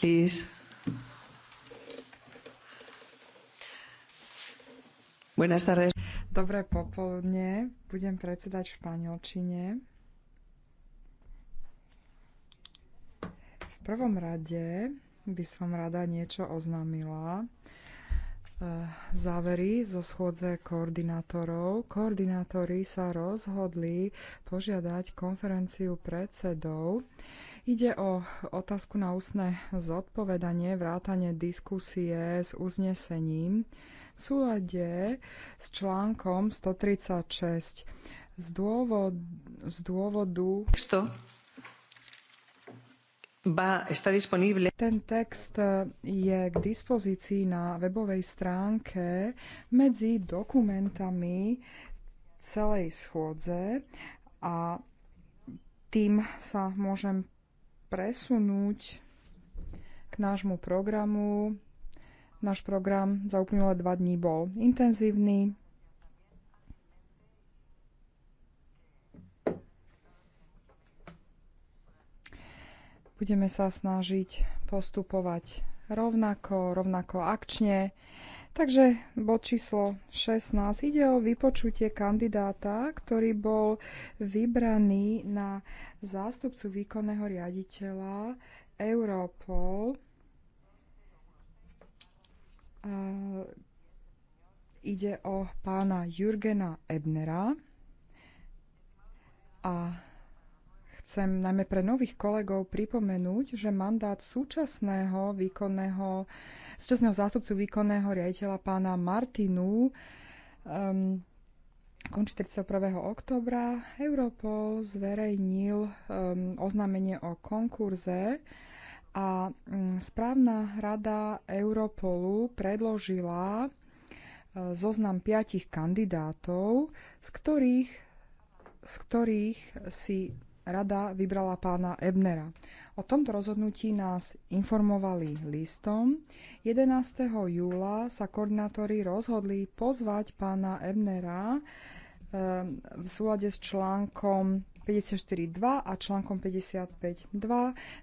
please. Buenas tardes. Dobré popoludne. Budem predsedať v španielčine. V prvom rade by som rada niečo oznámila. E, závery zo schôdze koordinátorov. Koordinátori sa rozhodli požiadať konferenciu predsedov, Ide o otázku na ústne zodpovedanie, vrátanie diskusie s uznesením v súlade s článkom 136 z, dôvod, z dôvodu... Ba, está disponible. Ten text je k dispozícii na webovej stránke medzi dokumentami celej schôdze a tým sa môžem presunúť k nášmu programu. Náš program za uplynulé dva dní bol intenzívny. Budeme sa snažiť postupovať rovnako, rovnako akčne. Takže bod číslo 16 ide o vypočutie kandidáta, ktorý bol vybraný na zástupcu výkonného riaditeľa Europol. A ide o pána Jurgena Ebnera a Chcem najmä pre nových kolegov pripomenúť, že mandát súčasného výkonného, súčasného zástupcu výkonného riaditeľa pána Martinu um, končí 31. oktobra. Europol zverejnil um, oznámenie o konkurze a um, správna rada Europolu predložila uh, zoznam piatich kandidátov, z ktorých, z ktorých si rada vybrala pána Ebnera. O tomto rozhodnutí nás informovali listom. 11. júla sa koordinátori rozhodli pozvať pána Ebnera ehm, v súlade s článkom 54.2 a článkom 55.2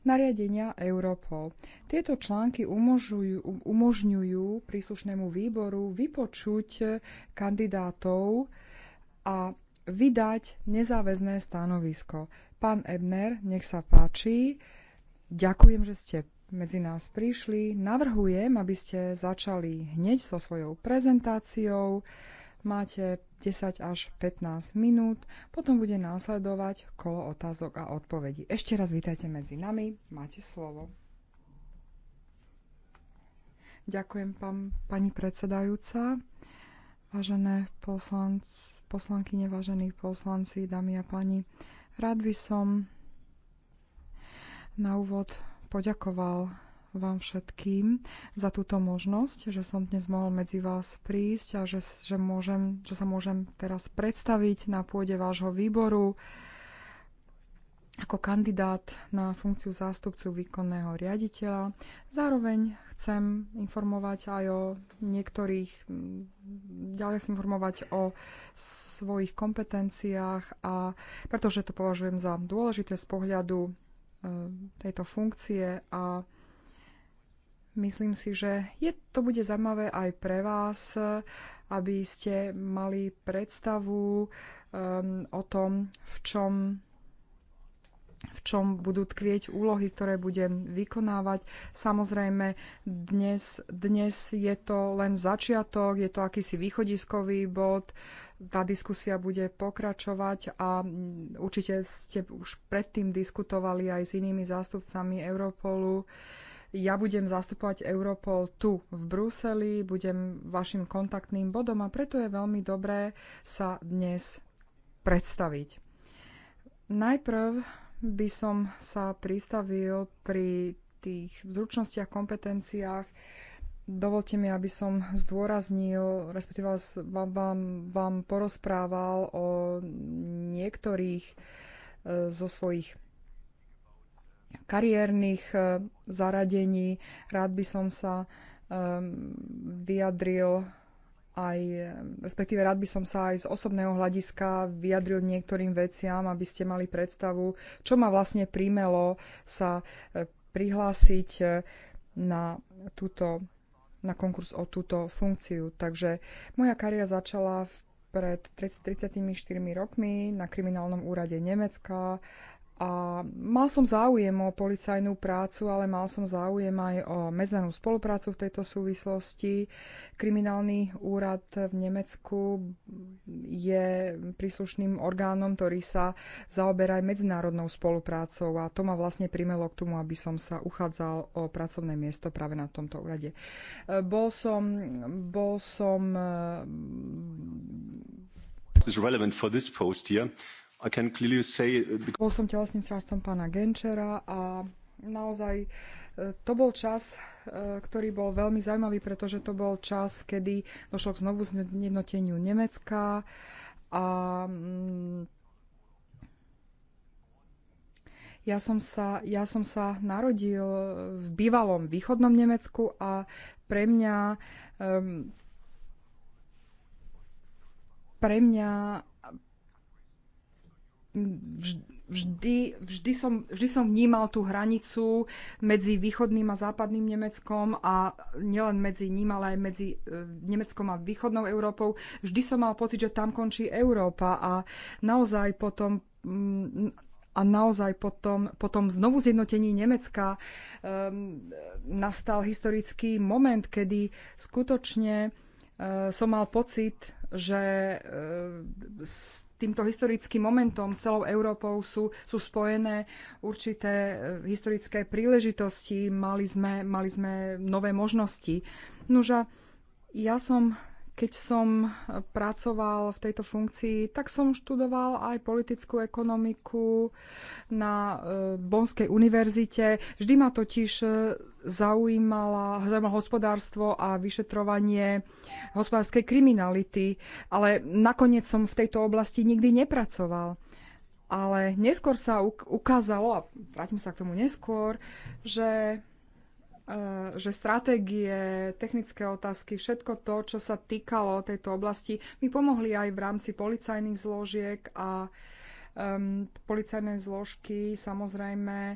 nariadenia Europol. Tieto články umožňujú, umožňujú príslušnému výboru vypočuť kandidátov a vydať nezáväzné stanovisko. Pán Ebner, nech sa páči. Ďakujem, že ste medzi nás prišli. Navrhujem, aby ste začali hneď so svojou prezentáciou. Máte 10 až 15 minút, potom bude následovať kolo otázok a odpovedí. Ešte raz vítajte medzi nami, máte slovo. Ďakujem, pán, pani predsedajúca, vážené poslanc, poslankyne, vážení poslanci, dámy a pani. Rád by som na úvod poďakoval vám všetkým za túto možnosť, že som dnes mohol medzi vás prísť a že, že, môžem, že sa môžem teraz predstaviť na pôde vášho výboru ako kandidát na funkciu zástupcu výkonného riaditeľa. Zároveň chcem informovať aj o niektorých, ďalej chcem informovať o svojich kompetenciách a pretože to považujem za dôležité z pohľadu e, tejto funkcie a myslím si, že je, to bude zaujímavé aj pre vás, e, aby ste mali predstavu um, o tom, v čom v čom budú tkvieť úlohy, ktoré budem vykonávať. Samozrejme, dnes, dnes je to len začiatok, je to akýsi východiskový bod, tá diskusia bude pokračovať a mm, určite ste už predtým diskutovali aj s inými zástupcami Europolu. Ja budem zastupovať Europol tu v Bruseli, budem vašim kontaktným bodom a preto je veľmi dobré sa dnes predstaviť. Najprv by som sa pristavil pri tých zručnostiach, kompetenciách. Dovolte mi, aby som zdôraznil, respektíve vám, vám, vám porozprával o niektorých e, zo svojich kariérnych e, zaradení. Rád by som sa e, vyjadril aj, respektíve rád by som sa aj z osobného hľadiska vyjadril niektorým veciam, aby ste mali predstavu, čo ma vlastne príjmelo sa e, prihlásiť e, na túto na konkurs o túto funkciu. Takže moja kariéra začala pred 34 rokmi na kriminálnom úrade Nemecka a mal som záujem o policajnú prácu, ale mal som záujem aj o medzinárodnú spoluprácu v tejto súvislosti. Kriminálny úrad v Nemecku je príslušným orgánom, ktorý sa zaoberá aj medzinárodnou spoluprácou a to ma vlastne primelo k tomu, aby som sa uchádzal o pracovné miesto práve na tomto úrade. Bol som, bol som This is relevant for this post here. Say... Uh, bol som telesným strážcom pána Genčera a naozaj uh, to bol čas, uh, ktorý bol veľmi zaujímavý, pretože to bol čas, kedy došlo k znovu zjednoteniu Nemecka a mm, ja som, sa, ja som sa narodil v bývalom východnom Nemecku a pre mňa um, pre mňa vždy, vždy, som, vždy som vnímal tú hranicu medzi východným a západným Nemeckom a nielen medzi ním, ale aj medzi e, Nemeckom a východnou Európou. Vždy som mal pocit, že tam končí Európa a naozaj potom a naozaj potom, potom znovu zjednotení Nemecka um, nastal historický moment, kedy skutočne uh, som mal pocit, že uh, týmto historickým momentom s celou Európou sú, sú spojené určité e, historické príležitosti, mali sme, mali sme nové možnosti. Nože, ja som keď som e, pracoval v tejto funkcii, tak som študoval aj politickú ekonomiku na e, Bonskej univerzite. Vždy ma totiž e, zaujímala, zaujímalo hospodárstvo a vyšetrovanie hospodárskej kriminality, ale nakoniec som v tejto oblasti nikdy nepracoval ale neskôr sa ukázalo, a vrátim sa k tomu neskôr, že E, že stratégie, technické otázky, všetko to, čo sa týkalo tejto oblasti, mi pomohli aj v rámci policajných zložiek a um, policajné zložky samozrejme e,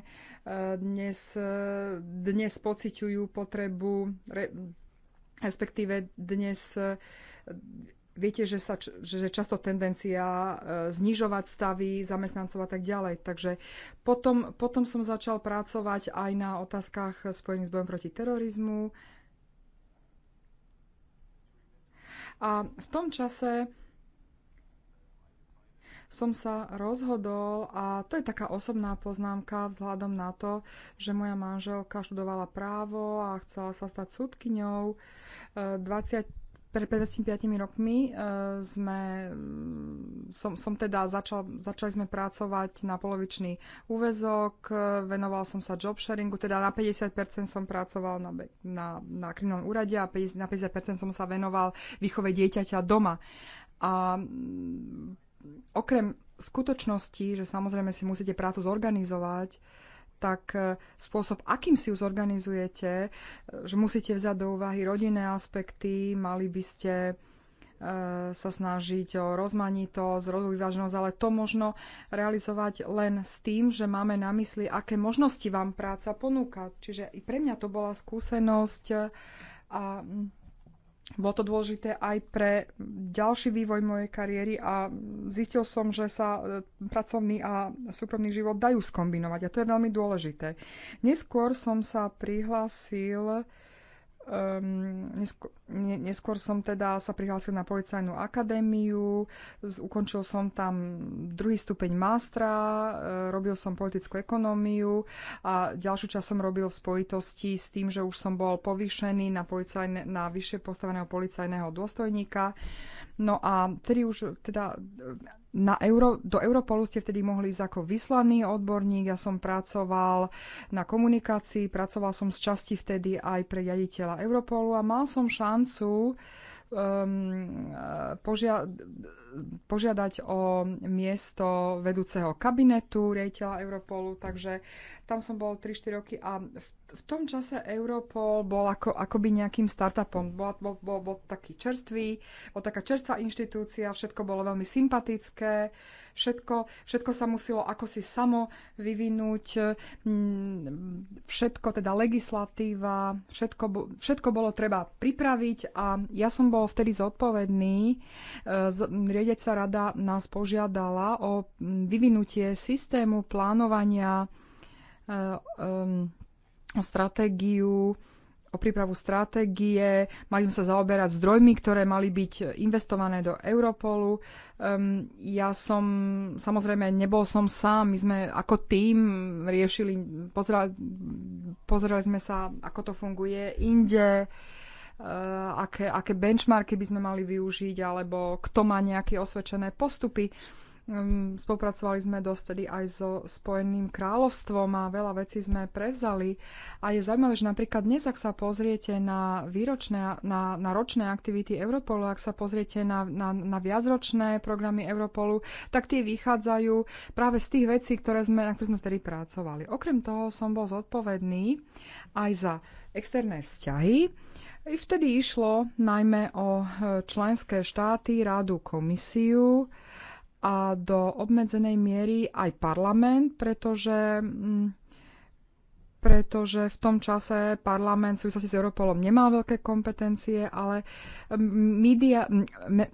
dnes, e, dnes pociťujú potrebu, re, respektíve dnes viete, že, sa, že často tendencia e, znižovať stavy zamestnancov a tak ďalej. Takže potom, potom som začal pracovať aj na otázkach spojených s bojom proti terorizmu. A v tom čase som sa rozhodol, a to je taká osobná poznámka vzhľadom na to, že moja manželka študovala právo a chcela sa stať súdkyňou. 20 e, pred 55 rokmi e, sme, mm, som, som teda začal, začali sme pracovať na polovičný úvezok, e, venoval som sa job sharingu, teda na 50% som pracoval na, na, na kriminálnom úrade a 50, na 50% som sa venoval výchove dieťaťa doma. A mm, okrem skutočnosti, že samozrejme si musíte prácu zorganizovať, tak e, spôsob, akým si ju zorganizujete, e, že musíte vziať do úvahy rodinné aspekty, mali by ste e, sa snažiť o rozmanitosť, rodovú ale to možno realizovať len s tým, že máme na mysli, aké možnosti vám práca ponúka. Čiže i pre mňa to bola skúsenosť a bolo to dôležité aj pre ďalší vývoj mojej kariéry a zistil som, že sa e, pracovný a súkromný život dajú skombinovať a to je veľmi dôležité. Neskôr som sa prihlásil Um, ehm, neskôr, neskôr som teda sa prihlásil na policajnú akadémiu, z, ukončil som tam druhý stupeň mástra, e, robil som politickú ekonómiu a ďalšiu časť som robil v spojitosti s tým, že už som bol povýšený na, na vyššie postaveného policajného dôstojníka. E, No a vtedy už teda na Euro, do Europolu ste vtedy mohli ísť ako vyslaný odborník. Ja som pracoval na komunikácii, pracoval som z časti vtedy aj pre riaditeľa Europolu a mal som šancu um, požia- požiadať o miesto vedúceho kabinetu riaditeľa Europolu, takže tam som bol 3-4 roky a v, v tom čase Europol bol ako, akoby nejakým startupom. Bol, bol, bol, bol taký čerstvý, bol taká čerstvá inštitúcia, všetko bolo veľmi sympatické, všetko, všetko sa muselo ako si samo vyvinúť, mm, všetko, teda legislatíva, všetko, všetko bolo treba pripraviť a ja som bol vtedy zodpovedný. E, Riedeca rada nás požiadala o mm, vyvinutie systému plánovania o eh, um, stratégiu, o prípravu stratégie, mali sme sa zaoberať zdrojmi, ktoré mali byť investované do Europolu. Um, ja som, samozrejme, nebol som sám, my sme ako tým riešili, pozerali, pozerali sme sa, ako to funguje inde, uh, aké, aké benchmarky by sme mali využiť, alebo kto má nejaké osvedčené postupy. Uh, Spolupracovali sme tedy aj so Spojeným kráľovstvom a veľa vecí sme prevzali. A je zaujímavé, že napríklad dnes, ak sa pozriete na, výročné, na, na ročné aktivity Europolu, ak sa pozriete na, na, na viacročné programy Europolu, tak tie vychádzajú práve z tých vecí, ktoré sme, na ktoré sme vtedy pracovali. Okrem toho som bol zodpovedný aj za externé vzťahy. I vtedy išlo najmä o e, členské štáty, rádu, komisiu a do obmedzenej miery aj parlament, pretože mm, pretože v tom čase parlament v súvislosti s Europolom nemal veľké kompetencie, ale media, mm, me,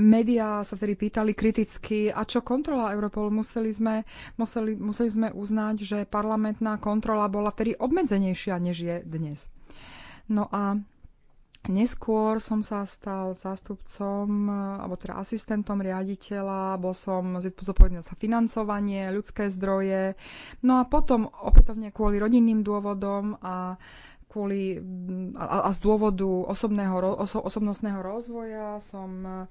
media sa vtedy pýtali kriticky, a čo kontrola Europolu? Museli sme, museli, museli sme uznať, že parlamentná kontrola bola vtedy obmedzenejšia, než je dnes. No a Neskôr som sa stal zástupcom, alebo teda asistentom riaditeľa, bol som zodpovedný za financovanie, ľudské zdroje. No a potom opätovne kvôli rodinným dôvodom a kvôli, a, a z dôvodu osobného, oso, osobnostného rozvoja som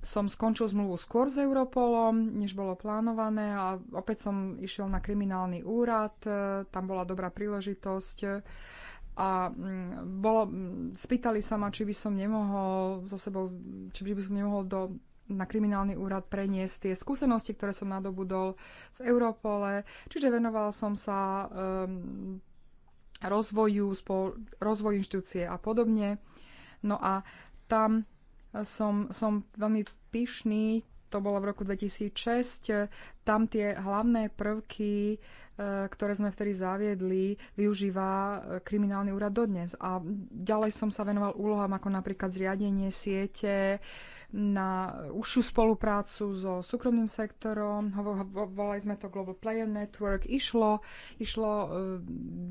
som skončil zmluvu skôr s Europolom, než bolo plánované a opäť som išiel na kriminálny úrad, tam bola dobrá príležitosť a mm, bolo, mm, spýtali sa ma, či by som nemohol so sebou, či by som nemohol do, na kriminálny úrad preniesť tie skúsenosti, ktoré som nadobudol v Europole. Čiže venoval som sa um, rozvoju, spol, rozvoju inštitúcie a podobne. No a tam som, som veľmi pyšný, to bolo v roku 2006, tam tie hlavné prvky, e, ktoré sme vtedy zaviedli, využíva e, kriminálny úrad dodnes. A ďalej som sa venoval úlohám ako napríklad zriadenie siete, na užšiu spoluprácu so súkromným sektorom, volali sme to Global Player Network, išlo, išlo e,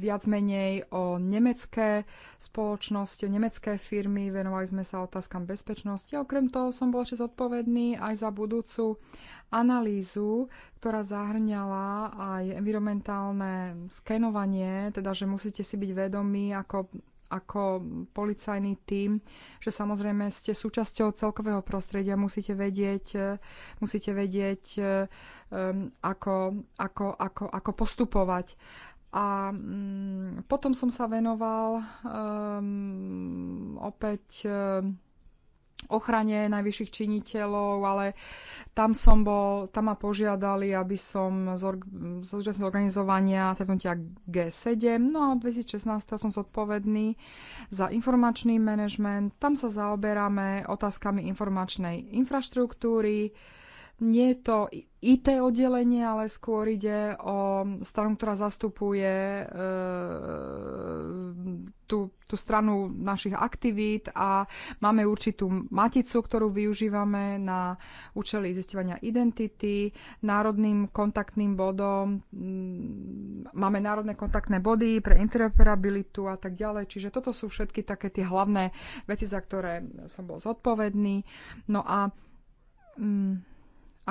viac menej o nemecké spoločnosti, o nemecké firmy, venovali sme sa otázkam bezpečnosti. A okrem toho som bol čas zodpovedný aj za budúcu analýzu, ktorá zahrňala aj environmentálne skenovanie, teda že musíte si byť vedomí, ako ako policajný tím, že samozrejme ste súčasťou celkového prostredia, musíte vedieť, e, musíte vedieť e, ako, ako, ako, ako postupovať. A mm, potom som sa venoval um, opäť um, ochrane najvyšších činiteľov, ale tam som bol, tam ma požiadali, aby som zúčastnil organizovania stretnutia G7. No a od 2016 som zodpovedný za informačný manažment. Tam sa zaoberáme otázkami informačnej infraštruktúry, nie je to IT oddelenie, ale skôr ide o stranu, ktorá zastupuje e, tú, tú stranu našich aktivít a máme určitú maticu, ktorú využívame na účely zistovania identity, národným kontaktným bodom, mm, máme národné kontaktné body pre interoperabilitu a tak ďalej. Čiže toto sú všetky také tie hlavné veci, za ktoré som bol zodpovedný. No a mm,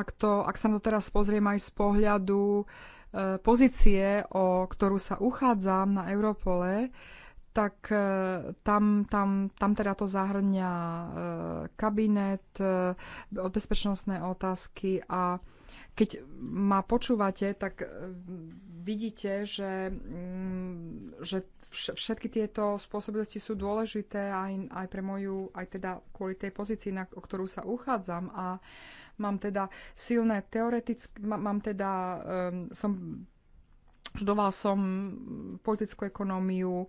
ak, to, ak sa to teraz pozriem aj z pohľadu e, pozície, o ktorú sa uchádzam na Europole, tak e, tam, tam, tam teda to zahrňa e, kabinet, bezpečnostné otázky a keď ma počúvate, tak vidíte, že, mm, že všetky tieto spôsobilosti sú dôležité aj, aj pre moju, aj teda kvôli tej pozícii, na, o ktorú sa uchádzam. A Mám teda silné teoretické, mám teda, um, som, študoval som politickú ekonómiu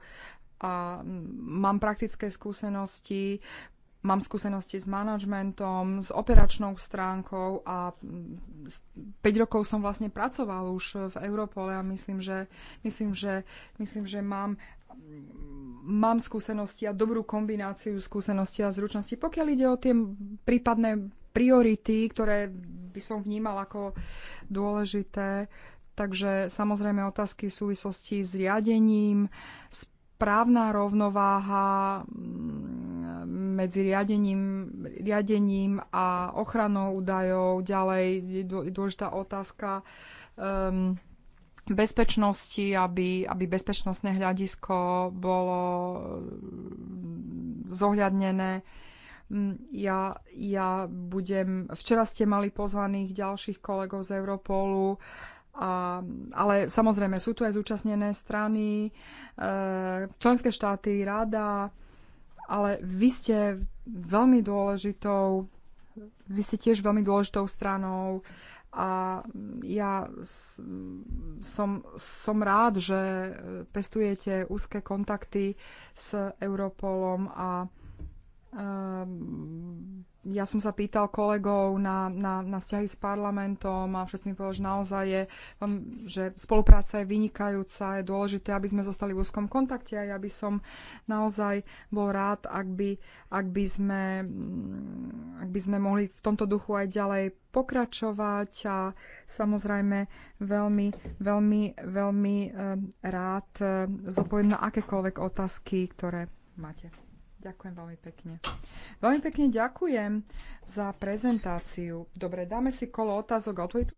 a mám praktické skúsenosti, mám skúsenosti s manažmentom, s operačnou stránkou a 5 rokov som vlastne pracoval už v Europole a myslím, že, myslím, že, myslím, že mám mám skúsenosti a dobrú kombináciu skúseností a zručností. Pokiaľ ide o tie prípadné priority, ktoré by som vnímal ako dôležité. Takže samozrejme otázky v súvislosti s riadením, správna rovnováha mm, medzi riadením, riadením a ochranou údajov. Ďalej je dôležitá otázka um, bezpečnosti, aby, aby bezpečnostné hľadisko bolo mm, zohľadnené Mm, ja, ja budem... Včera ste mali pozvaných ďalších kolegov z Europolu, a, ale samozrejme sú tu aj zúčastnené strany, e, členské štáty, rada, ale vy ste veľmi dôležitou, vy ste tiež veľmi dôležitou stranou a ja som, som rád, že pestujete úzke kontakty s Europolom a Ehm, ja som sa pýtal kolegov na, na, na vzťahy s parlamentom a všetci mi povedali, že naozaj je, ehm, že spolupráca je vynikajúca, je dôležité, aby sme zostali v úzkom kontakte a ja by som naozaj bol rád, ak by, ak by, sme, mm, ak by sme mohli v tomto duchu aj ďalej pokračovať a samozrejme veľmi, veľmi, veľmi ehm, rád zodpoviem na akékoľvek otázky, ktoré máte. Ďakujem veľmi pekne. Veľmi pekne ďakujem za prezentáciu. Dobre, dáme si kolo otázok a odpovedí.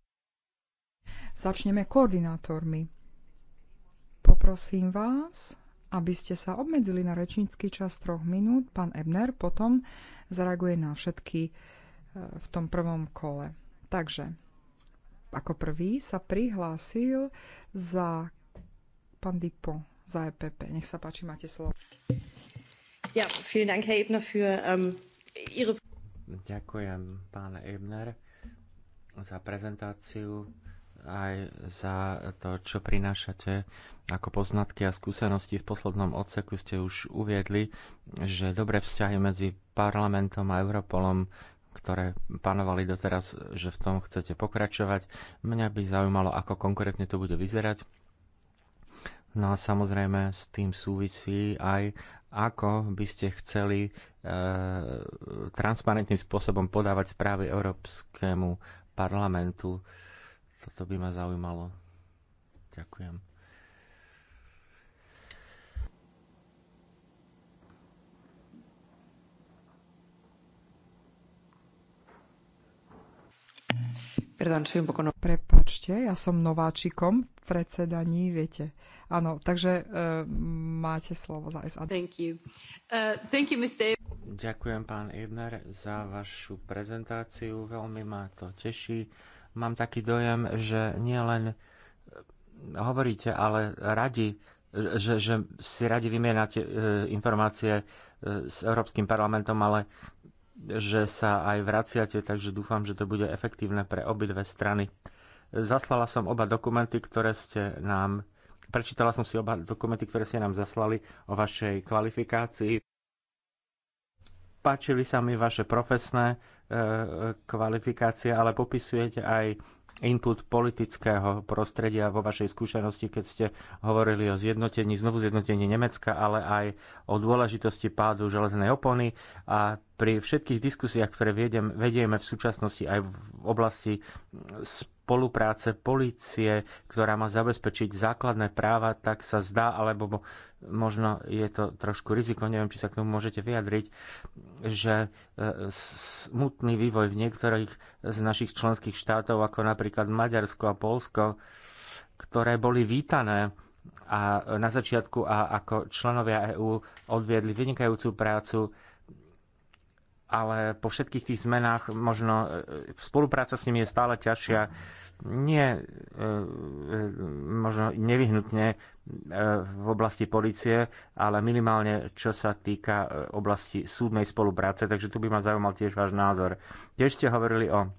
Začneme koordinátormi. Poprosím vás, aby ste sa obmedzili na rečnícky čas troch minút. Pán Ebner potom zareaguje na všetky e, v tom prvom kole. Takže, ako prvý sa prihlásil za pán Dipo, za EPP. Nech sa páči, máte slovo. Ja, vielen Dank, Herr Ebner, für ähm, Ihre... Ďakujem, pán Ebner, za prezentáciu aj za to, čo prinášate ako poznatky a skúsenosti. V poslednom odseku ste už uviedli, že dobré vzťahy medzi parlamentom a Europolom ktoré panovali doteraz, že v tom chcete pokračovať. Mňa by zaujímalo, ako konkrétne to bude vyzerať. No a samozrejme s tým súvisí aj ako by ste chceli e, transparentným spôsobom podávať správy Európskemu parlamentu. Toto by ma zaujímalo. Ďakujem. Prepačte, ja som nováčikom v predsedaní, viete Áno, takže uh, máte slovo za SAD. Thank you. Uh, thank you, Mr. E- Ďakujem, pán Ibner, za vašu prezentáciu. Veľmi ma to teší. Mám taký dojem, že nielen hovoríte, ale radi, že, že si radi vymienate informácie s Európskym parlamentom, ale že sa aj vraciate, takže dúfam, že to bude efektívne pre obidve strany. Zaslala som oba dokumenty, ktoré ste nám Prečítala som si oba dokumenty, ktoré ste nám zaslali o vašej kvalifikácii. Páčili sa mi vaše profesné e, kvalifikácie, ale popisujete aj input politického prostredia vo vašej skúsenosti, keď ste hovorili o zjednotení, znovu zjednotení Nemecka, ale aj o dôležitosti pádu železnej opony a pri všetkých diskusiách, ktoré vedieme v súčasnosti aj v oblasti spolupráce policie, ktorá má zabezpečiť základné práva, tak sa zdá, alebo možno je to trošku riziko, neviem, či sa k tomu môžete vyjadriť, že e, smutný vývoj v niektorých z našich členských štátov, ako napríklad Maďarsko a Polsko, ktoré boli vítané a na začiatku a ako členovia EÚ odviedli vynikajúcu prácu, ale po všetkých tých zmenách možno e, spolupráca s nimi je stále ťažšia nie e, e, možno nevyhnutne e, v oblasti policie, ale minimálne čo sa týka oblasti súdnej spolupráce. Takže tu by ma zaujímal tiež váš názor. Tiež ste hovorili o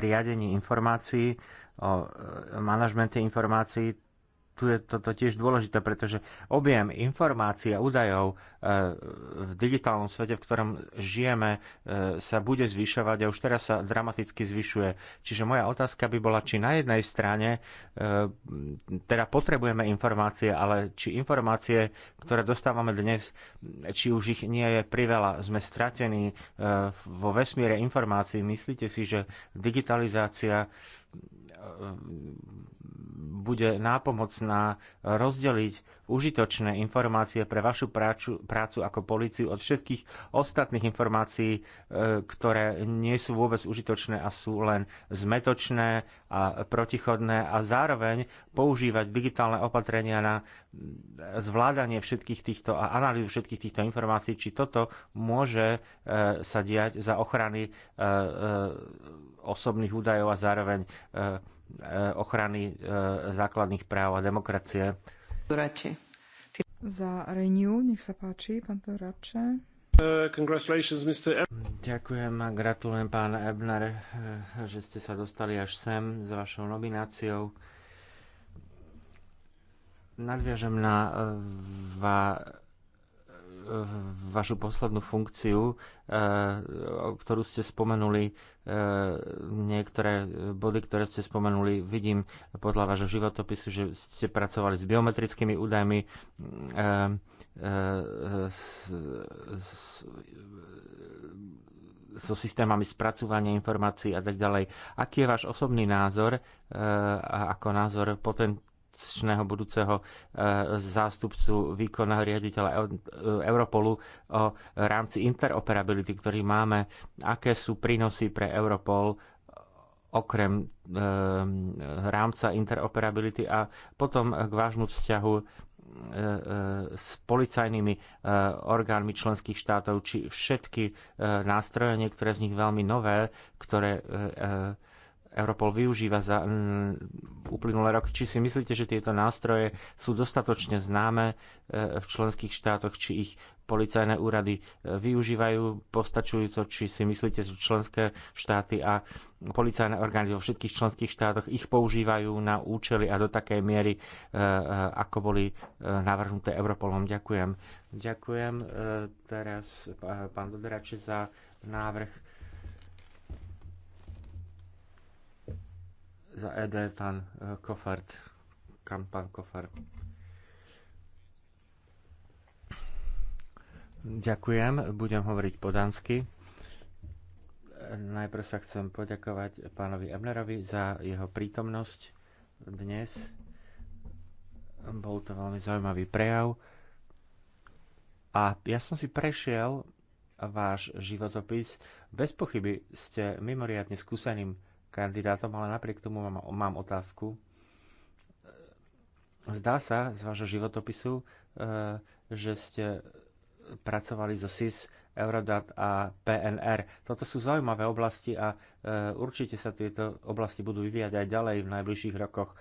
riadení informácií, o manažmente informácií tu je toto tiež dôležité, pretože objem informácií a údajov e, v digitálnom svete, v ktorom žijeme, e, sa bude zvyšovať a už teraz sa dramaticky zvyšuje. Čiže moja otázka by bola, či na jednej strane e, teda potrebujeme informácie, ale či informácie, ktoré dostávame dnes, či už ich nie je priveľa, sme stratení vo vesmíre informácií. Myslíte si, že digitalizácia bude nápomocná rozdeliť užitočné informácie pre vašu prácu, prácu ako policiu od všetkých ostatných informácií, e, ktoré nie sú vôbec užitočné a sú len zmetočné a protichodné a zároveň používať digitálne opatrenia na zvládanie všetkých týchto a analýzu všetkých týchto informácií, či toto môže e, sa diať za ochrany e, osobných údajov a zároveň Eh, ochrany eh, základných práv a demokracie. Za Renew, nech sa páči, pán Dorače. Eh, Ďakujem a gratulujem, pán Ebner, že ste sa dostali až sem s vašou nomináciou. Nadviažem na va, vašu poslednú funkciu, e, ktorú ste spomenuli, e, niektoré body, ktoré ste spomenuli, vidím podľa vášho životopisu, že ste pracovali s biometrickými údajmi, e, so systémami spracovania informácií a tak ďalej. Aký je váš osobný názor a ako názor potom? patričného budúceho eh, zástupcu výkonného riaditeľa e eh, Europolu o rámci interoperability, ktorý máme, aké sú prínosy pre Europol eh, okrem rámca interoperability a potom k vášmu vzťahu s policajnými orgánmi členských štátov, či všetky nástroje, niektoré z nich veľmi nové, ktoré Europol využíva za mm, uplynulé roky. Či si myslíte, že tieto nástroje sú dostatočne známe e, v členských štátoch, či ich policajné úrady e, využívajú postačujúco, či si myslíte, že členské štáty a policajné orgány vo všetkých členských štátoch ich používajú na účely a do takej miery, e, ako boli navrhnuté Europolom. Ďakujem. Ďakujem teraz pán Doderači za návrh za ED pán e, Kofart. Kam pán Kofart? Ďakujem, budem hovoriť po dánsky. Najprv sa chcem poďakovať pánovi Ebnerovi za jeho prítomnosť dnes. Bol to veľmi zaujímavý prejav. A ja som si prešiel váš životopis. Bez pochyby ste mimoriadne skúseným kandidátom, ale napriek tomu mám, mám otázku. Zdá sa z vášho životopisu, e, že ste pracovali so SIS, Eurodat a PNR. Toto sú zaujímavé oblasti a e, určite sa tieto oblasti budú vyvíjať aj ďalej v najbližších rokoch.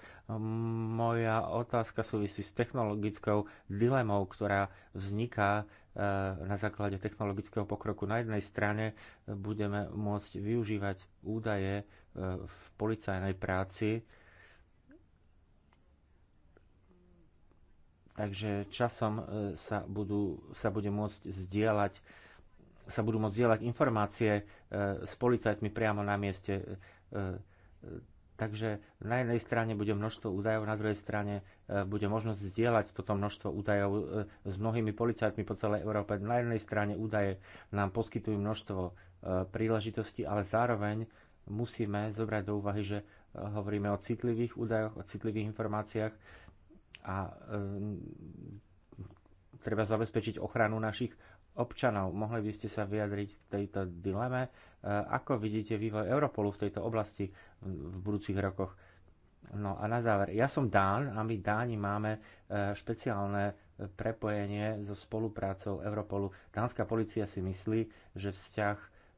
Moja otázka súvisí s technologickou dilemou, ktorá vzniká Eh, na základe technologického pokroku. Na jednej strane eh, budeme môcť využívať údaje eh, v policajnej práci, takže časom sa, budú, sa bude môcť zdieľať sa budú môcť zdieľať informácie s policajtmi priamo na mieste Takže na jednej strane bude množstvo údajov, na druhej strane e, bude možnosť zdieľať toto množstvo údajov e, s mnohými policajtmi po celej Európe. Na jednej strane údaje nám poskytujú množstvo e, príležitostí, ale zároveň musíme zobrať do úvahy, že hovoríme o citlivých údajoch, o citlivých informáciách a treba zabezpečiť ochranu našich občanov. Mohli by ste sa vyjadriť k tejto dileme? E, ako vidíte vývoj Europolu v tejto oblasti v budúcich rokoch? No a na záver, ja som Dán a my Dáni máme e, špeciálne e, prepojenie so spoluprácou Europolu. Dánska policia si myslí, že vzťah,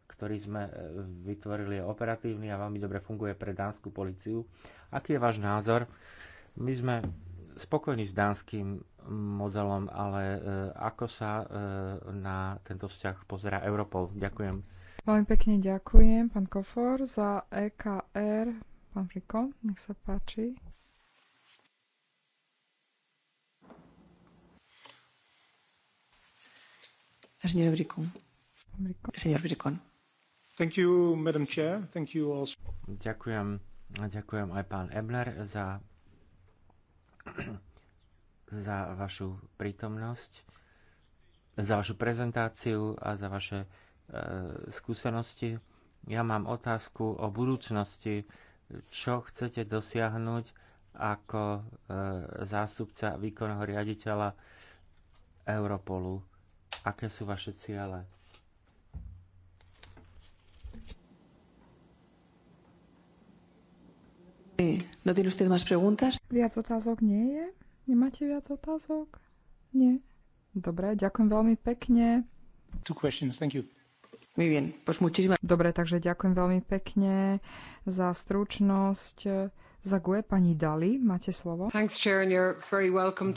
ktorý sme vytvorili, je operatívny a veľmi dobre funguje pre dánsku policiu. Aký je váš názor? My sme spokojní s dánskym modelom, ale e, ako sa e, na tento vzťah pozera Europol? Ďakujem. Veľmi pekne ďakujem, pán Kofor, za EKR. Pán Riko, nech sa páči. Señor Bricón. Thank you, Madam Chair. Thank you also. Ďakujem, ďakujem aj pán Ebner za za vašu prítomnosť, za vašu prezentáciu a za vaše e, skúsenosti. Ja mám otázku o budúcnosti, čo chcete dosiahnuť ako e, zástupca výkonného riaditeľa Europolu. Aké sú vaše ciele? No tiene usted más preguntas? Viac otázok nie je. Nemáte viac otázok? Nie? Dobre, ďakujem veľmi pekne. Two questions, thank you. Muy bien. Pues muchísima... Dobre, takže ďakujem veľmi pekne za stručnosť. Za GUE pani Dali, máte slovo. Thanks, Sharon, you're very welcome.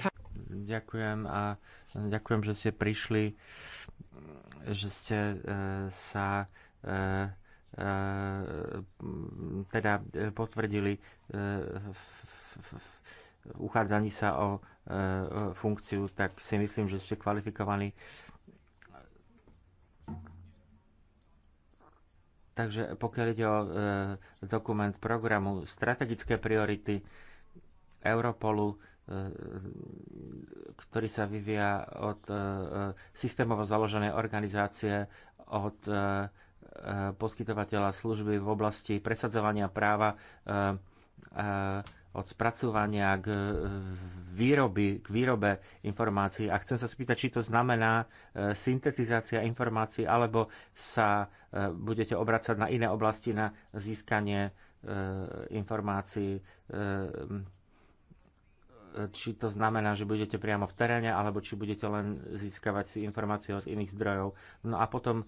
Ďakujem a ďakujem, že ste prišli, že ste e, sa e, e teda e, potvrdili e, f, f, f, uchádzaní sa o e, funkciu, tak si myslím, že ste kvalifikovaní. Takže pokiaľ ide o e, dokument programu, strategické priority Europolu, e, ktorý sa vyvíja od systémovo založenej organizácie, od poskytovateľa služby v oblasti presadzovania práva od spracovania k e, výroby, k výrobe informácií. A chcem sa spýtať, či to znamená e, syntetizácia informácií, alebo sa e, budete obracať na iné oblasti na získanie informácií či to znamená, že budete priamo v teréne, alebo či budete len získavať si informácie od iných zdrojov. No a potom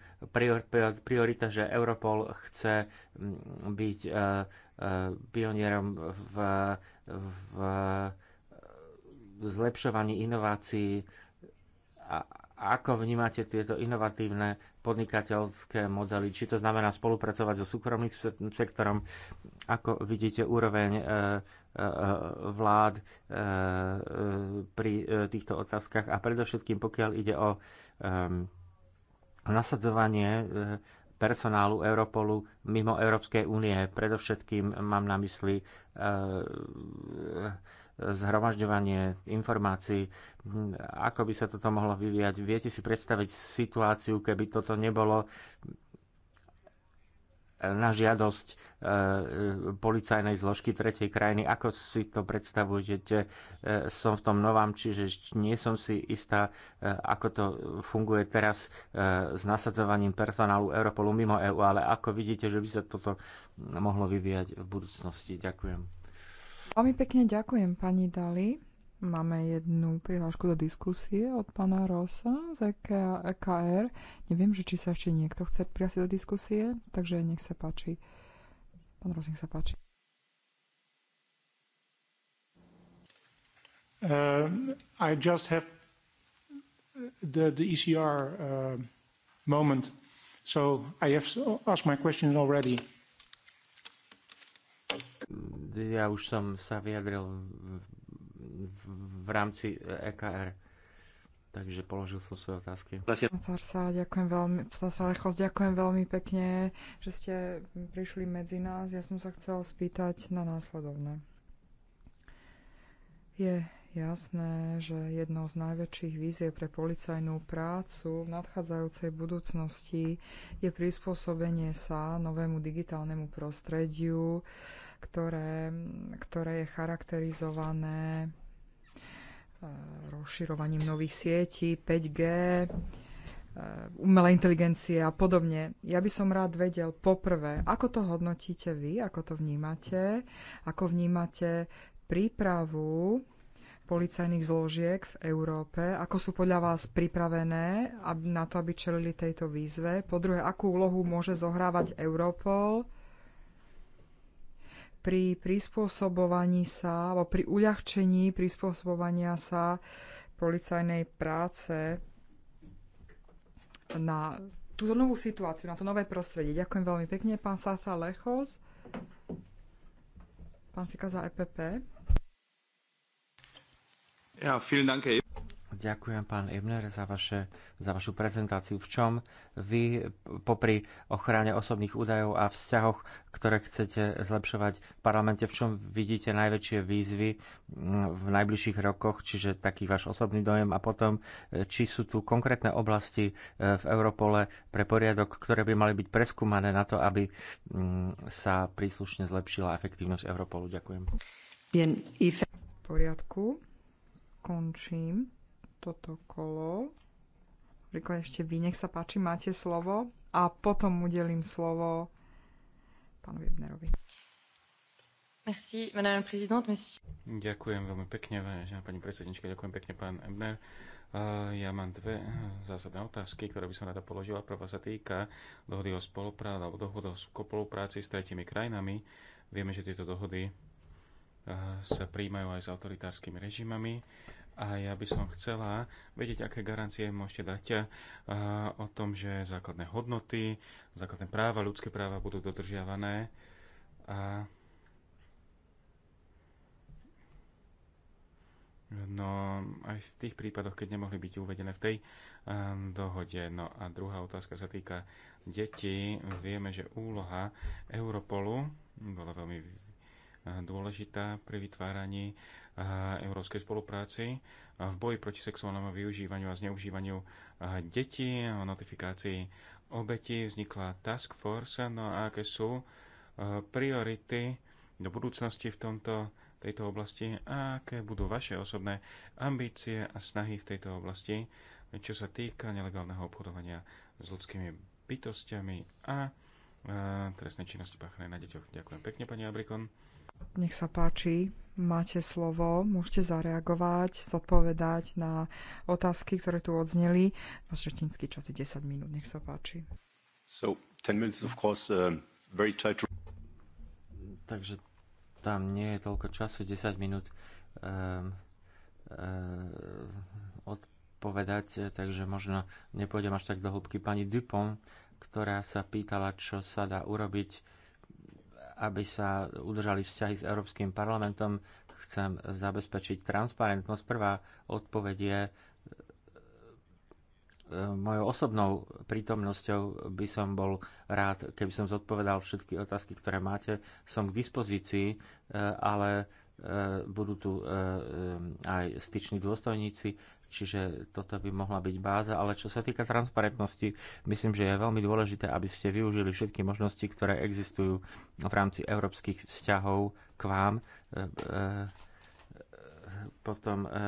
priorita, že Europol chce mm, byť e, e, pionierom v, v e, zlepšovaní inovácií a, ako vnímate tieto inovatívne podnikateľské modely? Či to znamená spolupracovať so súkromným sektorom? Ako vidíte úroveň e, e, e, vlád pri týchto otázkach? A predovšetkým, pokiaľ ide o nasadzovanie personálu Europolu mimo Európskej únie. Predovšetkým mám na mysli e, zhromažďovanie informácií. Ako by sa toto mohlo vyvíjať? Viete si predstaviť situáciu, keby toto nebolo na žiadosť e, e, policajnej zložky tretej krajiny. Ako si to predstavujete? E, som v tom novám, čiže nie som si istá, ako to funguje teraz s nasadzovaním personálu Europolu mimo EU, ale ako vidíte, že by sa toto mohlo vyvíjať v budúcnosti? Ďakujem. Veľmi pekne ďakujem pani Dali. Máme jednu prihlášku do diskusie od pána Rosa z EKR. E Neviem, že či sa ešte niekto chce prihlásiť do diskusie, takže nech sa páči. Pán Ros, nech sa páči. Uh, I just have the, the ECR uh, moment, so I have asked my question already. Ja už som sa vyjadril v, v, v rámci EKR. Takže položil som svoje otázky. Sarsa, ďakujem veľmi, Sarchos, ďakujem veľmi pekne, že ste prišli medzi nás. Ja som sa chcel spýtať na následovné. Je jasné, že jednou z najväčších vízie pre policajnú prácu v nadchádzajúcej budúcnosti je prispôsobenie sa novému digitálnemu prostrediu, ktoré, ktoré je charakterizované e, rozširovaním nových sietí, 5G, e, umelé inteligencie a podobne. Ja by som rád vedel poprvé, ako to hodnotíte vy, ako to vnímate, ako vnímate prípravu policajných zložiek v Európe, ako sú podľa vás pripravené na to, aby čelili tejto výzve. Po druhé, akú úlohu môže zohrávať Europol pri prispôsobovaní sa, alebo pri uľahčení prispôsobovania sa policajnej práce na túto novú situáciu, na to nové prostredie. Ďakujem veľmi pekne, pán Sasa Lechos, pán Sika za EPP. Ja, vielen Dank. Ďakujem, pán Ebner, za, vaše, za vašu prezentáciu. V čom vy popri ochrane osobných údajov a vzťahoch, ktoré chcete zlepšovať v parlamente, v čom vidíte najväčšie výzvy mm, v najbližších rokoch, čiže taký váš osobný dojem a potom, e, či sú tu konkrétne oblasti e, v Europole pre poriadok, ktoré by mali byť preskúmané na to, aby mm, sa príslušne zlepšila efektívnosť Europolu. Ďakujem. Bien, if... poriadku. Končím toto kolo. Riko, ešte vy, nech sa páči, máte slovo a potom udelím slovo pánu Webnerovi. Merci, madame présidente, merci. Ďakujem veľmi pekne, vážená pani predsednička, ďakujem pekne, pán Ebner. Ja mám dve zásadné otázky, ktoré by som rada položila. Prvá sa týka dohody o spolupráci alebo dohody o spolupráci s tretimi krajinami. Vieme, že tieto dohody sa príjmajú aj s autoritárskymi režimami a ja by som chcela vedieť, aké garancie môžete dať eh, o tom, že základné hodnoty, základné práva, ľudské práva budú dodržiavané. A No aj v tých prípadoch, keď nemohli byť uvedené v tej um, dohode. No a druhá otázka sa týka detí. Vieme, že úloha Europolu bola veľmi eh, dôležitá pri vytváraní európskej spolupráci v boji proti sexuálnemu využívaniu a zneužívaniu detí, o notifikácii obetí vznikla task force, no a aké sú priority do budúcnosti v tomto, tejto oblasti a aké budú vaše osobné ambície a snahy v tejto oblasti, čo sa týka nelegálneho obchodovania s ľudskými bytostiami a trestnej činnosti páchanej na deťoch. Ďakujem pekne, pani Abrikon. Nech sa páči, máte slovo, môžete zareagovať, zodpovedať na otázky, ktoré tu odzneli. Váš rečnícky čas je 10 minút, nech sa páči. So, 10 minutes of course, uh, very tight... Takže tam nie je toľko času, 10 minút um, uh, odpovedať, takže možno nepôjdem až tak do hĺbky. Pani Dupont, ktorá sa pýtala, čo sa dá urobiť aby sa udržali vzťahy s Európskym parlamentom, chcem zabezpečiť transparentnosť. Prvá odpoveď je, e, mojou osobnou prítomnosťou by som bol rád, keby som zodpovedal všetky otázky, ktoré máte. Som k dispozícii, e, ale e, budú tu aj styční dôstojníci Čiže toto by mohla byť báza, ale čo sa týka transparentnosti, myslím, že je veľmi dôležité, aby ste využili všetky možnosti, ktoré existujú v rámci európskych vzťahov k vám. E, e, potom, e,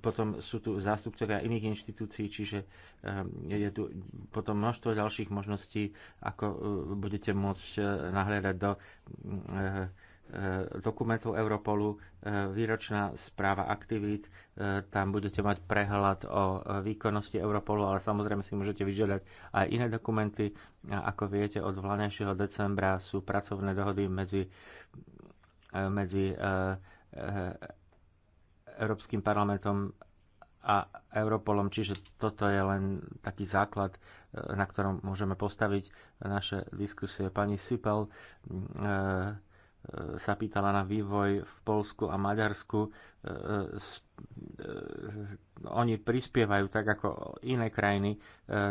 potom sú tu zástupcovia iných inštitúcií, čiže je tu potom množstvo ďalších možností, ako budete môcť nahliadať do Eh, dokumentov Europolu, eh, výročná správa aktivít, eh, tam budete mať prehľad o výkonnosti Europolu, ale samozrejme si môžete vyžiadať aj iné dokumenty. A ako viete, od vlanejšieho decembra sú pracovné dohody medzi, medzi Európskym parlamentom a Europolom, čiže toto je len taký základ, na ktorom môžeme postaviť naše diskusie. Pani Sipel, E, sa pýtala na vývoj v Polsku a Maďarsku. E, e, oni prispievajú tak ako iné krajiny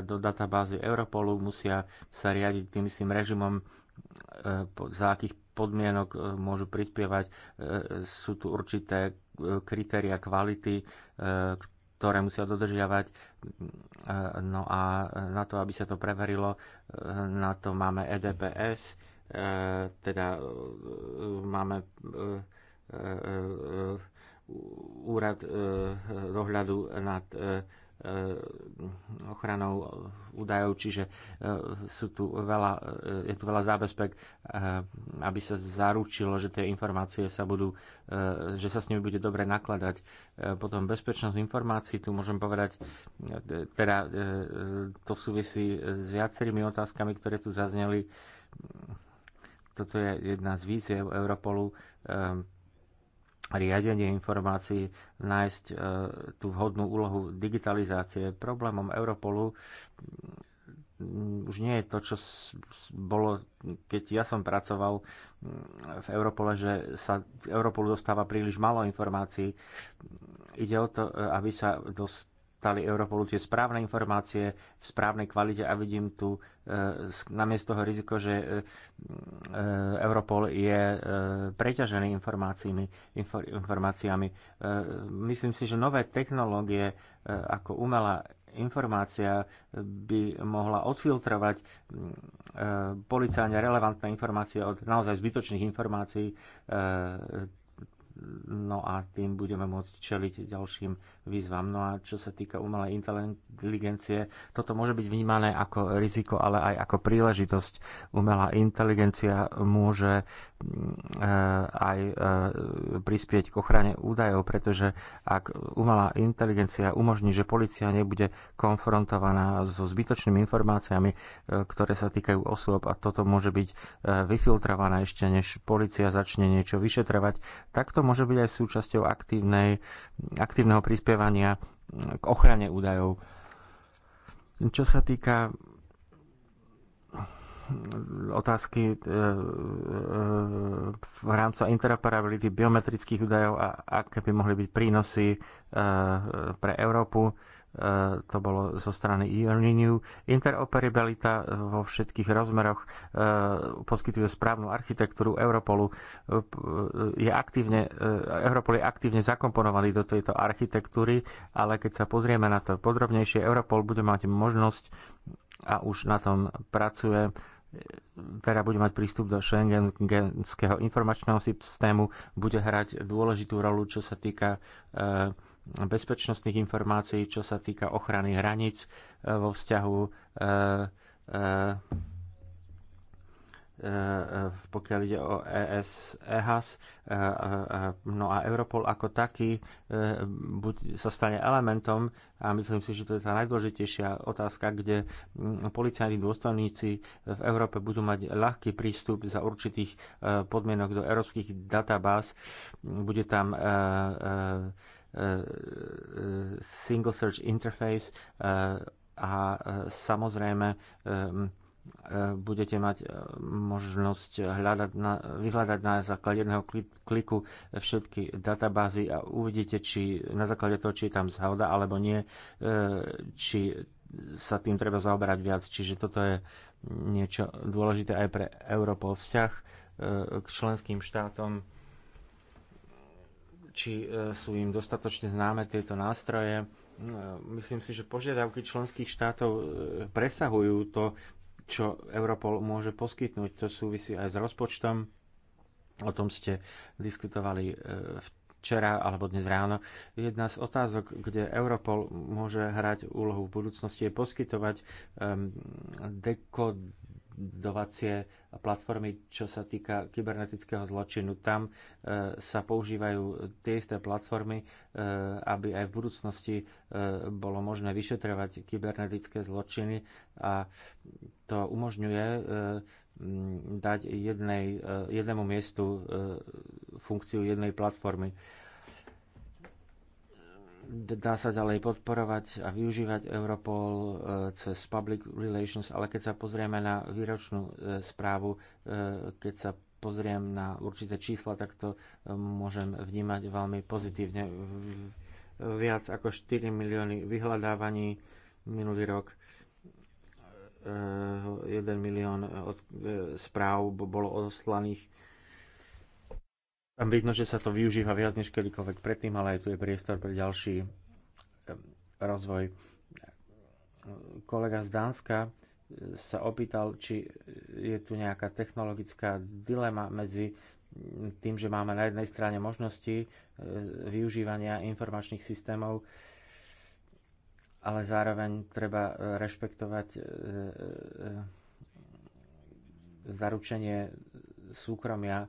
do databázy Europolu, musia sa riadiť tým istým režimom, za akých podmienok môžu prispievať. Sú tu určité kritéria kvality, ktoré musia dodržiavať. No a na to, aby sa to preverilo, na to máme EDPS, E, teda e, máme e, úrad dohľadu nad ochranou údajov, čiže sú tu veľa, je tu veľa zábezpek, aby sa zaručilo, že tie informácie sa budú, že sa s nimi bude dobre nakladať. Potom bezpečnosť informácií, tu môžem povedať, teda to súvisí s viacerými otázkami, ktoré tu zazneli toto je jedna z víziev Europolu ehm, riadenie informácií, nájsť e, tú vhodnú úlohu digitalizácie. Problémom Europolu mm, už nie je to, čo bolo, keď ja som pracoval mm, v Europole, že sa v Europolu dostáva príliš málo informácií. Ide o to, eh, aby sa dosť dali Europolu tie správne informácie v správnej kvalite a vidím tu e, namiesto toho riziko, že e, e, Europol je preťažený informáciami. informáciami. Myslím si, že nové technológie ako umelá informácia by mohla odfiltrovať e, policajne relevantné informácie od naozaj zbytočných informácií. E, No a tým budeme môcť čeliť ďalším výzvam. No a čo sa týka umelej inteligencie, toto môže byť vnímané ako riziko, ale aj ako príležitosť. Umelá inteligencia môže mm, eh, aj eh, prispieť k ochrane údajov, pretože ak umelá inteligencia umožní, že policia nebude konfrontovaná so zbytočnými informáciami, eh, ktoré sa týkajú osôb a toto môže byť vyfiltrované ešte, než policia začne niečo vyšetrovať, takto môže byť aj súčasťou aktívnej, aktívneho prispievania k ochrane údajov. Čo sa týka otázky e, e, v rámci interoperability biometrických údajov a aké by mohli byť prínosy e, pre Európu. E, to bolo zo strany e-earningu. Interoperabilita vo všetkých rozmeroch e, poskytuje správnu architektúru Europolu. E, je aktívne, Europol je aktívne zakomponovaný do tejto architektúry, ale keď sa pozrieme na to podrobnejšie, Europol bude mať možnosť a už na tom pracuje teda bude mať prístup do schengenského informačného systému, bude hrať dôležitú rolu, čo sa týka uh, bezpečnostných informácií, čo sa týka ochrany hraníc e, vo vzťahu e, e, pokiaľ ide o ES, EHAS, no a Europol ako taký buď sa stane elementom a myslím si, že to je tá najdôležitejšia otázka, kde mm, policajní dôstojníci v Európe budú mať ľahký prístup za určitých podmienok do európskych databáz. Bude tam Single Search Interface a samozrejme um, e, budete mať e, možnosť hľadať na, vyhľadať na základe jedného kliku všetky databázy a uvidíte, či na základe toho, či je tam zhoda alebo nie, e, či sa tým treba zaoberať viac. Čiže toto je niečo dôležité aj pre Europol vzťah k členským štátom či e, sú im dostatočne známe tieto nástroje. E, myslím si, že požiadavky členských štátov e, presahujú to, čo Europol môže poskytnúť. To súvisí aj s rozpočtom. O tom ste diskutovali včera alebo dnes ráno. Jedna z otázok, kde Europol môže hrať úlohu v budúcnosti, je poskytovať dekodovanie dovacie platformy, čo sa týka kybernetického zločinu. Tam e, sa používajú tie isté platformy, e, aby aj v budúcnosti e, bolo možné vyšetrovať kybernetické zločiny a to umožňuje dať jednej, jednému miestu funkciu jednej platformy dá sa ďalej podporovať a využívať Europol e, cez public relations, ale keď sa pozrieme na výročnú e, správu, e, keď sa pozriem na určité čísla, tak to môžem vnímať veľmi pozitívne. Viac ako 4 milióny vyhľadávaní minulý rok, 1 milión správ bolo oslaných tam vidno, že sa to využíva viac než kedykoľvek predtým, ale aj tu je priestor pre ďalší rozvoj. Kolega z Dánska e, sa opýtal, či je tu nejaká technologická dilema medzi tým, že máme na jednej strane možnosti e, využívania informačných systémov, ale zároveň treba e, rešpektovať zaručenie súkromia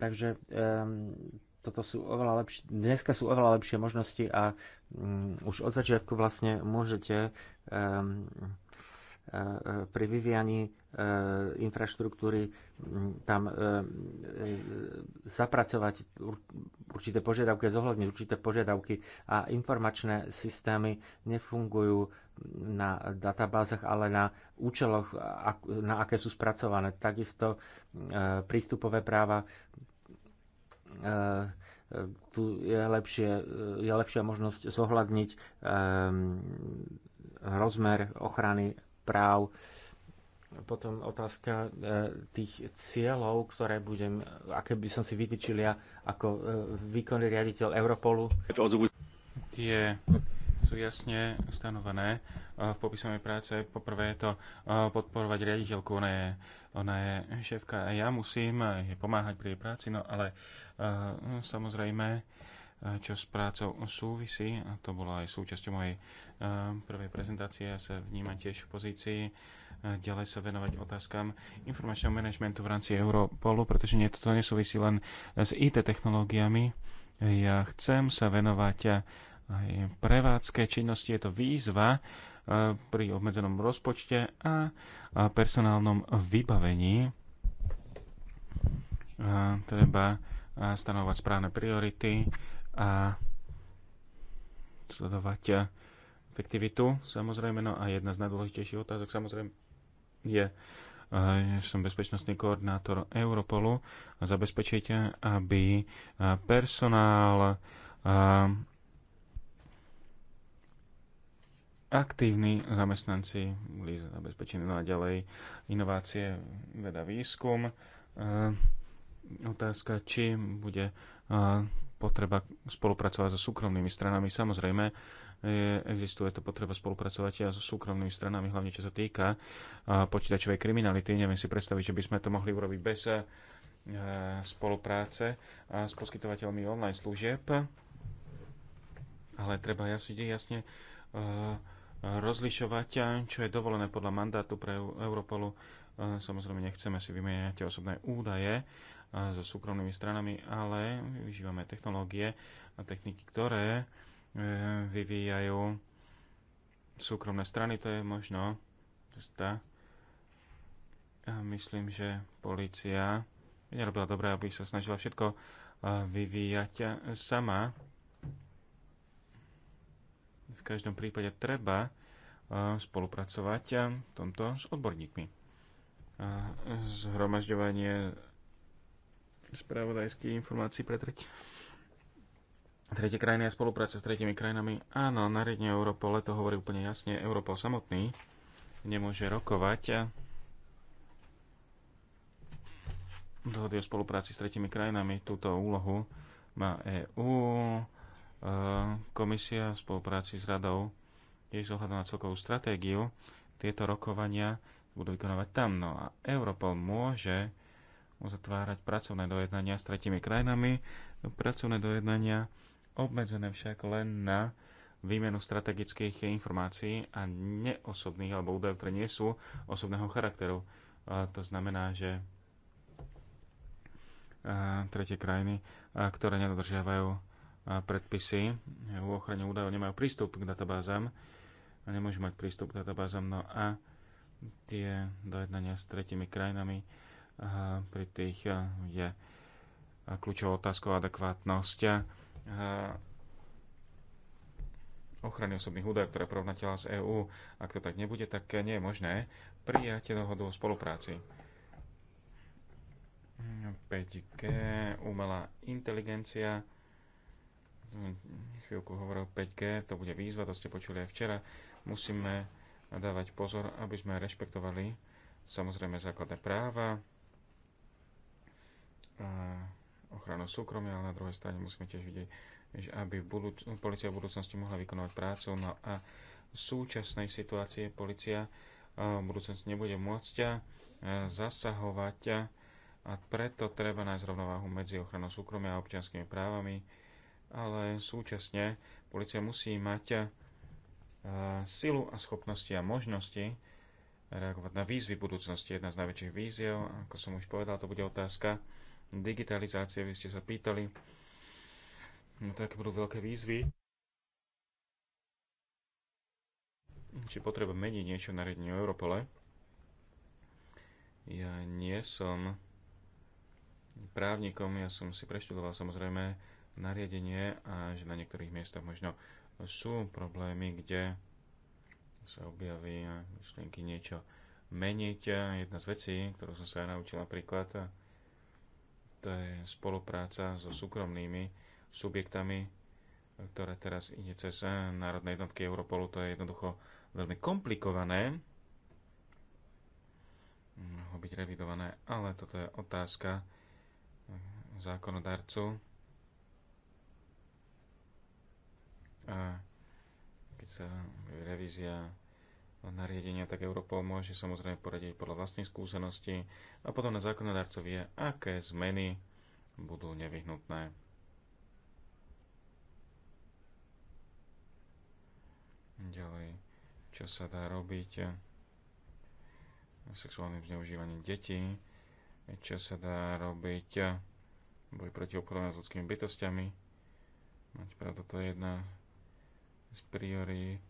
Takže um, toto sú oveľa lepšie, dneska sú oveľa lepšie možnosti a um, už od začiatku vlastne môžete um, pri vyvíjaní e, infraštruktúry tam zapracovať určité požiadavky, zohľadniť určité požiadavky a informačné systémy nefungujú na databázach, ale na účeloch, na aké sú spracované. Takisto prístupové práva E, e, tu je, lepšie, e, je lepšia možnosť zohľadniť rozmer ochrany práv. Potom otázka tých cieľov, ktoré budem, aké by som si vytýčil ja ako výkonný riaditeľ Europolu. Tie sú jasne stanovené v popisovej práce. Poprvé je to podporovať riaditeľku, ona je, ona je šéfka a ja musím jej pomáhať pri jej práci, no ale uh, No, samozrejme, čo s prácou súvisí, a to bolo aj súčasťou mojej prvej prezentácie, ja sa vnímam tiež v pozícii ďalej sa venovať otázkam informačného manažmentu v rámci Europolu, pretože nie, toto nesúvisí len s IT technológiami. Ja chcem sa venovať aj prevádzke činnosti, je to výzva pri obmedzenom rozpočte a personálnom vybavení. A treba stanovať správne priority a sledovať efektivitu. Samozrejme, no a jedna z najdôležitejších otázok samozrejme je, ja eh, som bezpečnostný koordinátor Europolu, a zabezpečíte, aby eh, personál eh, aktívni zamestnanci boli zabezpečení no a ďalej inovácie, veda, výskum otázka, či bude potreba spolupracovať so súkromnými stranami. Samozrejme, existuje to potreba spolupracovať aj so súkromnými stranami, hlavne čo sa týka počítačovej kriminality. Neviem si predstaviť, že by sme to mohli urobiť bez spolupráce s poskytovateľmi online služieb. Ale treba jasne, jasne rozlišovať, čo je dovolené podľa mandátu pre Europolu. Samozrejme, nechceme si vymieňať osobné údaje, so súkromnými stranami, ale využívame technológie a techniky, ktoré e, vyvíjajú súkromné strany. To je možno cesta. Ja myslím, že policia nerobila dobré, aby sa snažila všetko e, vyvíjať sama. V každom prípade treba e, spolupracovať v tomto s odborníkmi. Zhromažďovanie spravodajský informácií pre treť. Tretie krajiny a spolupráca s tretimi krajinami. Áno, nariadenie Europole to hovorí úplne jasne. Europol samotný nemôže rokovať dohody o spolupráci s tretimi krajinami. Túto úlohu má EÚ, e, komisia v spolupráci s radou tiež zohľadom na celkovú stratégiu. Tieto rokovania budú vykonávať tam. No a Europol môže uzatvárať pracovné dojednania s tretimi krajinami, pracovné dojednania obmedzené však len na výmenu strategických informácií a neosobných alebo údajov, ktoré nie sú osobného charakteru. A to znamená, že tretie krajiny, ktoré nedodržiavajú predpisy o ochrane údajov, nemajú prístup k databázam a nemôžu mať prístup k databázam. No a tie dojednania s tretimi krajinami pri tých eh, je kľúčovou otázkou adekvátnosť eh, ochrany osobných údajov, ktoré porovnateľa z EÚ. Ak to tak nebude, tak nie je možné prijať dohodu o spolupráci. 5G, umelá inteligencia, chvíľku hovoril 5G, to bude výzva, to ste počuli aj včera. Musíme dávať pozor, aby sme rešpektovali samozrejme základné práva, ochranu súkromia, ale na druhej strane musíme tiež vidieť, že aby budúc- policia v budúcnosti mohla vykonovať prácu. No a v súčasnej situácii policia v budúcnosti nebude môcť zasahovať a preto treba nájsť rovnováhu medzi ochranou súkromia a občianskými právami, ale súčasne policia musí mať silu a schopnosti a možnosti reagovať na výzvy budúcnosti. Jedna z najväčších víziev, ako som už povedal, to bude otázka digitalizácie, vy ste sa pýtali, no tak budú veľké výzvy. Či potreba meniť niečo na riadení Europole? Ja nie som právnikom, ja som si preštudoval samozrejme nariadenie a že na niektorých miestach možno sú problémy, kde sa objaví myšlienky niečo meniť. Jedna z vecí, ktorú som sa naučil napríklad, to je spolupráca so súkromnými subjektami, ktoré teraz ide cez eh, Národné jednotky Europolu. To je jednoducho veľmi komplikované, mohlo byť revidované, ale toto je otázka eh, zákonodarcu. A keď sa revízia nariadenia, tak Europol môže samozrejme poradiť podľa vlastnej skúsenosti a potom na zákonodárcov je, aké zmeny budú nevyhnutné. Ďalej, čo sa dá robiť sexuálnym zneužívaním detí, čo sa dá robiť boj proti obchodovaniu s ľudskými bytostiami. Mať pravdu, to je jedna z priorít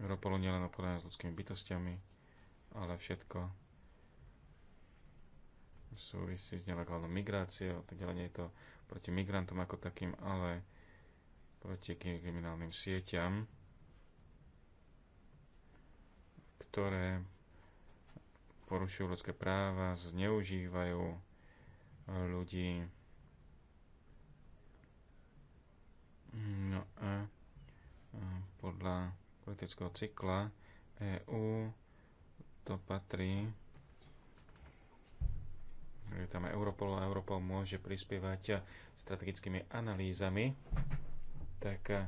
Europolu nielen obchodovanie s ľudskými bytostiami, ale všetko súvisí s nelegálnou migráciou, tak ďalej nie je to proti migrantom ako takým, ale proti kriminálnym sieťam, ktoré porušujú ľudské práva, zneužívajú ľudí. No a podľa politického cykla EÚ. To patrí je tam Europol a Europol môže prispievať strategickými analýzami, tak e,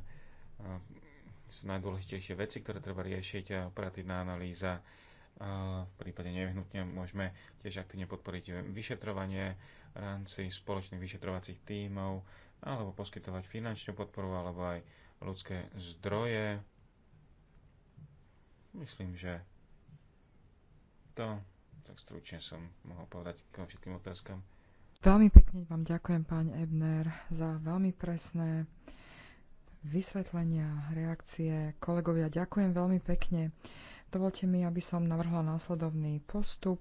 sú najdôležitejšie veci, ktoré treba riešiť a e, operatívna analýza. E, v prípade nevyhnutne môžeme tiež aktívne podporiť vyšetrovanie v rámci spoločných vyšetrovacích tímov alebo poskytovať finančnú podporu alebo aj ľudské zdroje Myslím, že to tak stručne som mohol povedať k všetkým otázkam. Veľmi pekne vám ďakujem, pán Ebner, za veľmi presné vysvetlenia, reakcie. Kolegovia, ďakujem veľmi pekne. Dovolte mi, aby som navrhla následovný postup.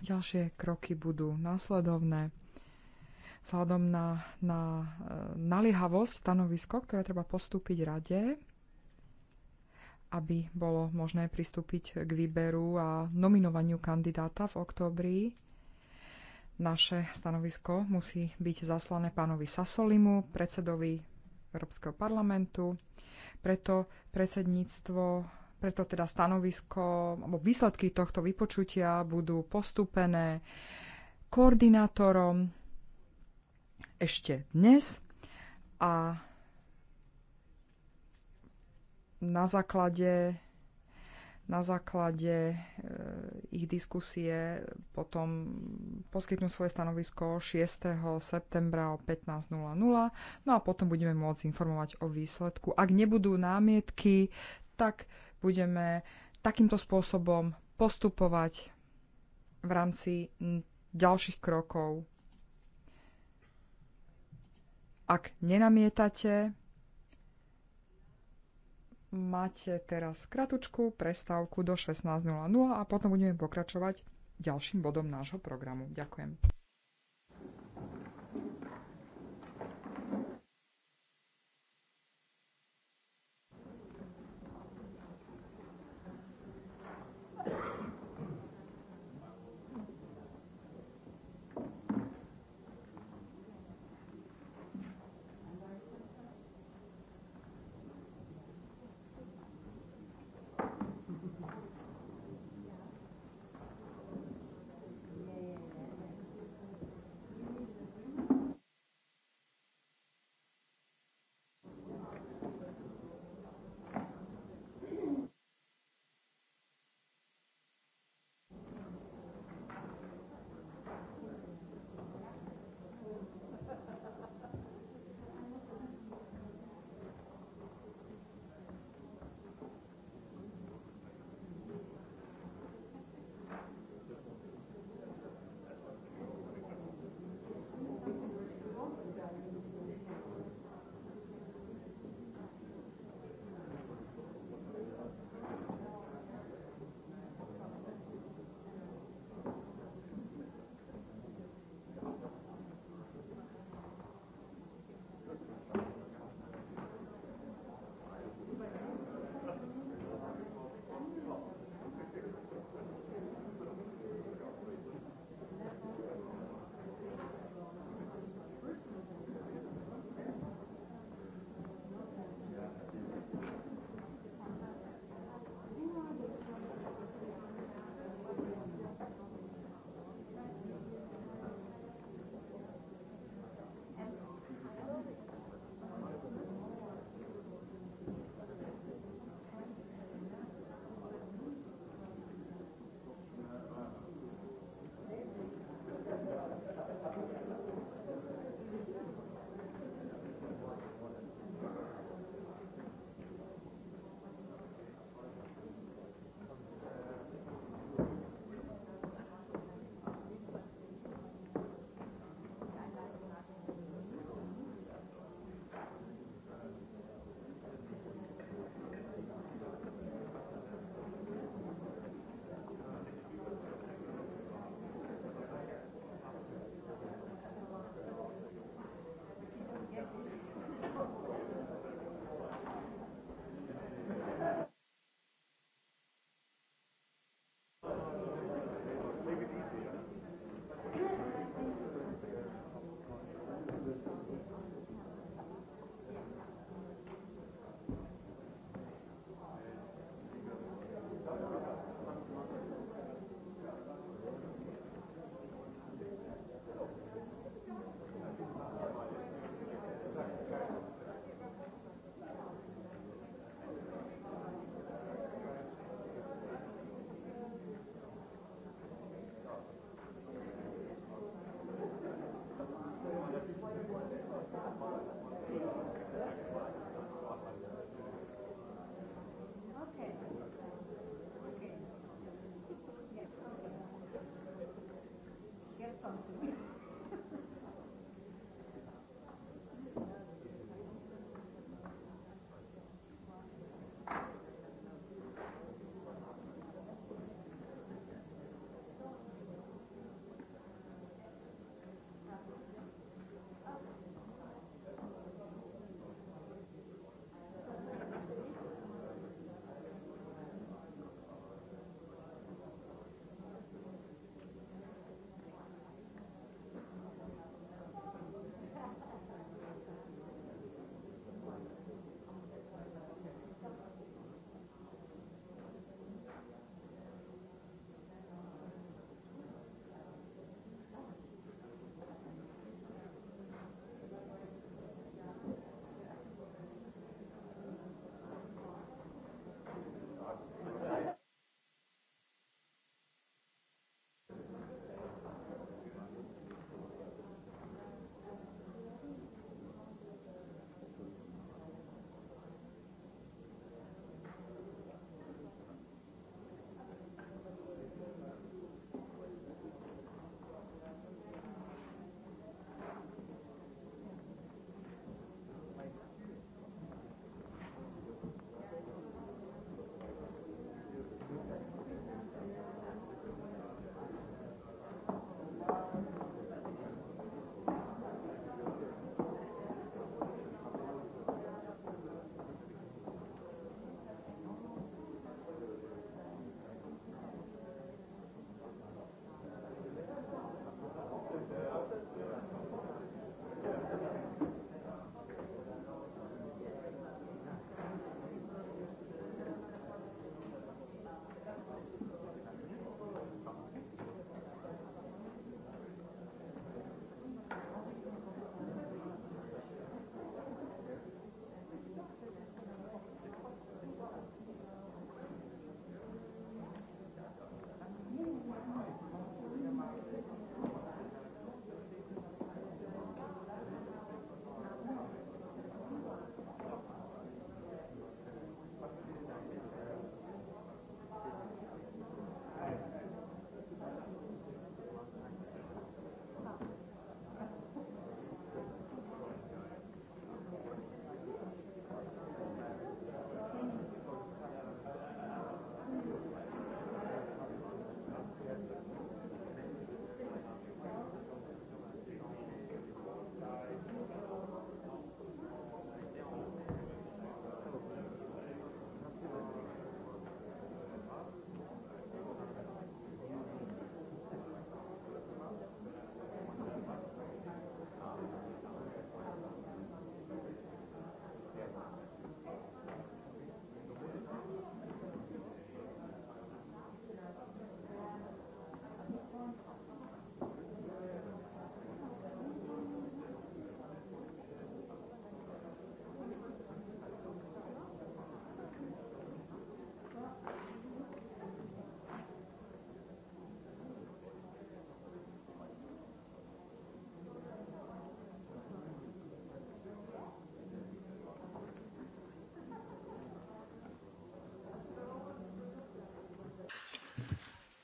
Ďalšie kroky budú následovné. Vzhľadom na, na e, naliehavosť stanovisko, ktoré treba postúpiť rade, aby bolo možné pristúpiť k výberu a nominovaniu kandidáta v októbri. Naše stanovisko musí byť zaslané pánovi Sasolimu, predsedovi Európskeho parlamentu. Preto predsedníctvo, preto teda stanovisko, alebo výsledky tohto vypočutia budú postupené koordinátorom ešte dnes a na základe na základe e, ich diskusie potom poskytnú svoje stanovisko 6. septembra o 15.00. No a potom budeme môcť informovať o výsledku. Ak nebudú námietky, tak budeme takýmto spôsobom postupovať v rámci ďalších krokov. Ak nenamietate, Máte teraz kratučku prestávku do 16.00 a potom budeme pokračovať ďalším bodom nášho programu. Ďakujem.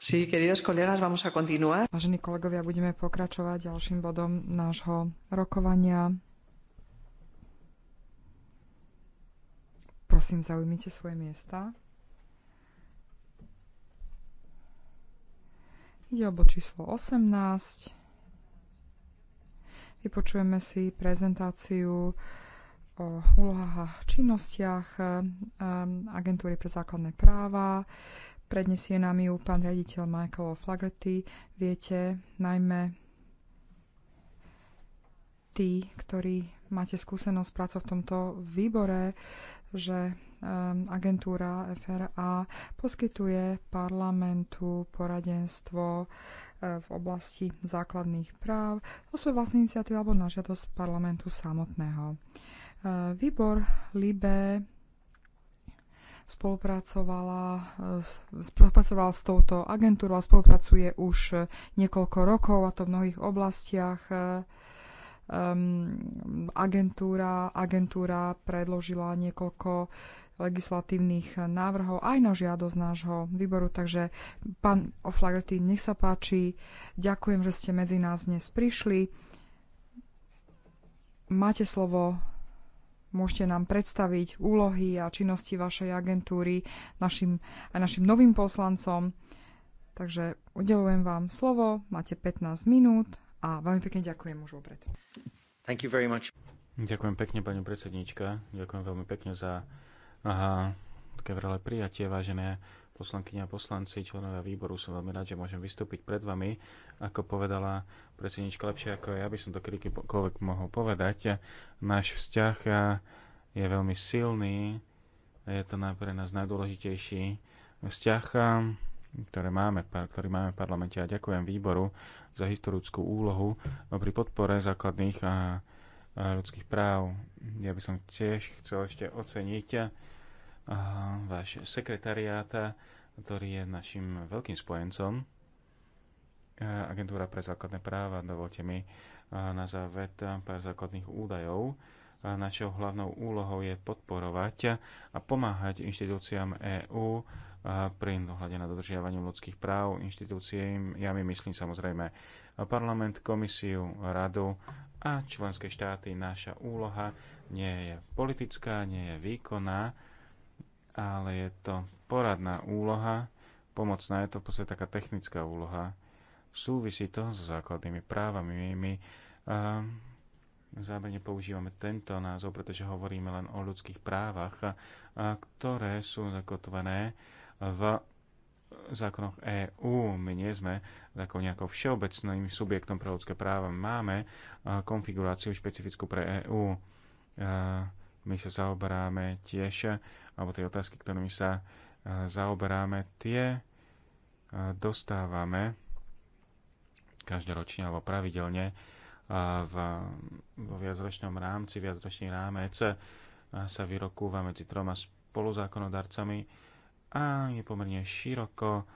Sí, queridos colegas, vamos a continuar. Vážení kolegovia, budeme pokračovať ďalším bodom nášho rokovania. Prosím, zaujmite svoje miesta. Ide o bod číslo 18. Vypočujeme si prezentáciu o úlohách a činnostiach ehm, agentúry pre základné práva Prednesie nám ju pán riaditeľ Michael O'Flaherty. Viete, najmä tí, ktorí máte skúsenosť s prácou v tomto výbore, že ehm, agentúra FRA poskytuje parlamentu poradenstvo e, v oblasti základných práv o svojej vlastnej iniciatíve alebo na žiadosť parlamentu samotného. E, výbor LIBE spolupracovala, eh, spolupracovala s touto agentúrou a spolupracuje už eh, niekoľko rokov, a to v mnohých oblastiach. Eh, agentúra, agentúra predložila niekoľko legislatívnych návrhov aj na žiadosť nášho výboru. Takže, pán Oflagerty, nech sa páči. Ďakujem, že ste medzi nás dnes prišli. Máte slovo môžete nám predstaviť úlohy a činnosti vašej agentúry našim, aj našim novým poslancom. Takže udelujem vám slovo, máte 15 minút a veľmi pekne ďakujem už vopred. Thank you very much. Ďakujem pekne, pani predsednička. Ďakujem veľmi pekne za aha, také vrele prijatie, vážené poslankyňa a poslanci, členovia výboru. Som veľmi rád, že môžem vystúpiť pred vami. Ako povedala predsednička lepšie ako ja, by som to kedykoľvek mohol povedať. Náš vzťah je veľmi silný. Je to pre nás najdôležitejší vzťah, ktoré máme, ktorý máme v parlamente. A ďakujem výboru za historickú úlohu pri podpore základných a ľudských práv. Ja by som tiež chcel ešte oceniť váš sekretariát, ktorý je našim veľkým spojencom, e, Agentúra pre základné práva. Dovolte mi e, na záved e, pár základných údajov. Našou hlavnou úlohou je podporovať a pomáhať inštitúciám EÚ pri dohľade na dodržiavaniu ľudských práv inštitúciám, ja my myslím samozrejme parlament, komisiu, radu a členské štáty. Naša úloha nie je politická, nie je výkonná, ale je to poradná úloha, pomocná je to v podstate taká technická úloha. Súvisí to so základnými právami. My um, používame tento názov, pretože hovoríme len o ľudských právach, a, a, ktoré sú zakotvené v zákonoch EÚ. My nie sme takou nejakou všeobecným subjektom pre ľudské práva. Máme konfiguráciu špecifickú pre EÚ my sa zaoberáme tiež, alebo tie otázky, ktorými sa e, zaoberáme, tie e, dostávame každoročne alebo pravidelne e, v, vo viacročnom rámci. Viacročný rámec sa vyrokúva medzi troma spoluzákonodarcami a je pomerne široko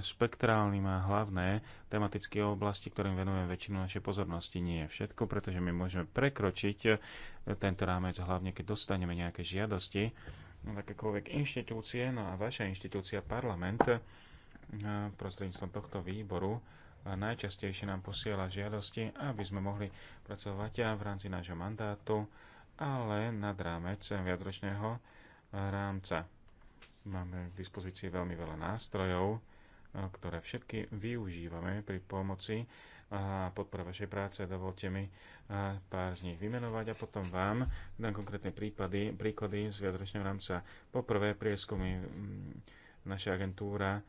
spektrálnym a hlavné tematické oblasti, ktorým venujeme väčšinu našej pozornosti. Nie je všetko, pretože my môžeme prekročiť e, tento rámec, hlavne keď dostaneme nejaké žiadosti na no, akékoľvek inštitúcie, no a vaša inštitúcia, parlament, e, prostredníctvom tohto výboru e, najčastejšie nám posiela žiadosti, aby sme mohli pracovať v rámci nášho mandátu, ale nad rámec viacročného rámca. Máme k dispozícii veľmi veľa nástrojov, ktoré všetky využívame pri pomoci a podpore vašej práce. Dovolte mi pár z nich vymenovať a potom vám dám konkrétne prípady, príklady z viacročného rámca. Poprvé prieskumy naša agentúra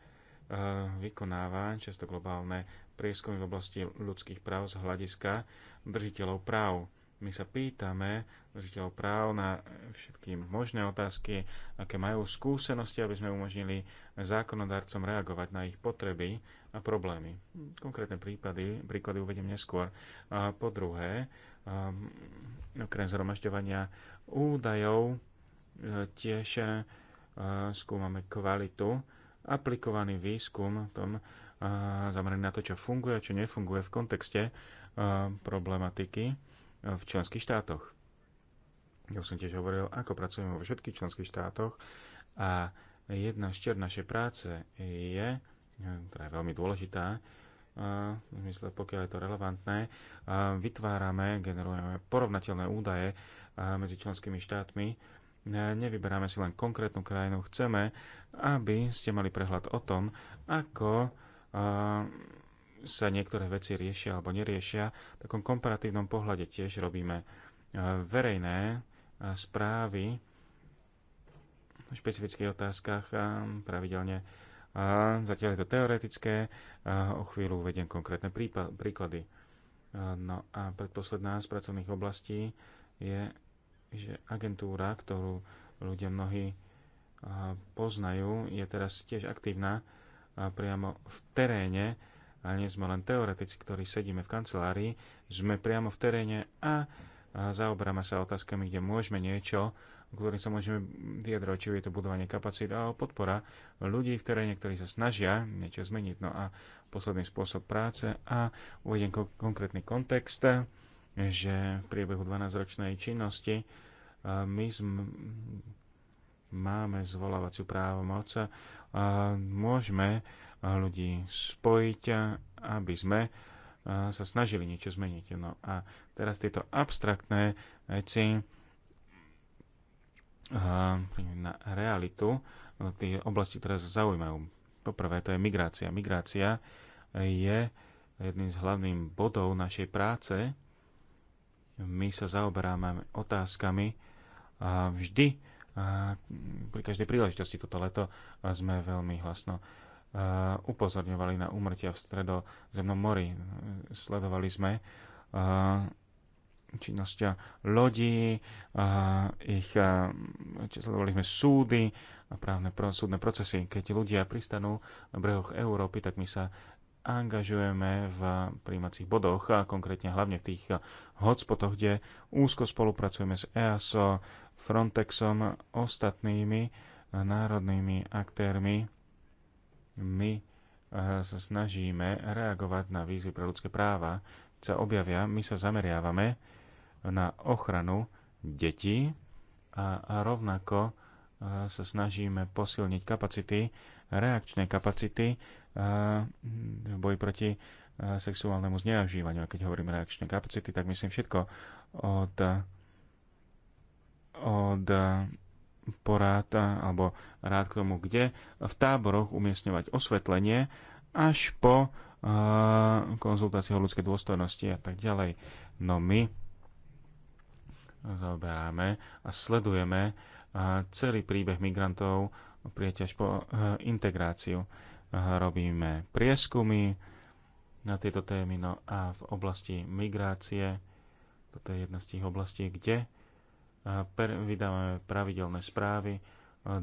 vykonáva často globálne prieskumy v oblasti ľudských práv z hľadiska držiteľov práv my sa pýtame držiteľov práv na všetky možné otázky, aké majú skúsenosti, aby sme umožnili zákonodarcom reagovať na ich potreby a problémy. Konkrétne prípady, príklady uvedem neskôr. A po druhé, ehm, okrem zhromažďovania údajov, e, tiež e, skúmame kvalitu, aplikovaný výskum, tom e, zameraný na to, čo funguje a čo nefunguje v kontexte problematiky v členských štátoch. Ja som tiež hovoril, ako pracujeme vo všetkých členských štátoch a jedna z čier našej práce je, ktorá je veľmi dôležitá, v zmysle, pokiaľ je to relevantné, vytvárame, generujeme porovnateľné údaje medzi členskými štátmi. Nevyberáme si len konkrétnu krajinu, chceme, aby ste mali prehľad o tom, ako sa niektoré veci riešia alebo neriešia. V takom komparatívnom pohľade tiež robíme e, verejné e, správy v špecifických otázkach e, pravidelne. Zatiaľ je to teoretické, o chvíľu uvediem konkrétne príklady. No a predposledná z pracovných oblastí je, že agentúra, ktorú ľudia mnohí poznajú, je teraz tiež aktívna priamo v teréne a nie sme len teoretici, ktorí sedíme v kancelárii, sme priamo v teréne a zaoberáme sa otázkami, kde môžeme niečo, ktorým sa môžeme vyjadrovať, či je to budovanie kapacít a podpora ľudí v teréne, ktorí sa snažia niečo zmeniť. No a posledný spôsob práce a uvediem konkrétny kontext, že v priebehu 12-ročnej činnosti my máme zvolávaciu právomoc, môžeme ľudí spojiť, aby sme sa snažili niečo zmeniť. No a teraz tieto abstraktné veci na realitu, no, tie oblasti, ktoré sa zaujímajú. Poprvé, to je migrácia. Migrácia je jedným z hlavných bodov našej práce. My sa zaoberáme otázkami a vždy, pri každej príležitosti toto leto sme veľmi hlasno upozorňovali na úmrtia v stredozemnom mori. Sledovali sme činnosť lodí, ich, sledovali sme súdy a právne súdne procesy. Keď ľudia pristanú na brehoch Európy, tak my sa angažujeme v príjmacích bodoch a konkrétne hlavne v tých hotspotoch, kde úzko spolupracujeme s EASO, Frontexom, ostatnými národnými aktérmi my eh, sa snažíme reagovať na výzvy pre ľudské práva, sa objavia, my sa zameriavame na ochranu detí a, a rovnako eh, sa snažíme posilniť kapacity, reakčné kapacity eh, v boji proti sexuálnemu zneužívaniu. A keď hovorím reakčné kapacity, tak myslím všetko od, od porád alebo rád k tomu, kde v táboroch umiestňovať osvetlenie až po konzultácii o ľudskej dôstojnosti a tak ďalej. No my zaoberáme a sledujeme celý príbeh migrantov prieťaž po integráciu. Robíme prieskumy na tieto témy no a v oblasti migrácie, toto je jedna z tých oblastí, kde vydávame pravidelné správy e,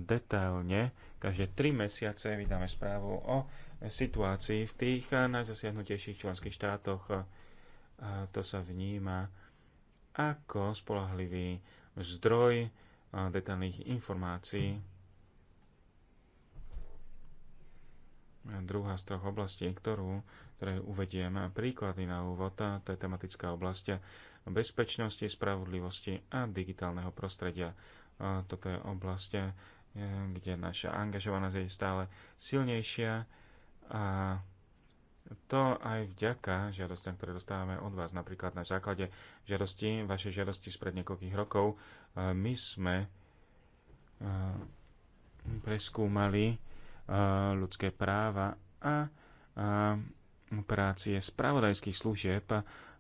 detailne. Každé 3 mesiace vydáme správu o situácii v tých najzasiahnutejších členských štátoch. E, a to sa vníma ako spolahlivý zdroj e, detailných informácií. A druhá z troch oblastí, ktorú, ktoré uvediem príklady na úvod, to je tematická oblasť bezpečnosti, spravodlivosti a digitálneho prostredia. Toto je oblasť, e, kde naša angažovanosť je stále silnejšia a to aj vďaka žiadostiam, ktoré dostávame od vás. Napríklad na základe žiadosti, vašej žiadosti spred niekoľkých rokov, e, my sme e, preskúmali ľudské práva a operácie spravodajských služieb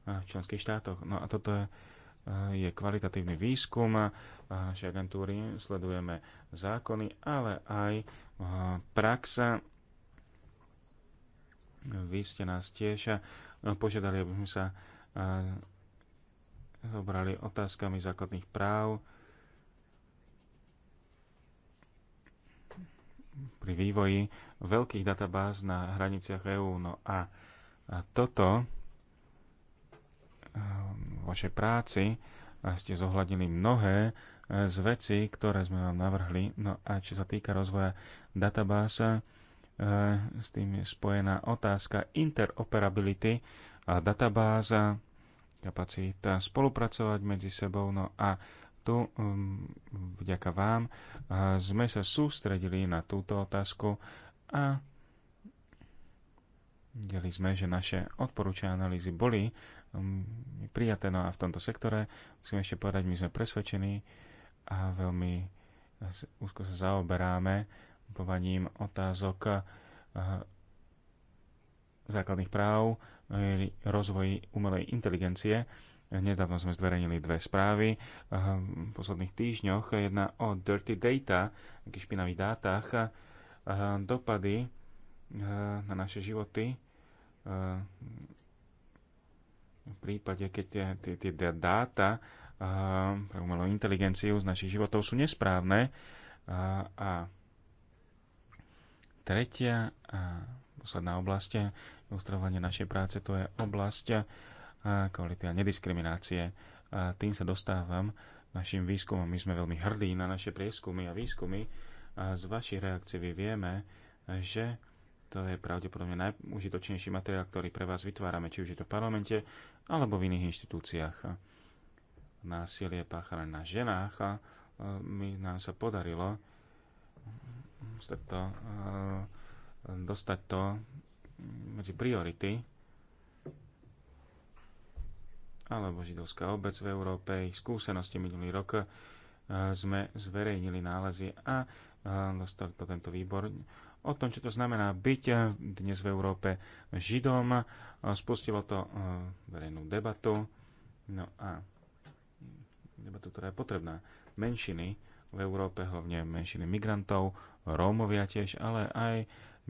v členských štátoch. No a toto eh, je, kvalitatívny výskum eh, našej agentúry. Sledujeme zákony, ale aj eh, praxa. Vy ste nás tiež požiadali, aby sme sa zobrali otázkami základných práv pri vývoji veľkých databáz na hraniciach EÚ. No a, a toto vašej práci a ste zohľadnili mnohé e, z vecí, ktoré sme vám navrhli. No a čo sa týka rozvoja databása, e, s tým je spojená otázka interoperability a databáza, kapacita spolupracovať medzi sebou. No a tu vďaka vám e, sme sa sústredili na túto otázku a videli sme, že naše odporúčané analýzy boli Hm, prijaté. No a v tomto sektore, musím ešte povedať, my sme presvedčení a veľmi úzko sa zaoberáme povaním otázok eh, základných práv, eh, rozvoji umelej inteligencie. Nedávno sme zverejnili dve správy. Eh, v posledných týždňoch jedna o dirty data, takých špinavých dátach, dopady na naše životy v prípade, keď tie, tie, tie dáta uh, umelú inteligenciu z našich životov sú nesprávne. Uh, a tretia a posledná oblasť ilustrovanie našej práce, to je oblasť uh, kvality a nediskriminácie. Uh, tým sa dostávam našim výskumom. My sme veľmi hrdí na naše prieskumy a výskumy. A z vašich reakcií vieme, že to je pravdepodobne najúžitočnejší materiál, ktorý pre vás vytvárame, či už je to v parlamente alebo v iných inštitúciách. Násilie páchané na ženách a e, my, nám sa podarilo mm, to, e, dostať to medzi priority alebo židovská obec v Európe, ich skúsenosti minulý rok e, sme zverejnili nálezy a dostal to tento výbor o tom, čo to znamená byť dnes v Európe židom. Spustilo to eh, verejnú debatu. No a debatu, ktorá je potrebná. Menšiny v Európe, hlavne menšiny migrantov, Rómovia tiež, ale aj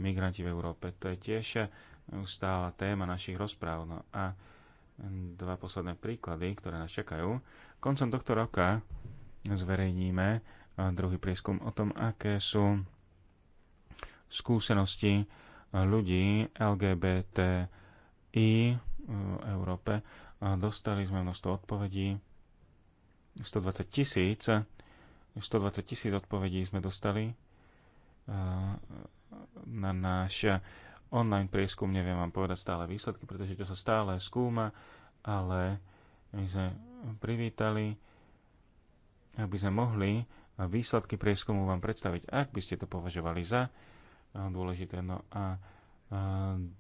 migranti v Európe. To je tiež eh, stála téma našich rozpráv. No a dva posledné príklady, ktoré nás čakajú. Koncom tohto roka zverejníme eh, druhý prieskum o tom, aké sú skúsenosti eh, ľudí LGBTI v eh, Európe. A dostali sme množstvo odpovedí, 120 tisíc, 120 tisíc odpovedí sme dostali eh, na náš online prieskum, neviem vám povedať stále výsledky, pretože to sa stále skúma, ale my sme privítali, aby sme mohli výsledky prieskumu vám predstaviť, ak by ste to považovali za dôležité. No a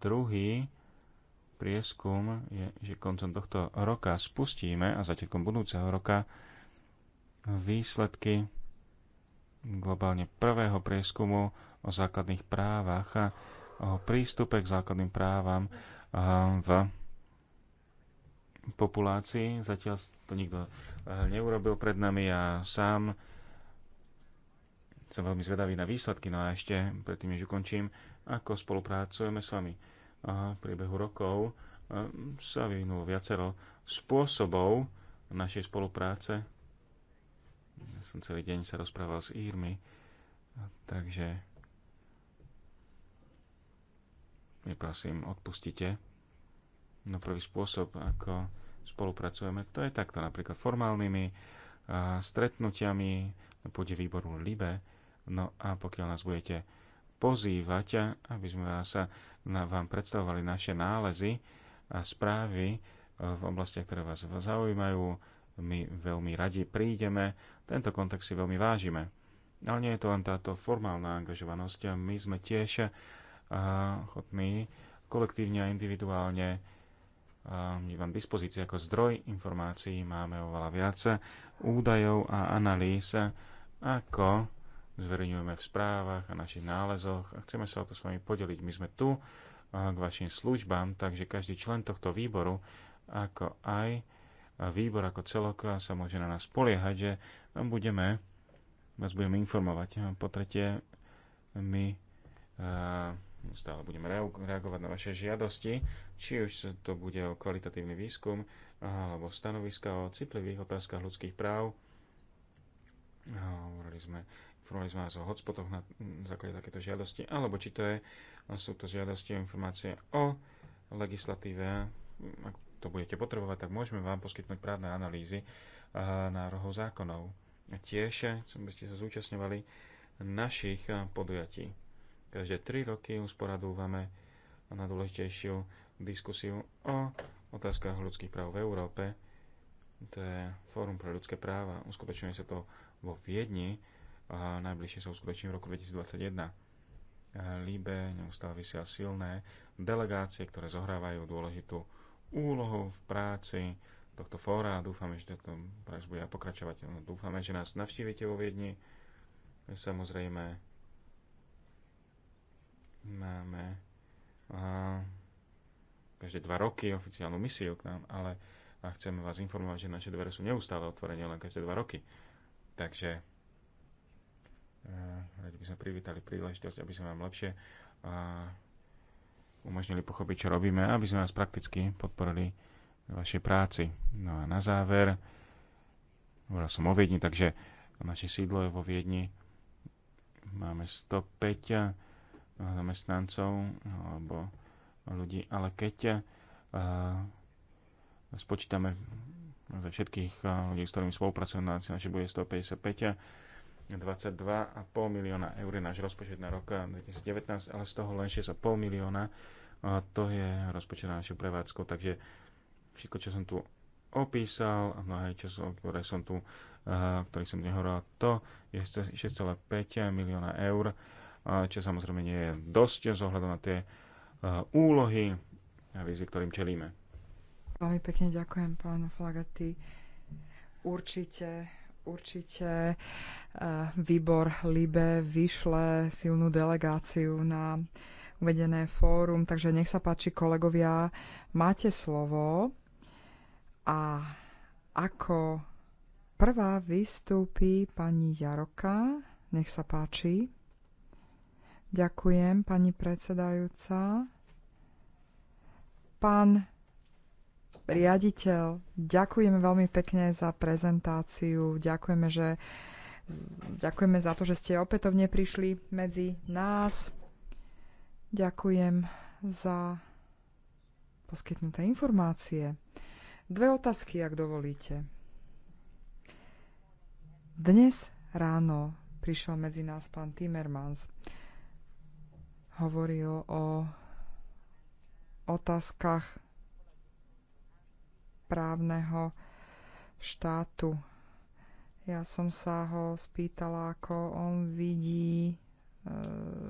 druhý prieskum je, že koncom tohto roka spustíme a začiatkom budúceho roka výsledky globálne prvého prieskumu o základných právach a o prístupe k základným právam v populácii. Zatiaľ to nikto eh, neurobil pred nami. Ja sám som veľmi zvedavý na výsledky, no a ešte predtým, než ukončím, ako spolupracujeme s vami. A v priebehu rokov e, sa vyvinulo viacero spôsobov našej spolupráce. Ja som celý deň sa rozprával s Írmi, takže mi prosím, odpustite. No prvý spôsob, ako spolupracujeme, to je takto napríklad formálnymi stretnutiami na pôde výboru LIBE, No a pokiaľ nás budete pozývať, aby sme vás, na, vám predstavovali naše nálezy a správy eh, v oblastiach, ktoré vás zaujímajú, my veľmi radi prídeme. Tento kontakt si veľmi vážime. Ale nie je to len táto formálna angažovanosť. My sme tiež eh, ochotní kolektívne a individuálne je eh, vám dispozícii ako zdroj informácií. Máme oveľa viac údajov a analýz, ako zverejňujeme v správach a našich nálezoch a chceme sa o to s vami podeliť. My sme tu k vašim službám, takže každý člen tohto výboru, ako aj výbor ako celok sa môže na nás poliehať, že budeme, vás budeme informovať. Po tretie, my stále budeme reagovať na vaše žiadosti, či už to bude o kvalitatívny výskum, alebo stanoviska o citlivých otázkach ľudských práv. Hovorili sme informovali sme vás o hotspotoch na základe takéto žiadosti, alebo či to je, sú to žiadosti o informácie o legislatíve, ak to budete potrebovať, tak môžeme vám poskytnúť právne analýzy návrhov zákonov. Tiež by ste sa zúčastňovali našich podujatí. Každé tri roky usporadúvame na dôležitejšiu diskusiu o otázkach ľudských práv v Európe. To je Fórum pre ľudské práva. Uskutočňuje sa to vo Viedni najbližšie sa uskutoční v roku 2021. Líbe neustále vysia silné delegácie, ktoré zohrávajú dôležitú úlohu v práci tohto fóra a dúfame, že to práč bude pokračovať. No, dúfame, že nás navštívite vo Viedni. Samozrejme máme aha, každé dva roky oficiálnu misiu k nám, ale a chceme vás informovať, že naše dvere sú neustále otvorené len každé dva roky. Takže Eh, radi by sme privítali príležitosť, aby sme vám lepšie eh, umožnili pochopiť, čo robíme, aby sme vás prakticky podporili v vašej práci. No a na záver, hovoril som o Viedni, takže naše sídlo je vo Viedni. Máme 105 eh, zamestnancov alebo ľudí, ale keď spočítame za všetkých ľudí, s ktorými spolupracujeme, na naše bude 155 22,5 milióna eur náš rozpočet na rok 2019, ale z toho len 6,5 milióna to je rozpočet na našu prevádzku, takže všetko, čo som tu opísal, mnohé, čo som, ktoré som tu, ktorých som nehovoril, to je 6,5 milióna eur, čo samozrejme nie je dosť z na tie úlohy a výzvy, ktorým čelíme. Veľmi pekne ďakujem pán Flagaty. Určite určite eh, výbor LIBE vyšle silnú delegáciu na uvedené fórum. Takže nech sa páči, kolegovia, máte slovo. A ako prvá vystúpi pani Jaroka. Nech sa páči. Ďakujem, pani predsedajúca. Pán riaditeľ, ďakujeme veľmi pekne za prezentáciu. Ďakujeme, že, ďakujeme za to, že ste opätovne prišli medzi nás. Ďakujem za poskytnuté informácie. Dve otázky, ak dovolíte. Dnes ráno prišiel medzi nás pán Timmermans. Hovoril o otázkach právneho štátu. Ja som sa ho spýtala, ako on vidí e,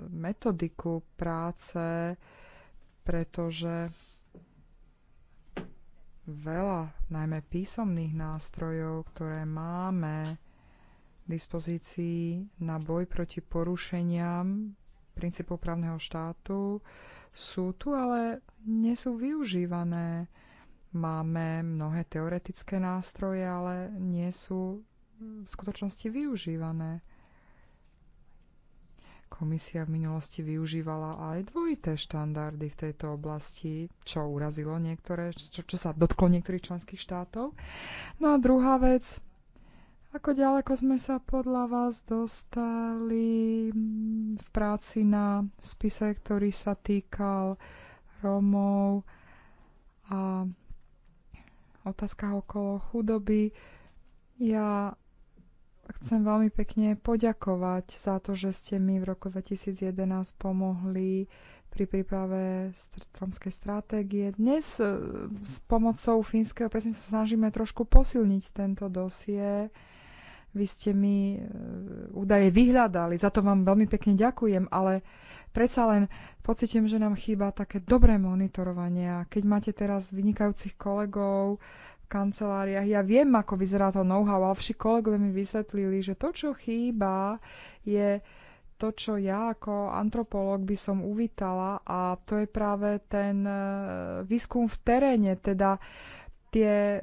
metodiku práce, pretože veľa, najmä písomných nástrojov, ktoré máme k dispozícii na boj proti porušeniam princípov právneho štátu, sú tu, ale nie sú využívané. Máme mnohé teoretické nástroje, ale nie sú v skutočnosti využívané. Komisia v minulosti využívala aj dvojité štandardy v tejto oblasti, čo urazilo niektoré, čo, čo sa dotklo niektorých členských štátov. No a druhá vec, ako ďaleko sme sa podľa vás dostali v práci na spise, ktorý sa týkal Romov a otázkach okolo chudoby. Ja chcem veľmi pekne poďakovať za to, že ste mi v roku 2011 pomohli pri príprave romskej stratégie. Dnes e, s pomocou fínskeho presne sa snažíme trošku posilniť tento dosie vy ste mi e, údaje vyhľadali, za to vám veľmi pekne ďakujem, ale predsa len pocitím, že nám chýba také dobré monitorovanie. A keď máte teraz vynikajúcich kolegov v kanceláriách, ja viem, ako vyzerá to know-how, ale všetci kolegovia mi vysvetlili, že to, čo chýba, je to, čo ja ako antropolog by som uvítala a to je práve ten e, výskum v teréne, teda tie e,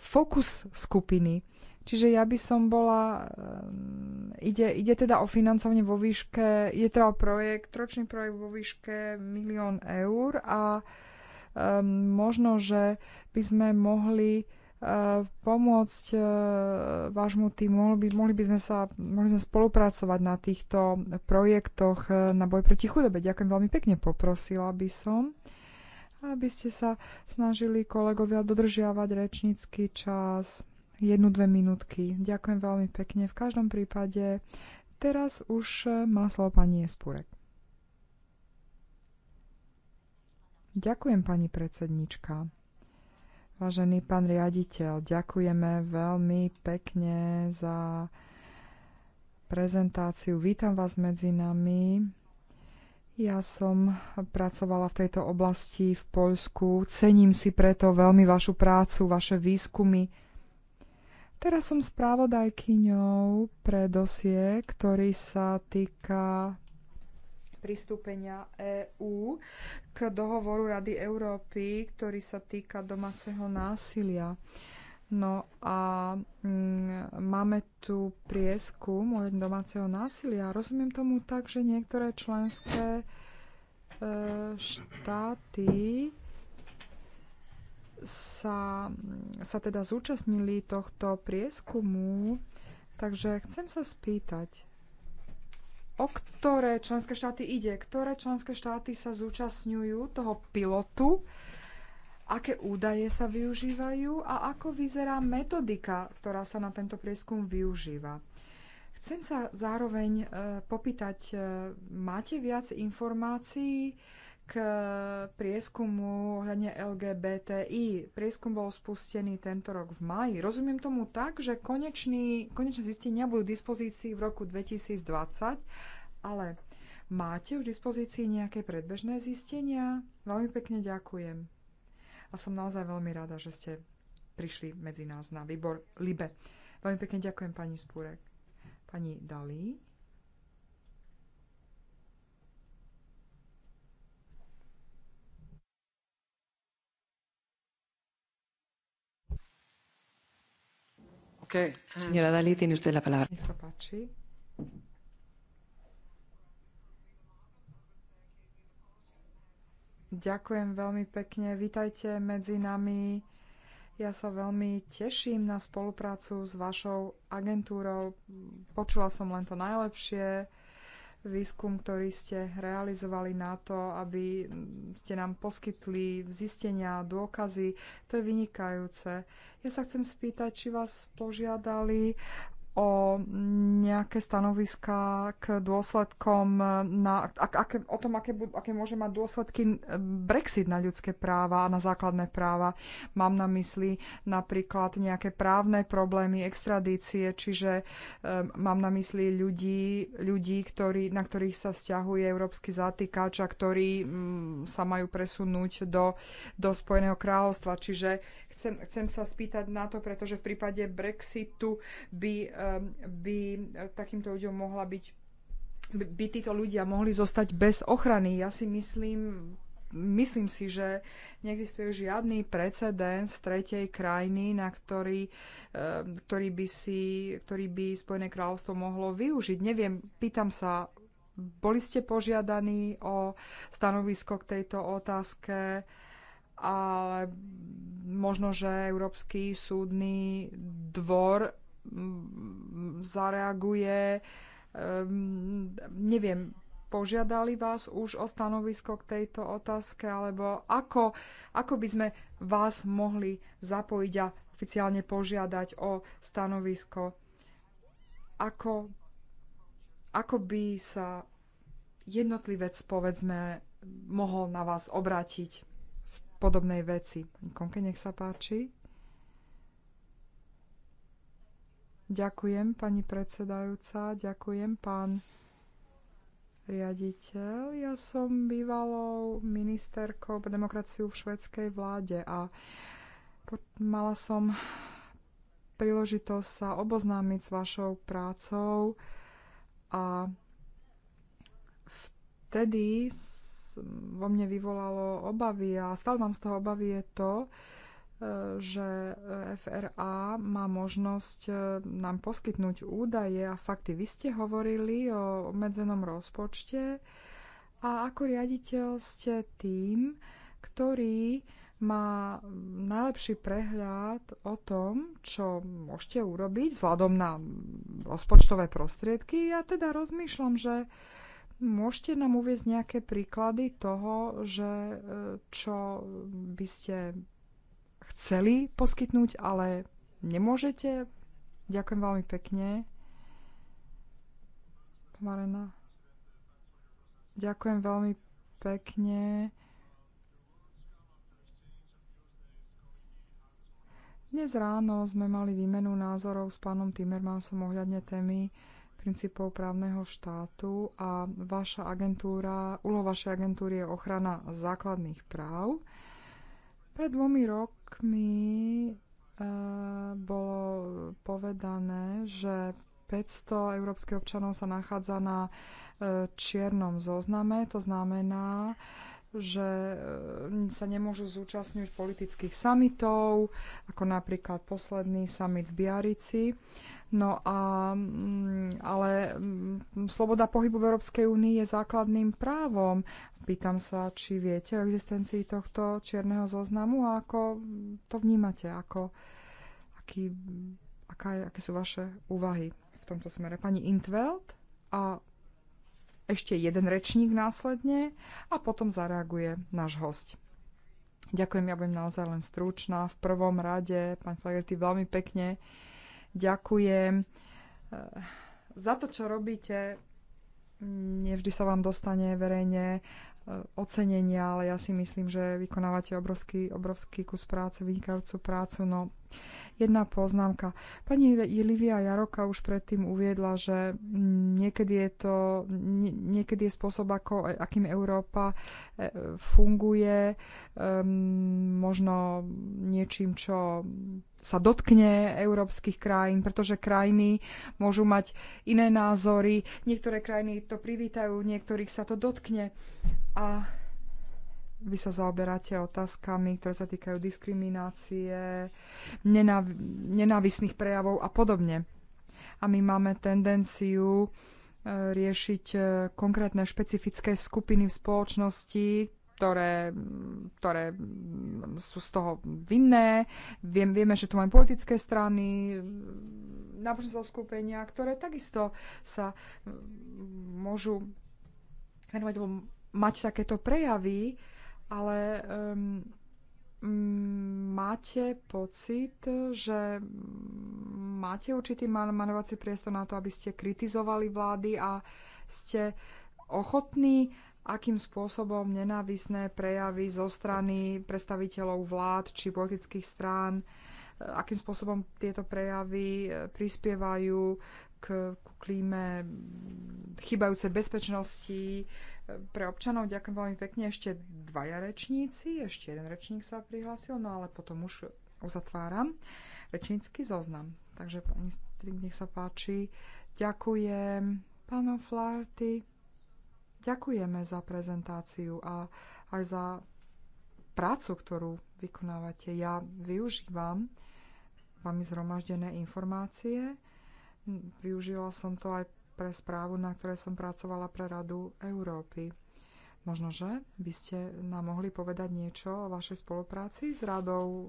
fokus skupiny. Čiže ja by som bola, ehm, ide, ide teda o financovanie vo výške, je teda projekt, ročný projekt vo výške milión eur a um, možno, že by sme mohli uh, pomôcť uh, vášmu týmu, mohli by, mohli by sme sa mohli by sme spolupracovať na týchto projektoch uh, na boj proti chudobe. Ďakujem veľmi pekne, poprosila by som aby ste sa snažili kolegovia dodržiavať rečnícky čas jednu, dve minútky. Ďakujem veľmi pekne. V každom prípade teraz už eh, má slovo pani Espurek. Ďakujem, pani predsednička. Vážený pán riaditeľ, ďakujeme veľmi pekne za prezentáciu. Vítam vás medzi nami. Ja som pracovala v tejto oblasti v Poľsku. Cením si preto veľmi vašu prácu, vaše výskumy. Teraz som správodajkyňou pre dosie, ktorý sa týka pristúpenia EÚ k dohovoru Rady Európy, ktorý sa týka domáceho násilia. No a mm, máme tu prieskum o domáceho násilia. Rozumiem tomu tak, že niektoré členské e, štáty sa, sa teda zúčastnili tohto prieskumu, takže chcem sa spýtať, o ktoré členské štáty ide, ktoré členské štáty sa zúčastňujú toho pilotu, aké údaje sa využívajú a ako vyzerá metodika, ktorá sa na tento prieskum využíva. Chcem sa zároveň e, popýtať, e, máte viac informácií? E, k e, prieskumu ohľadne LGBTI. Prieskum bol spustený tento rok v maji. Rozumiem tomu tak, že konečný, konečné zistenia budú v dispozícii v roku 2020, ale máte už v dispozícii nejaké predbežné zistenia? Veľmi pekne ďakujem. A som naozaj veľmi rada, že ste prišli medzi nás na výbor LIBE. Veľmi pekne ďakujem pani Spúrek. Pani Dalí. Okay. Señora Dalí, tiene usted la palabra. Ďakujem veľmi pekne. Vítajte medzi nami. Ja sa veľmi teším na spoluprácu s vašou agentúrou. Počula som len to najlepšie výskum, ktorý ste realizovali na to, aby ste nám poskytli zistenia, dôkazy. To je vynikajúce. Ja sa chcem spýtať, či vás požiadali o nejaké stanoviská k dôsledkom, na, ak, aké, o tom, aké, aké môže mať dôsledky Brexit na ľudské práva a na základné práva. Mám na mysli napríklad nejaké právne problémy, extradície, čiže um, mám na mysli ľudí, ľudí ktorí, na ktorých sa stiahuje európsky zatýkač a ktorí um, sa majú presunúť do, do Spojeného kráľovstva. Čiže chcem, chcem sa spýtať na to, pretože v prípade Brexitu by Ehm, by eh, takýmto ľuďom mohla byť by títo ľudia mohli zostať bez ochrany. Ja si myslím, myslím si, že neexistuje žiadny precedens tretej krajiny, na ktorý, ehm, ktorý, by si, ktorý by Spojené kráľovstvo mohlo využiť. Neviem, pýtam sa, boli ste požiadaní o stanovisko k tejto otázke, ale možno, že Európsky súdny dvor zareaguje. Um, neviem, požiadali vás už o stanovisko k tejto otázke, alebo ako, ako by sme vás mohli zapojiť a oficiálne požiadať o stanovisko? Ako, ako by sa jednotlivec, povedzme, mohol na vás obrátiť v podobnej veci? Konke, nech sa páči. Ďakujem, pani predsedajúca, ďakujem, pán riaditeľ. Ja som bývalou ministerkou pre demokraciu v švedskej vláde a mala som príležitosť sa oboznámiť s vašou prácou a vtedy vo mne vyvolalo obavy a stále mám z toho obavy je to, že e, FRA má možnosť e, nám poskytnúť údaje a fakty. Vy ste hovorili o obmedzenom rozpočte a ako riaditeľ ste tým, ktorý má najlepší prehľad o tom, čo môžete urobiť vzhľadom na rozpočtové prostriedky. Ja teda rozmýšľam, že Môžete nám uvieť nejaké príklady toho, že e, čo by ste chceli poskytnúť, ale nemôžete? Ďakujem veľmi pekne. Marena. Ďakujem veľmi pekne. Dnes ráno sme mali výmenu názorov s pánom Timmermansom ohľadne témy princípov právneho štátu a vaša agentúra, úloha vašej agentúry je ochrana základných práv. Pred dvomi rok, rokmi e, bolo povedané, že 500 európskych občanov sa nachádza na e, čiernom zozname. To znamená, že e, sa nemôžu zúčastňovať politických samitov, ako napríklad posledný summit v Biarici. No a, mm, ale mm, sloboda pohybu v Európskej únii je základným právom. Pýtam sa, či viete o existencii tohto čierneho zoznamu a ako to vnímate, ako, aký, aká je, aké sú vaše úvahy v tomto smere. Pani Intveld a ešte jeden rečník následne a potom zareaguje náš host. Ďakujem, ja budem naozaj len stručná. V prvom rade, pán Flagerty, veľmi pekne uh, Ďakujem e, za to, čo robíte. Nevždy sa vám dostane verejne e, ocenenia, ale ja si myslím, že vykonávate obrovský, obrovský kus práce, vynikajúcu prácu. No, Jedna poznámka. Pani Livia Jaroka už predtým uviedla, že niekedy je to, niekedy je spôsob, ako, akým Európa e, funguje, ehm, možno niečím, čo sa dotkne európskych krajín, pretože krajiny môžu mať iné názory. Niektoré krajiny to privítajú, niektorých sa to dotkne. A vy sa zaoberáte otázkami, ktoré sa týkajú diskriminácie, nenáv- nenávisných prejavov a podobne. A my máme tendenciu e, riešiť e, konkrétne špecifické skupiny v spoločnosti, ktoré, ktoré sú z toho vinné. Viem, vieme, že tu máme politické strany, náboženské skupenia, ktoré takisto sa môžu venovať, mať takéto prejavy ale um, máte pocit, že máte určitý manovací priestor na to, aby ste kritizovali vlády a ste ochotní akým spôsobom nenávisné prejavy zo strany predstaviteľov vlád či politických strán, akým spôsobom tieto prejavy eh, prispievajú k, k klíme chybajúcej bezpečnosti eh, pre občanov. Ďakujem veľmi pekne. Ešte dvaja rečníci, ešte jeden rečník sa prihlásil, no ale potom už uzatváram rečnícky zoznam. Takže pani Strik, nech sa páči. Ďakujem pánom Flaherty. Ďakujeme za prezentáciu a aj za prácu, ktorú vykonávate. Ja využívam vami zhromaždené informácie Využila som to aj pre správu, na ktorej som pracovala pre Radu Európy. Možno, že by ste nám mohli povedať niečo o vašej spolupráci s Radou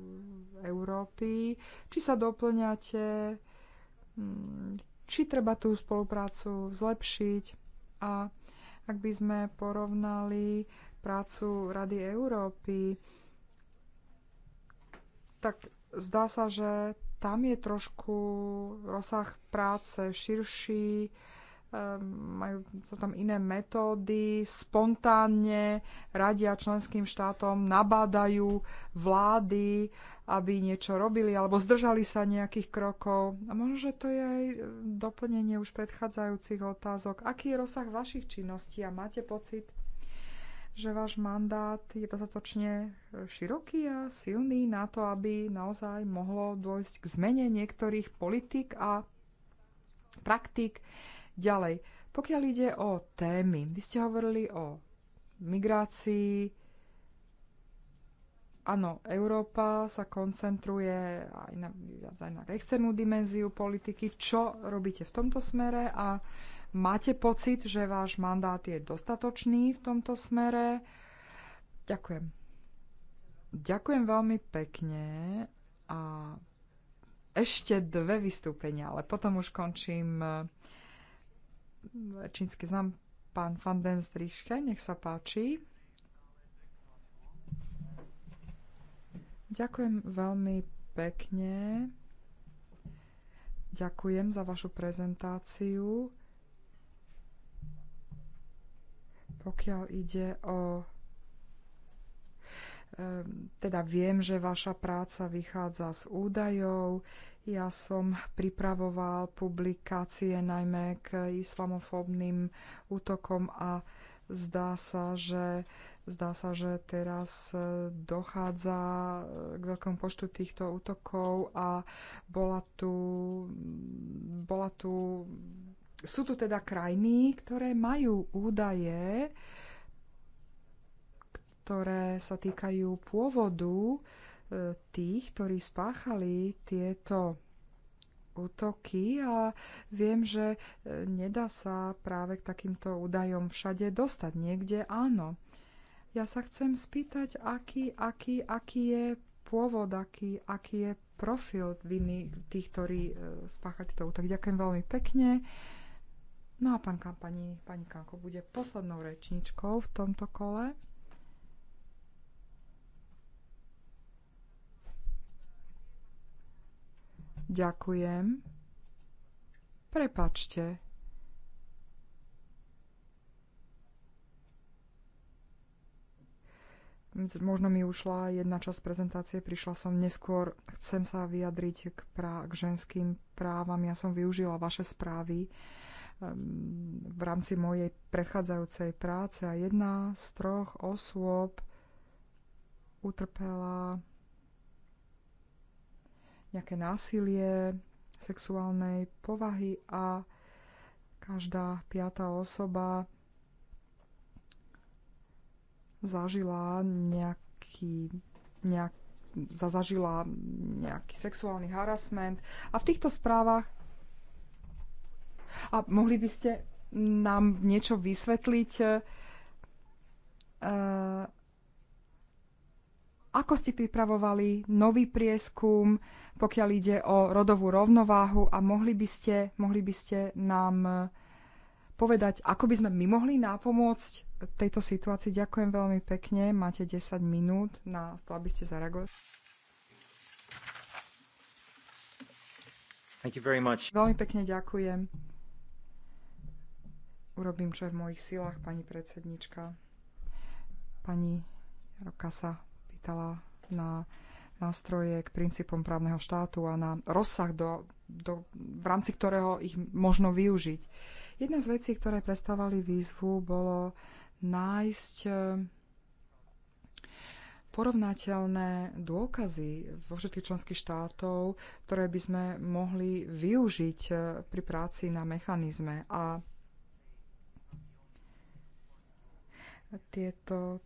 Európy, či sa doplňate, mm, či treba tú spoluprácu zlepšiť a ak by sme porovnali prácu Rady Európy, tak zdá sa, že tam je trošku rozsah práce širší, ehm, majú sa tam iné metódy, spontánne radia členským štátom, nabádajú vlády, aby niečo robili alebo zdržali sa nejakých krokov. A možno, že to je aj doplnenie už predchádzajúcich otázok. Aký je rozsah vašich činností a máte pocit, že váš mandát je dostatočne e, široký a silný na to, aby naozaj mohlo dôjsť k zmene niektorých politik a praktik ďalej. Pokiaľ ide o témy, vy ste hovorili o migrácii. Áno, Európa sa koncentruje aj na, aj na externú dimenziu politiky. Čo robíte v tomto smere a Máte pocit, že váš mandát je dostatočný v tomto smere? Ďakujem. Ďakujem veľmi pekne a ešte dve vystúpenia, ale potom už končím čínsky znam pán Fanden z Striške, nech sa páči. Ďakujem veľmi pekne. Ďakujem za vašu prezentáciu. Pokiaľ ide o teda viem, že vaša práca vychádza z údajov. Ja som pripravoval publikácie najmä k islamofóbnym útokom a zdá sa, že Zdá sa, že teraz e, dochádza e, k veľkom počtu týchto útokov a bola tu, bola tu sú tu teda krajiny, ktoré majú údaje, ktoré sa týkajú pôvodu e, tých, ktorí spáchali tieto útoky a viem, že e, nedá sa práve k takýmto údajom všade dostať. Niekde áno. Ja sa chcem spýtať, aký, aký, aký je pôvod, aký, aký je profil viny tých, ktorí e, spáchali tieto útoky. Ďakujem veľmi pekne. No a pán kampani, pani Kanko bude poslednou rečničkou v tomto kole. Ďakujem. Prepačte. Možno mi ušla jedna časť prezentácie, prišla som neskôr. Chcem sa vyjadriť k, pra- k ženským právam. Ja som využila vaše správy. Uh, v rámci mojej prechádzajúcej práce a jedna z troch osôb utrpela nejaké násilie sexuálnej povahy a každá piatá osoba zažila nejaký, nejak, zažila nejaký sexuálny harassment. A v týchto správach a mohli by ste nám niečo vysvetliť, e, ako ste pripravovali nový prieskum, pokiaľ ide o rodovú rovnováhu a mohli by ste, mohli by ste nám povedať, ako by sme my mohli nápomôcť tejto situácii. Ďakujem veľmi pekne. Máte 10 minút na to, aby ste zareagovali. Thank you very much. Veľmi pekne ďakujem. Urobím, čo je v mojich silách, pani predsednička. Pani Roka sa pýtala na nástroje k princípom právneho štátu a na rozsah, do, do, v rámci ktorého ich možno využiť. Jedna z vecí, ktoré predstavali výzvu, bolo nájsť e, porovnateľné dôkazy vo všetkých členských štátov, ktoré by sme mohli využiť e, pri práci na mechanizme. A Tieto,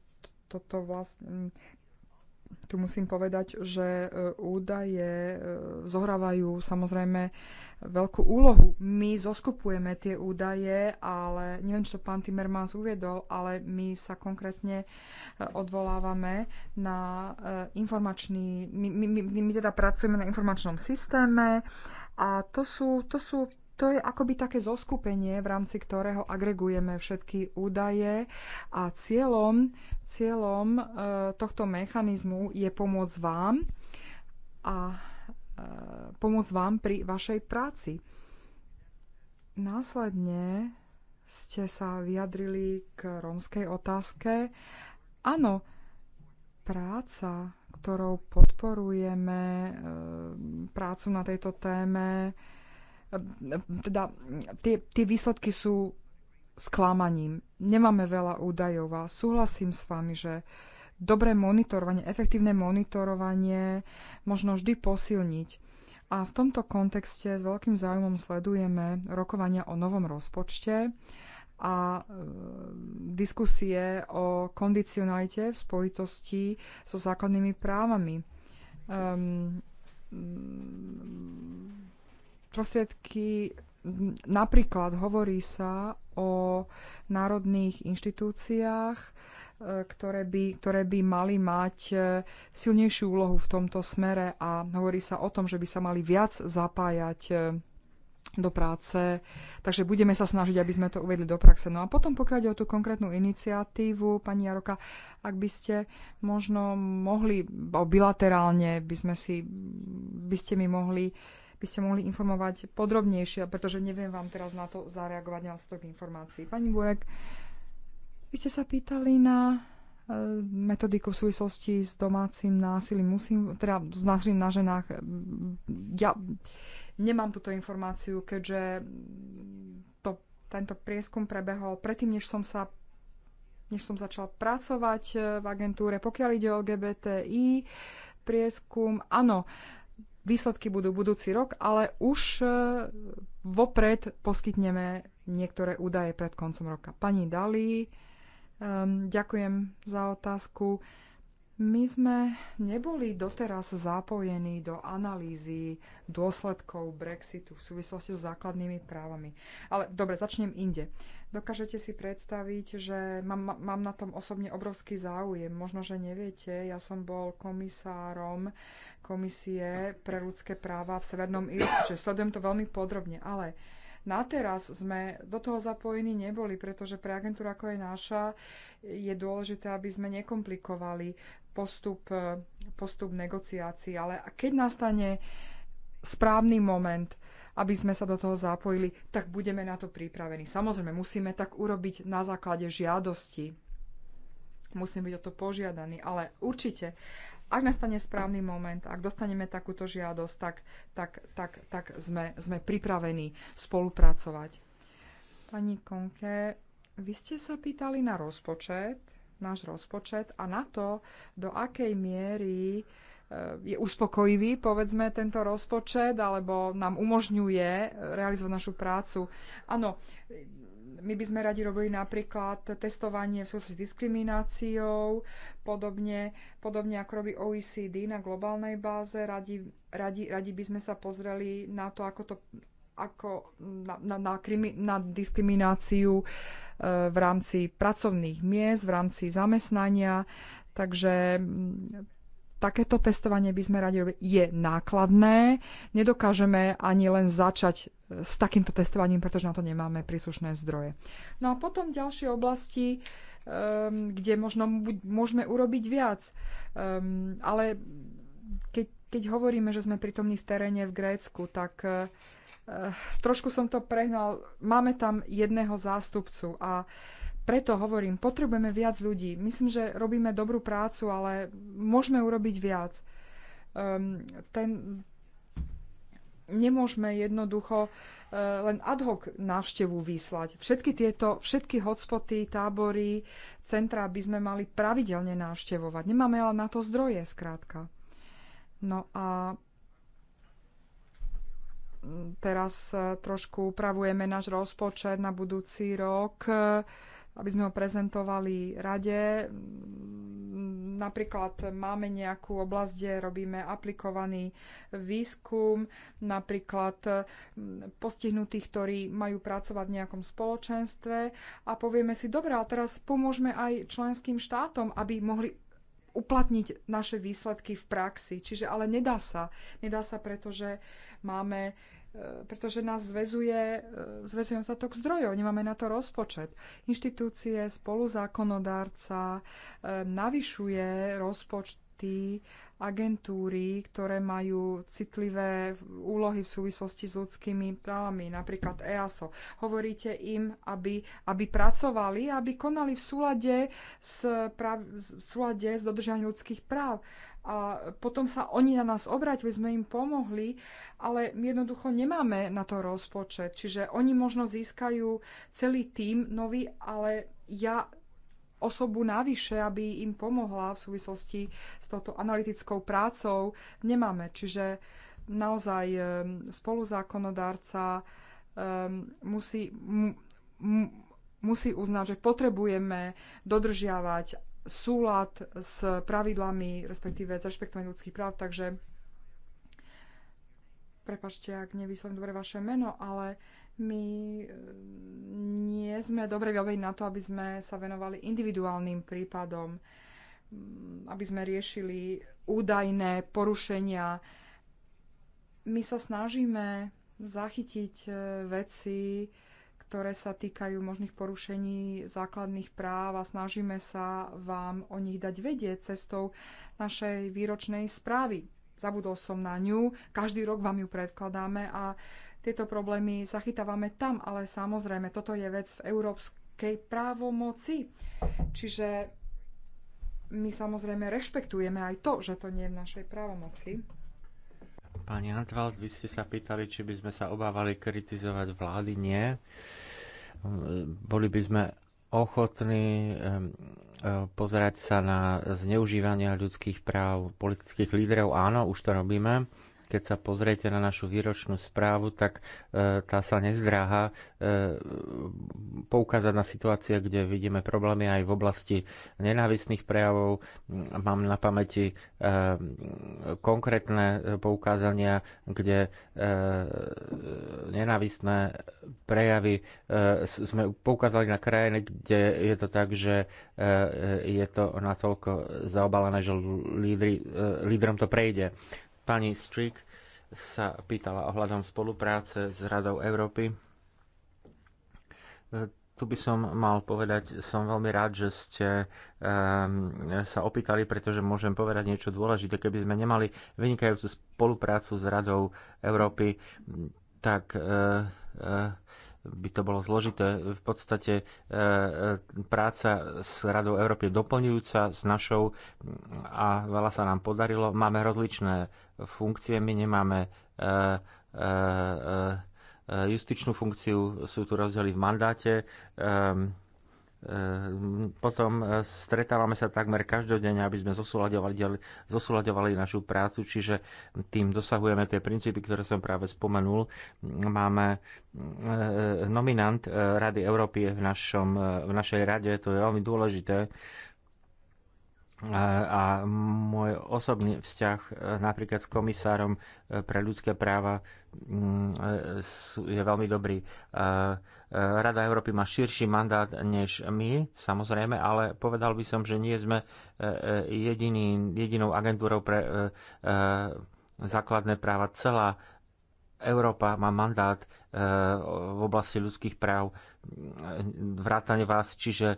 toto vlastne, tu musím povedať, že e, údaje e, zohrávajú samozrejme veľkú úlohu. My zoskupujeme tie údaje, ale neviem, čo pán Timmermans uviedol, ale my sa konkrétne e, odvolávame na informačný, my, my, my, my teda pracujeme na informačnom systéme a to sú, to sú to je akoby také zoskupenie, v rámci ktorého agregujeme všetky údaje a cieľom, cieľom e, tohto mechanizmu je pomôcť vám a e, pomôcť vám pri vašej práci. Následne ste sa vyjadrili k rómskej otázke. Áno, práca, ktorou podporujeme e, prácu na tejto téme, teda tie, tie výsledky sú sklamaním. Nemáme veľa údajov a súhlasím s vami, že dobré monitorovanie, efektívne monitorovanie možno vždy posilniť. A v tomto kontexte s veľkým záujmom sledujeme rokovania o novom rozpočte a e, diskusie o kondicionalite v spojitosti so základnými právami. Um, prostriedky, napríklad hovorí sa o národných inštitúciách, e, ktoré by, ktoré by mali mať e, silnejšiu úlohu v tomto smere a hovorí sa o tom, že by sa mali viac zapájať e, do práce. Takže budeme sa snažiť, aby sme to uvedli do praxe. No a potom, pokiaľ ide o tú konkrétnu iniciatívu, pani Jaroka, ak by ste možno mohli, bilaterálne by, sme si, by ste mi mohli uh, by ste mohli informovať podrobnejšie, pretože neviem vám teraz na to zareagovať, nemám stok informácií. Pani Burek, vy ste sa pýtali na e, metodiku v súvislosti s domácim násilím, musím, teda s násilím na ženách. Ja nemám túto informáciu, keďže to, tento prieskum prebehol predtým, než som sa než som začala pracovať e, v agentúre, pokiaľ ide o LGBTI prieskum. Áno, Výsledky budú budúci rok, ale už e, vopred poskytneme niektoré údaje pred koncom roka. Pani Dali, ehm, ďakujem za otázku. My sme neboli doteraz zapojení do analýzy dôsledkov Brexitu v súvislosti s základnými právami. Ale dobre, začnem inde. Dokážete si predstaviť, že mám, mám na tom osobne obrovský záujem. Možno, že neviete, ja som bol komisárom Komisie pre ľudské práva v Severnom Írsku, čiže sledujem to veľmi podrobne, ale na teraz sme do toho zapojení neboli, pretože pre agentúru ako je naša je dôležité, aby sme nekomplikovali postup, e, postup negociácií, ale keď nastane správny moment, aby sme sa do toho zapojili, tak budeme na to pripravení. Samozrejme, musíme tak urobiť na základe žiadosti. Musíme byť o to požiadaní, ale určite, ak nastane správny moment, ak dostaneme takúto žiadosť, tak, tak, tak, tak sme, sme pripravení spolupracovať. Pani Konke, vy ste sa pýtali na rozpočet náš rozpočet a na to, do akej miery eh, je uspokojivý, povedzme, tento rozpočet, alebo nám umožňuje eh, realizovať našu prácu. Áno, my by sme radi robili napríklad testovanie v súvislosti s diskrimináciou, podobne, podobne ako robí OECD na globálnej báze. Radi, radi, radi by sme sa pozreli na to, ako to ako na, na, na, krimi, na diskrimináciu e, v rámci pracovných miest, v rámci zamestnania. Takže mm, takéto testovanie by sme radi robili. Je nákladné, nedokážeme ani len začať e, s takýmto testovaním, pretože na to nemáme príslušné zdroje. No a potom ďalšie oblasti, e, kde možno môžeme urobiť viac. ale keď, keď hovoríme, že sme pritomní v teréne v Grécku, tak Eh, trošku som to prehnal, máme tam jedného zástupcu a preto hovorím, potrebujeme viac ľudí. Myslím, že robíme dobrú prácu, ale môžeme urobiť viac. Um, ten, nemôžeme jednoducho uh, len ad hoc návštevu vyslať. Všetky tieto, všetky hotspoty, tábory, centra by sme mali pravidelne návštevovať. Nemáme ale na to zdroje, zkrátka. No a teraz e, trošku upravujeme náš rozpočet na budúci rok, e, aby sme ho prezentovali rade. Mm, napríklad máme nejakú oblasť, kde robíme aplikovaný výskum, napríklad e, postihnutých, ktorí majú pracovať v nejakom spoločenstve a povieme si, dobre, a teraz pomôžeme aj členským štátom, aby mohli uplatniť naše výsledky v praxi. Čiže ale nedá sa. Nedá sa, pretože máme e, pretože nás zväzuje, sa to k zdrojov, nemáme na to rozpočet. Inštitúcie, spoluzákonodárca e, navyšuje rozpočet mandáty agentúry, ktoré majú citlivé úlohy v súvislosti s ľudskými právami, napríklad EASO. Hovoríte im, aby, aby pracovali, aby konali v súlade s, prav, v súlade s dodržaním ľudských práv. A potom sa oni na nás obrátili, sme im pomohli, ale my jednoducho nemáme na to rozpočet. Čiže oni možno získajú celý tým nový, ale ja osobu navyše, aby im pomohla v súvislosti s touto analytickou prácou, nemáme. Čiže naozaj spoluzákonodárca musí, musí uznať, že potrebujeme dodržiavať súlad s pravidlami, respektíve s rešpektovaním ľudských práv, takže prepačte, ak nevyslovím dobre vaše meno, ale my eh, nie sme dobre vybavení na to, aby sme sa venovali individuálnym prípadom, mm, aby sme riešili údajné porušenia. My sa snažíme zachytiť eh, veci, ktoré sa týkajú možných porušení základných práv a snažíme sa vám o nich dať vedieť cestou našej výročnej správy. Zabudol som na ňu, každý rok vám ju predkladáme a uh, tieto problémy zachytávame tam, ale samozrejme, toto je vec v európskej právomoci. Čiže my samozrejme rešpektujeme aj to, že to nie je v našej právomoci. Pani Antvald, vy ste sa pýtali, či by sme sa obávali kritizovať vlády. Nie. Boli by sme ochotní e, pozerať sa na zneužívanie ľudských práv politických lídrov. Áno, už to robíme. Keď sa pozriete na našu výročnú správu, tak e, tá sa nezdráha e, poukázať na situácie, kde vidíme problémy aj v oblasti nenávisných prejavov. Mám na pamäti e, konkrétne poukázania, kde nenávisné prejavy sme poukázali na krajiny, kde je to tak, že je to natoľko zaobalené, že lídry, lídrom to prejde. Pani Strick sa pýtala ohľadom spolupráce s Radou Európy. E, tu by som mal povedať, som veľmi rád, že ste um, sa opýtali, pretože môžem povedať niečo dôležité. Keby sme nemali vynikajúcu spoluprácu s Radou Európy, tak uh, uh, by to bolo zložité. V podstate e, e, práca s Radou Európy je doplňujúca s našou a veľa sa nám podarilo. Máme rozličné funkcie, my nemáme e, justičnú funkciu, sú tu rozdiely v mandáte. Ehm, Eh, potom eh, stretávame sa takmer každodenne, aby sme zosúľadovali, zosúľadovali našu prácu, čiže tým dosahujeme tie princípy, ktoré som práve spomenul. Máme eh, nominant Rady Európy v, našom, v našej rade, to je veľmi dôležité. A môj osobný vzťah napríklad s komisárom pre ľudské práva mm, je veľmi dobrý. Eh, Rada Európy má širší mandát než my, samozrejme, ale povedal by som, že nie sme eh, eh, jediný, jedinou agentúrou pre základné práva. Celá Európa má mandát e, v oblasti ľudských práv e, vrátane vás, čiže e,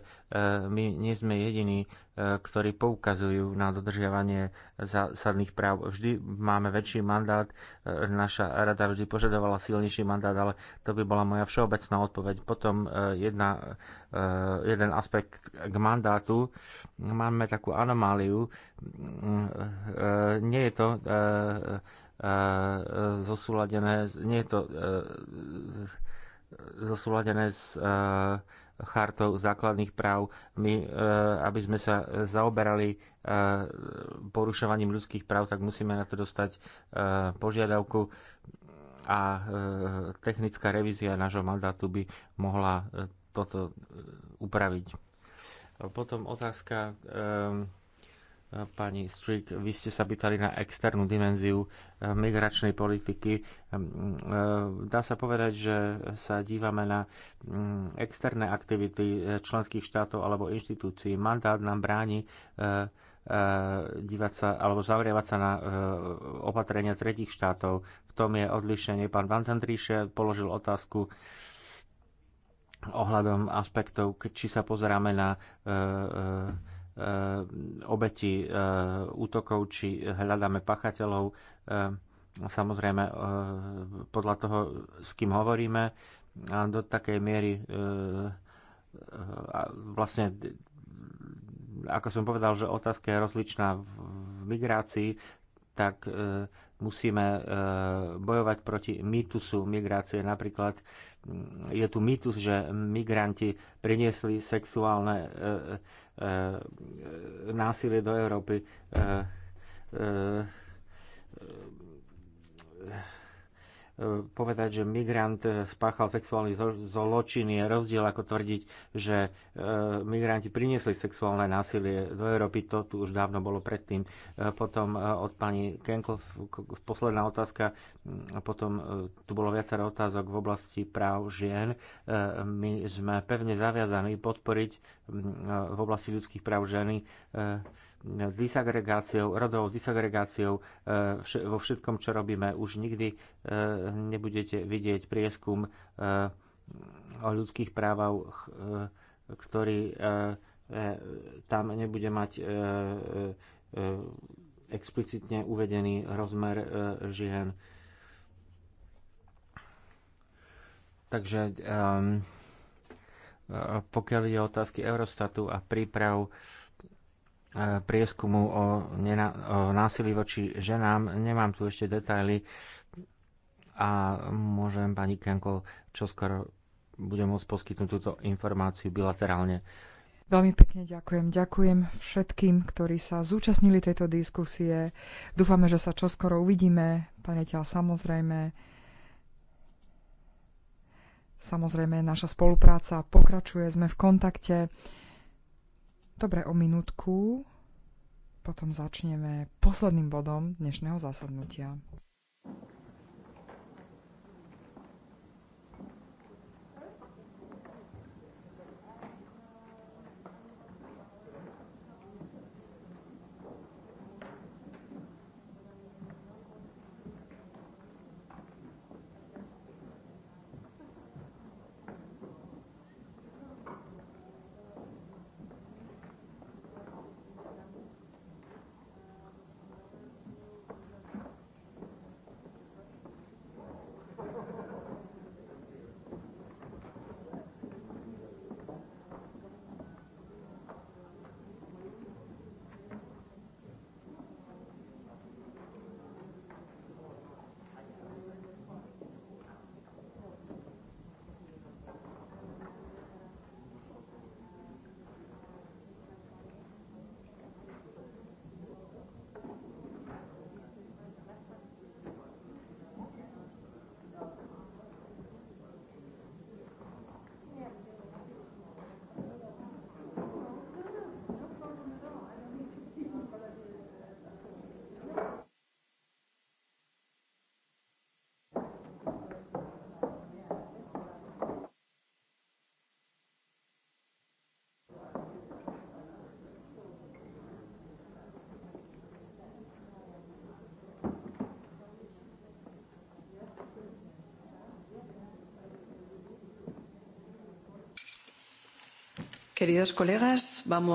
my nie sme jediní, ktorí poukazujú na dodržiavanie zásadných práv. Vždy máme väčší mandát, naša rada vždy požadovala silnejší mandát, ale to by bola moja všeobecná odpoveď. Potom jedna, jeden aspekt k mandátu. Máme takú anomáliu. Mm, nie je to E, zosúladené, nie je to e, zosúladené s e, chartou základných práv, my, aby sme sa zaoberali porušovaním ľudských práv, tak musíme na to dostať požiadavku a technická revízia nášho mandátu by mohla toto upraviť. Potom otázka Pani Strick, vy ste sa pýtali na externú dimenziu eh, migračnej politiky. Eh, eh, dá sa povedať, že sa dívame na mm, externé aktivity členských štátov alebo inštitúcií. Mandát nám bráni dívať sa alebo zavrievať sa na opatrenia tretich štátov. V tom je odlišenie. Pán Van Tendríše položil otázku, ohľadom aspektov, či sa pozeráme na Eh, obeti eh, útokov, či hľadáme pachateľov, eh, samozrejme podľa toho, s kým hovoríme, a do takej miery vlastne ako som povedal, že otázka je rozličná v migrácii, tak musíme bojovať proti mýtusu migrácie. Napríklad mm, je tu mýtus, že migranti priniesli sexuálne E, e, násilie do Európy. E, povedať, že migrant eh, spáchal sexuálny zločin je rozdiel ako tvrdiť, že eh, migranti priniesli sexuálne násilie do Európy. To tu už dávno bolo predtým. Eh, potom od pani Kenkl posledná otázka. Mm, potom tu bolo viacero otázok v oblasti práv žien. My sme pevne zaviazaní podporiť mm, v oblasti ľudských práv ženy disagregáciou, rodovou disagregáciou e, vo všetkom, čo robíme. Už nikdy e, nebudete vidieť prieskum e, o ľudských právach, ktorý tam nebude mať explicitne uvedený rozmer žien. Takže pokiaľ je otázky Eurostatu a príprav E, prieskumu o, nena- o násilí voči ženám. Nemám tu ešte detaily a môžem pani Kenko čoskoro budem môcť poskytnúť túto informáciu bilaterálne. Veľmi pekne ďakujem. Ďakujem všetkým, ktorí sa zúčastnili tejto diskusie. Dúfame, že sa čoskoro uvidíme. Pane ťa, samozrejme, samozrejme, naša spolupráca pokračuje, sme v kontakte. Dobre, o minútku. Potom začneme posledným bodom dnešného zasadnutia.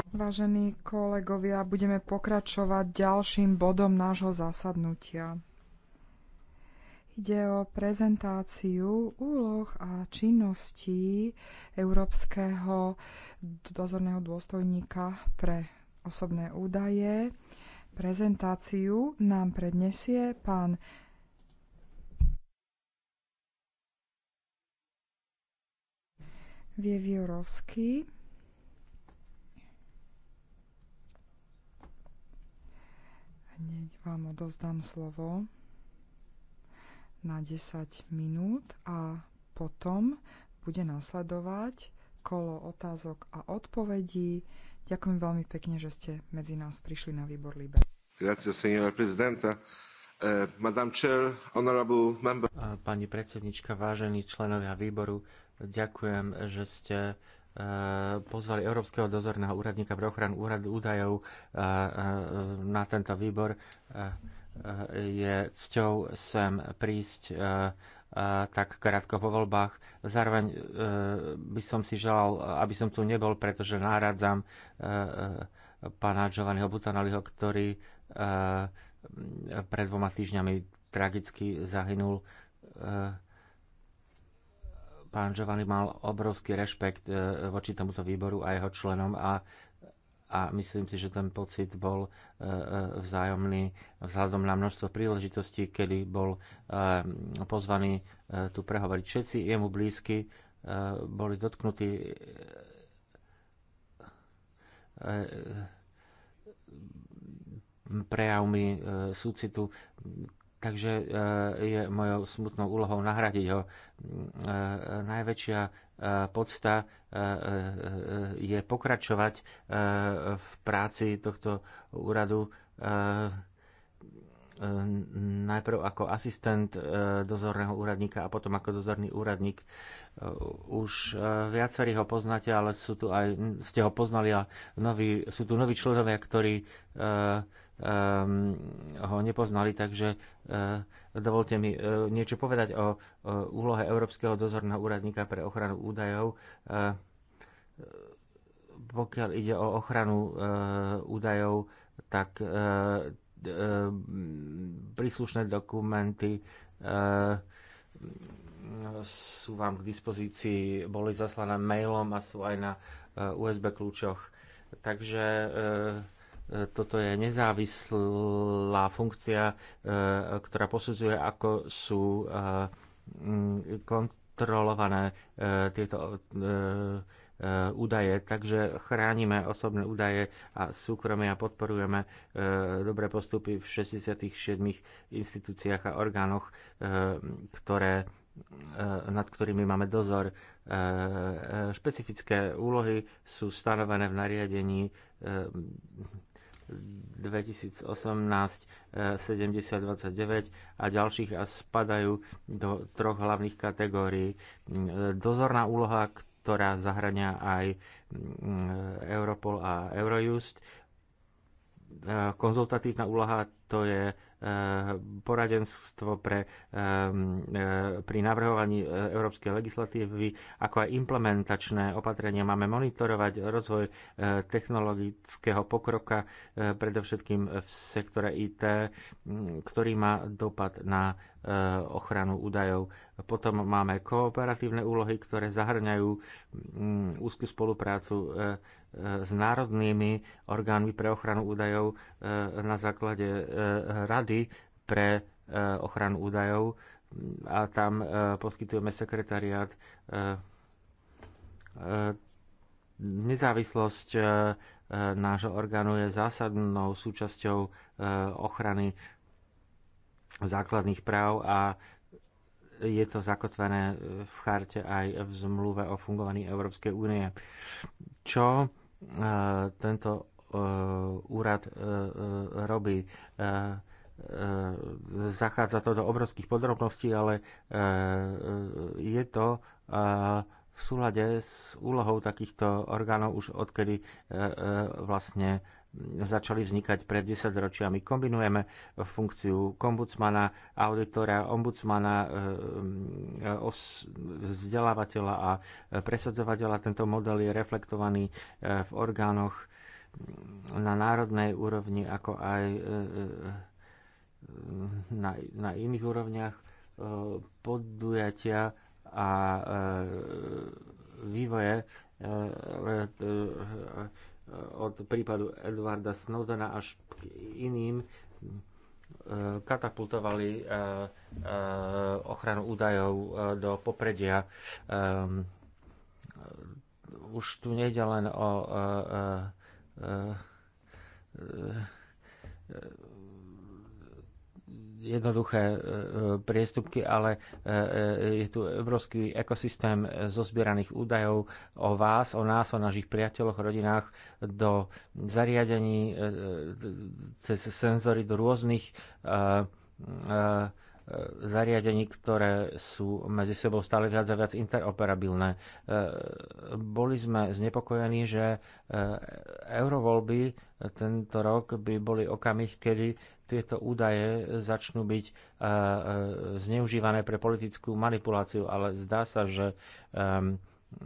Vážení kolegovia, budeme pokračovať ďalším bodom nášho zasadnutia. Ide o prezentáciu úloh a činností Európskeho dozorného dôstojníka pre osobné údaje. Prezentáciu nám prednesie pán Vieviorovský Hneď vám odovzdám slovo na 10 minút a potom bude nasledovať kolo otázok a odpovedí. Ďakujem veľmi pekne, že ste medzi nás prišli na výbor Libe. Eh, pani predsednička, vážení členovia výboru, ďakujem, že ste Eh, pozvali Európskeho dozorného úradníka pre ochranu úradu údajov eh, eh, na tento výbor. Je cťou sem prísť tak krátko po voľbách. Zároveň by som si želal, aby som tu nebol, pretože náradzam pána Giovanniho Butanaliho, ktorý pred dvoma týždňami tragicky zahynul Pán Giovanni mal obrovský rešpekt e, voči tomuto výboru a jeho členom a a myslím si, že ten pocit bol e, e, vzájomný vzhľadom na množstvo príležitostí, kedy bol pozvaný tu prehovoriť. Všetci jemu blízky boli dotknutí prejavmi súcitu, Takže e, je mojou smutnou úlohou nahradiť ho. E, e, najväčšia podsta je pokračovať v práci tohto úradu najprv ako asistent dozorného úradníka a potom ako dozorný úradník. Už viacerí ho poznáte, ale sú tu aj, ste ho poznali a noví, sú tu noví členovia, ktorí um, ho nepoznali, takže uh, dovolte mi uh, niečo povedať o uh, úlohe Európskeho dozorného úradníka pre ochranu údajov. Uh, pokiaľ ide o ochranu uh, údajov, tak uh, uh, príslušné dokumenty uh, sú vám k dispozícii, boli zaslané mailom a sú aj na USB kľúčoch. Takže toto je nezávislá funkcia, e, ktorá posudzuje, ako sú e, kontrolované e, tieto údaje, takže chránime osobné údaje a súkromie a podporujeme dobré postupy v 67 inštitúciách a orgánoch, ktoré, nad ktorými máme dozor. Špecifické úlohy sú stanovené v nariadení 2018 7029 a ďalších a spadajú do troch hlavných kategórií. Dozorná úloha, ktorá zahrania aj mm, Europol a Eurojust. E, konzultatívna úloha to je Eh, poradenstvo pre, eh, eh, pri navrhovaní európskej legislatívy, ako aj implementačné opatrenia. Máme monitorovať rozvoj technologického pokroka, predovšetkým v sektore IT, mm, ktorý má dopad na ochranu údajov. Potom máme kooperatívne úlohy, ktoré zahrňajú mm, úzkú spoluprácu s národnými orgánmi pre ochranu údajov e, na základe e, Rady pre e, ochranu údajov a tam poskytujeme sekretariát nezávislosť nášho orgánu je zásadnou súčasťou ochrany základných práv a je to zakotvené v charte aj v zmluve o fungovaní Európskej únie. Čo tento e, úrad e, e, robí. Zachádza to do obrovských podrobností, ale je to v súlade s úlohou takýchto orgánov už odkedy vlastne začali vznikať pred 10 ročiami. Kombinujeme funkciu kombudsmana, auditora, ombudsmana, e, e, vzdelávateľa a presadzovateľa. Tento model je reflektovaný e, v orgánoch na národnej úrovni, ako aj na, na iných úrovniach podujatia a vývoje od prípadu Edwarda Snowdena až k iným e, katapultovali e, e, ochranu údajov do popredia. Ehm, už tu nejde len o jednoduché e, e, priestupky, ale e, je tu obrovský ekosystém zozbieraných údajov o vás, o nás, o našich priateľoch, rodinách do zariadení, cez senzory do rôznych zariadení, ktoré sú medzi sebou stále viac a viac interoperabilné. Boli sme znepokojení, že eurovolby, tento rok by boli okamih, kedy tieto údaje začnú byť eh, eh, zneužívané pre politickú manipuláciu, ale zdá sa, že ehm,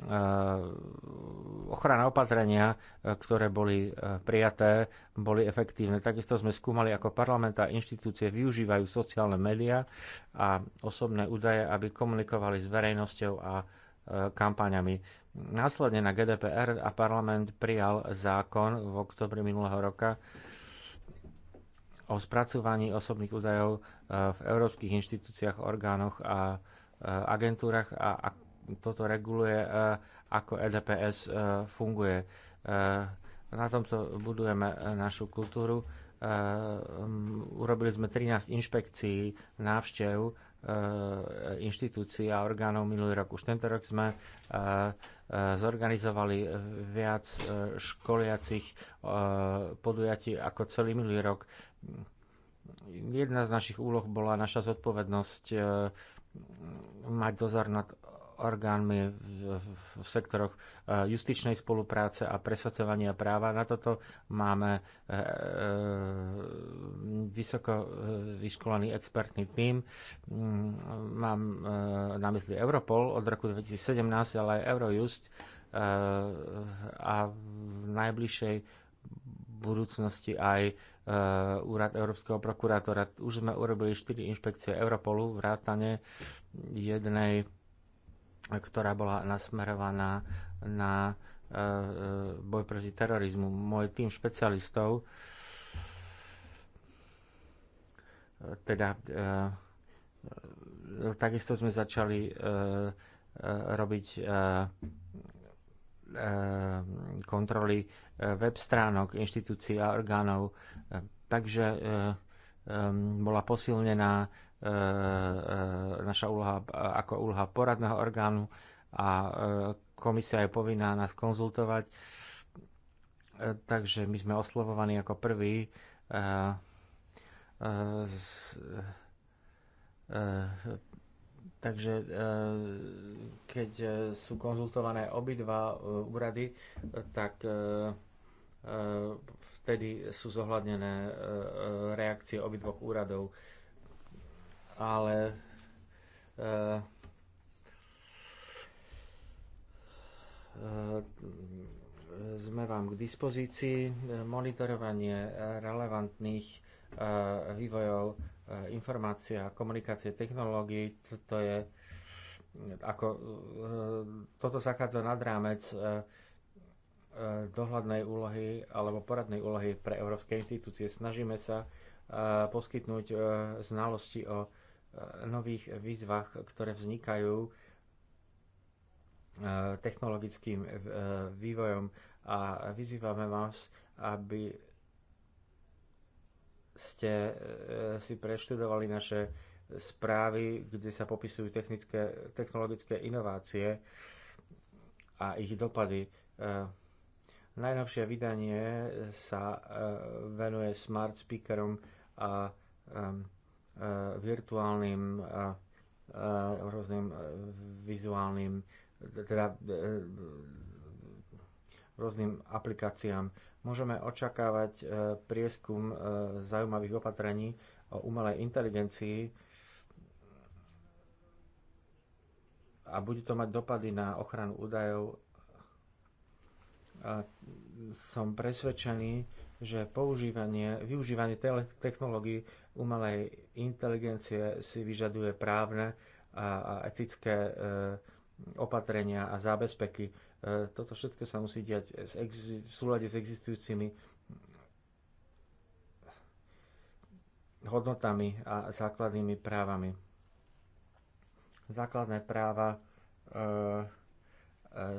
eh, ochrana opatrenia, ktoré boli prijaté, boli efektívne. Takisto sme skúmali, ako parlament a inštitúcie využívajú sociálne médiá a osobné údaje, aby komunikovali s verejnosťou a kampaňami. Následne na GDPR a parlament prijal zákon v oktobri minulého roka, o spracovaní osobných údajov eh, v európskych inštitúciách, orgánoch a eh, agentúrach a toto reguluje, eh, ako EDPS funguje. Na tomto budujeme našu kultúru. Urobili sme 13 inšpekcií návštev inštitúcií a orgánov minulý rok. Už tento rok sme zorganizovali viac školiacich podujatí ako celý minulý rok. Jedna z našich úloh bola naša zodpovednosť eh, mať dozor nad orgánmi v, v, v sektoroch eh, justičnej spolupráce a presadzovania práva. Na toto máme e, vysoko vyškolený expertný tým. Mm, mám e, na mysli Europol od roku 2017, ale aj Eurojust a v najbližšej budúcnosti aj e, úrad Európskeho prokurátora. Už sme urobili 4 inšpekcie Europolu vrátane jednej, ktorá bola nasmerovaná na e, e, boj proti terorizmu. Môj tým špecialistov, teda takisto sme začali robiť Eh, kontroly eh, web stránok inštitúcií a orgánov. Eh, takže bola posilnená naša úloha ako úloha poradného orgánu a komisia je povinná nás konzultovať. Takže my sme oslovovaní ako prví z Takže e, keď e, sú konzultované obidva e, úrady, tak vtedy sú zohľadnené reakcie obidvoch úradov. Ale sme vám k dispozícii monitorovanie relevantných vývojov Eh, informácia, komunikácie, technológií, to, to je eh, ako eh, toto zachádza nad rámec dohľadnej úlohy alebo poradnej úlohy pre európske inštitúcie. Snažíme sa poskytnúť znalosti o nových výzvach, ktoré vznikajú technologickým vývojom a vyzývame vás, aby ste e, si preštudovali naše správy, kde sa popisujú technické, technologické inovácie a ich dopady. E, najnovšie vydanie sa e, venuje smart speakerom a virtuálnym a rôznym vizuálnym, teda rôznym aplikáciám môžeme očakávať e, prieskum e, zaujímavých opatrení o umelej inteligencii a bude to mať dopady na ochranu údajov. A som presvedčený, že používanie, využívanie technológií umelej inteligencie si vyžaduje právne a, a etické e, opatrenia a zábezpeky E, toto všetko sa musí diať v súlade s existujúcimi hodnotami a základnými právami. Základné práva e, e,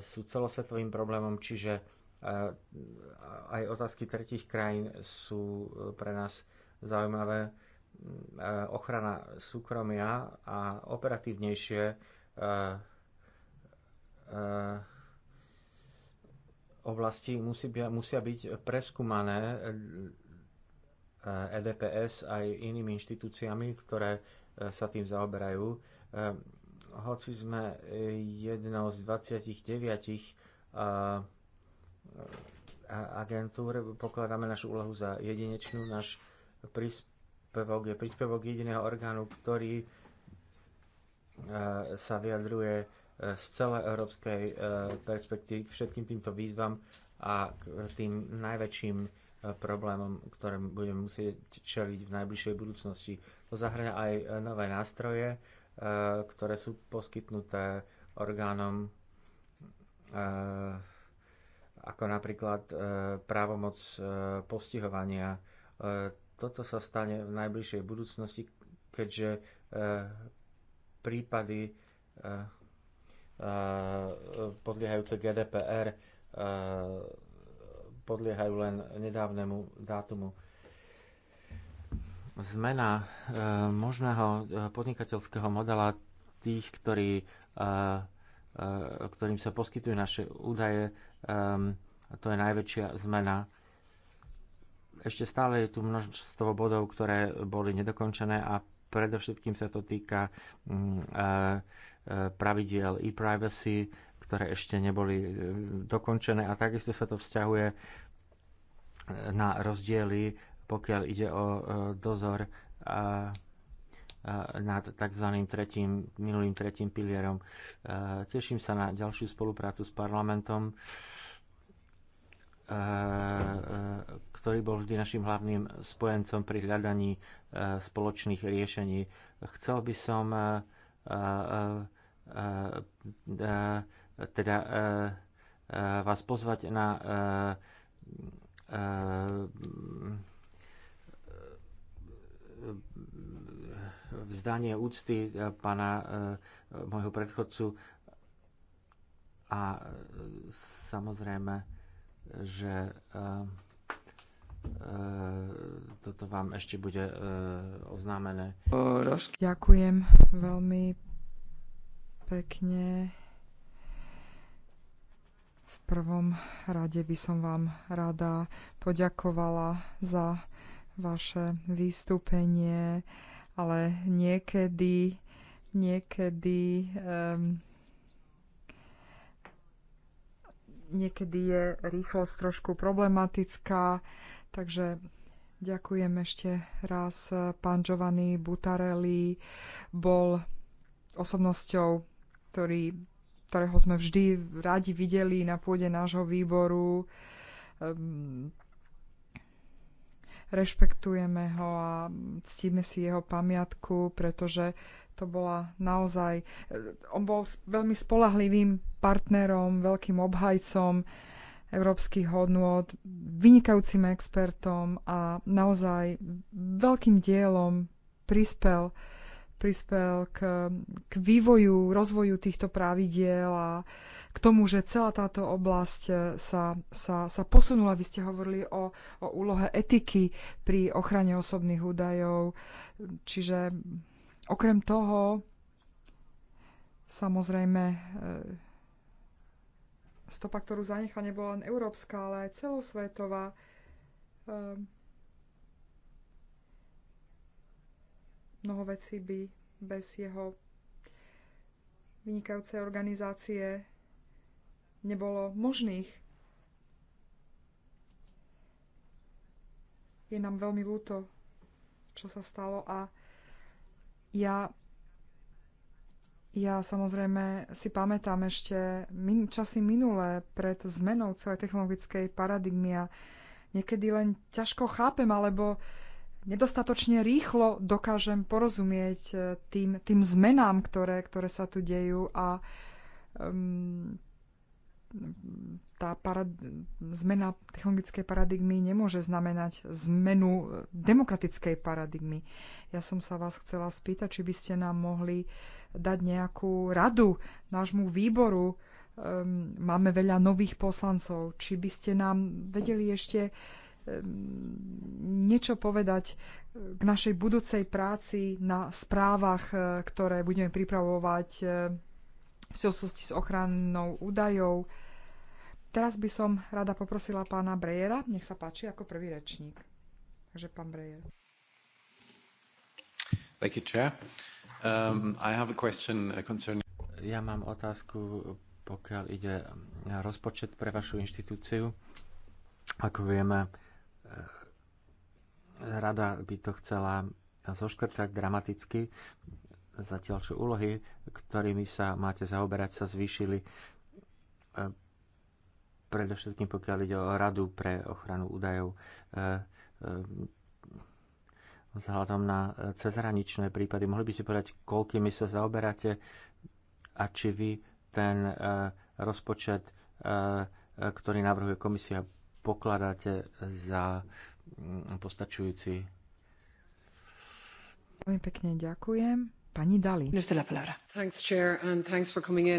sú celosvetovým problémom, čiže aj otázky tretich krajín sú pre nás zaujímavé ochrana súkromia a operatívnejšie oblasti musí, musia byť preskúmané EDPS e aj inými inštitúciami, ktoré e, sa tým zaoberajú. E, hoci sme jednou z 29 agentúr, pokladáme našu úlohu za jedinečnú. Náš príspevok je príspevok jediného orgánu, ktorý sa vyjadruje z celej európskej e, perspektívy všetkým týmto výzvam a tým najväčším e, problémom, ktorým budeme musieť čeliť v najbližšej budúcnosti. To zahrňa aj e, nové nástroje, ktoré sú poskytnuté orgánom ako napríklad právomoc postihovania. Toto sa stane v najbližšej budúcnosti, keďže prípady E, podliehajúce GDPR podliehajú len nedávnemu dátumu. Zmena e, možného e, podnikateľského modela tých, ktorí, ktorým sa poskytujú naše údaje, to je najväčšia zmena. Ešte stále je tu množstvo bodov, ktoré boli nedokončené a predovšetkým sa to týka mm, pravidiel e-privacy, ktoré ešte neboli e, dokončené a takisto sa to vzťahuje e, na rozdiely, pokiaľ ide o e, dozor a nad tzv. Tretím, minulým tretím pilierom. Teším sa na ďalšiu spoluprácu s parlamentom, ktorý bol vždy našim hlavným spojencom pri hľadaní spoločných riešení. Chcel by som teda vás pozvať na vzdanie úcty pána môjho predchodcu a samozrejme, že E, toto vám ešte bude e, oznámené. Ďakujem veľmi pekne. V prvom rade by som vám rada poďakovala za vaše vystúpenie, ale niekedy, niekedy um, niekedy je rýchlosť trošku problematická. Takže ďakujem ešte raz. Pán Giovanni Butarelli bol osobnosťou, ktorý, ktorého sme vždy radi videli na pôde nášho výboru. Um, rešpektujeme ho a ctíme si jeho pamiatku, pretože to bola naozaj... Eh, on bol veľmi spolahlivým partnerom, veľkým obhajcom európskych hodnôt, vynikajúcim expertom a naozaj veľkým dielom prispel, prispel k, k vývoju, rozvoju týchto pravidiel a k tomu, že celá táto oblasť e, sa, sa, sa posunula. Vy ste hovorili o, o úlohe etiky pri ochrane osobných údajov. Čiže okrem toho, samozrejme, e, stopa, ktorú zanechal, nebola len európska, ale aj celosvetová. Um, mnoho vecí by bez jeho vynikajúcej organizácie nebolo možných. Je nám veľmi ľúto, čo sa stalo a ja ja samozrejme si pamätám ešte min- časy minulé pred zmenou celej technologickej paradigmy a niekedy len ťažko chápem alebo nedostatočne rýchlo dokážem porozumieť eh, tým, tým zmenám, ktoré, ktoré sa tu dejú a um, tá parad- zmena technologickej paradigmy nemôže znamenať zmenu e, demokratickej paradigmy. Ja som sa vás chcela spýtať, či by ste nám mohli dať nejakú radu nášmu výboru. Um, máme veľa nových poslancov. Či by ste nám vedeli ešte ehm, niečo povedať e, k našej budúcej práci na správach, e, ktoré budeme pripravovať v súvislosti s ochranou údajov. Teraz by som rada poprosila pána Brejera, nech sa páči ako prvý rečník. Takže pán Brejer. Thank you, Chair. Um, I have a question uh, concerning... Ja mám otázku, pokiaľ ide na rozpočet pre vašu inštitúciu. Ako vieme, uh, rada by to chcela zoškrtať dramaticky zatiaľ čo úlohy, ktorými sa máte zaoberať, sa zvýšili e, predovšetkým pokiaľ ide o radu pre ochranu údajov e, e, vzhľadom na cezhraničné prípady. Mohli by ste povedať, koľkými sa zaoberáte a či vy ten rozpočet, ktorý navrhuje komisia, pokladáte za postačujúci? Veľmi pekne ďakujem. Pani Dali.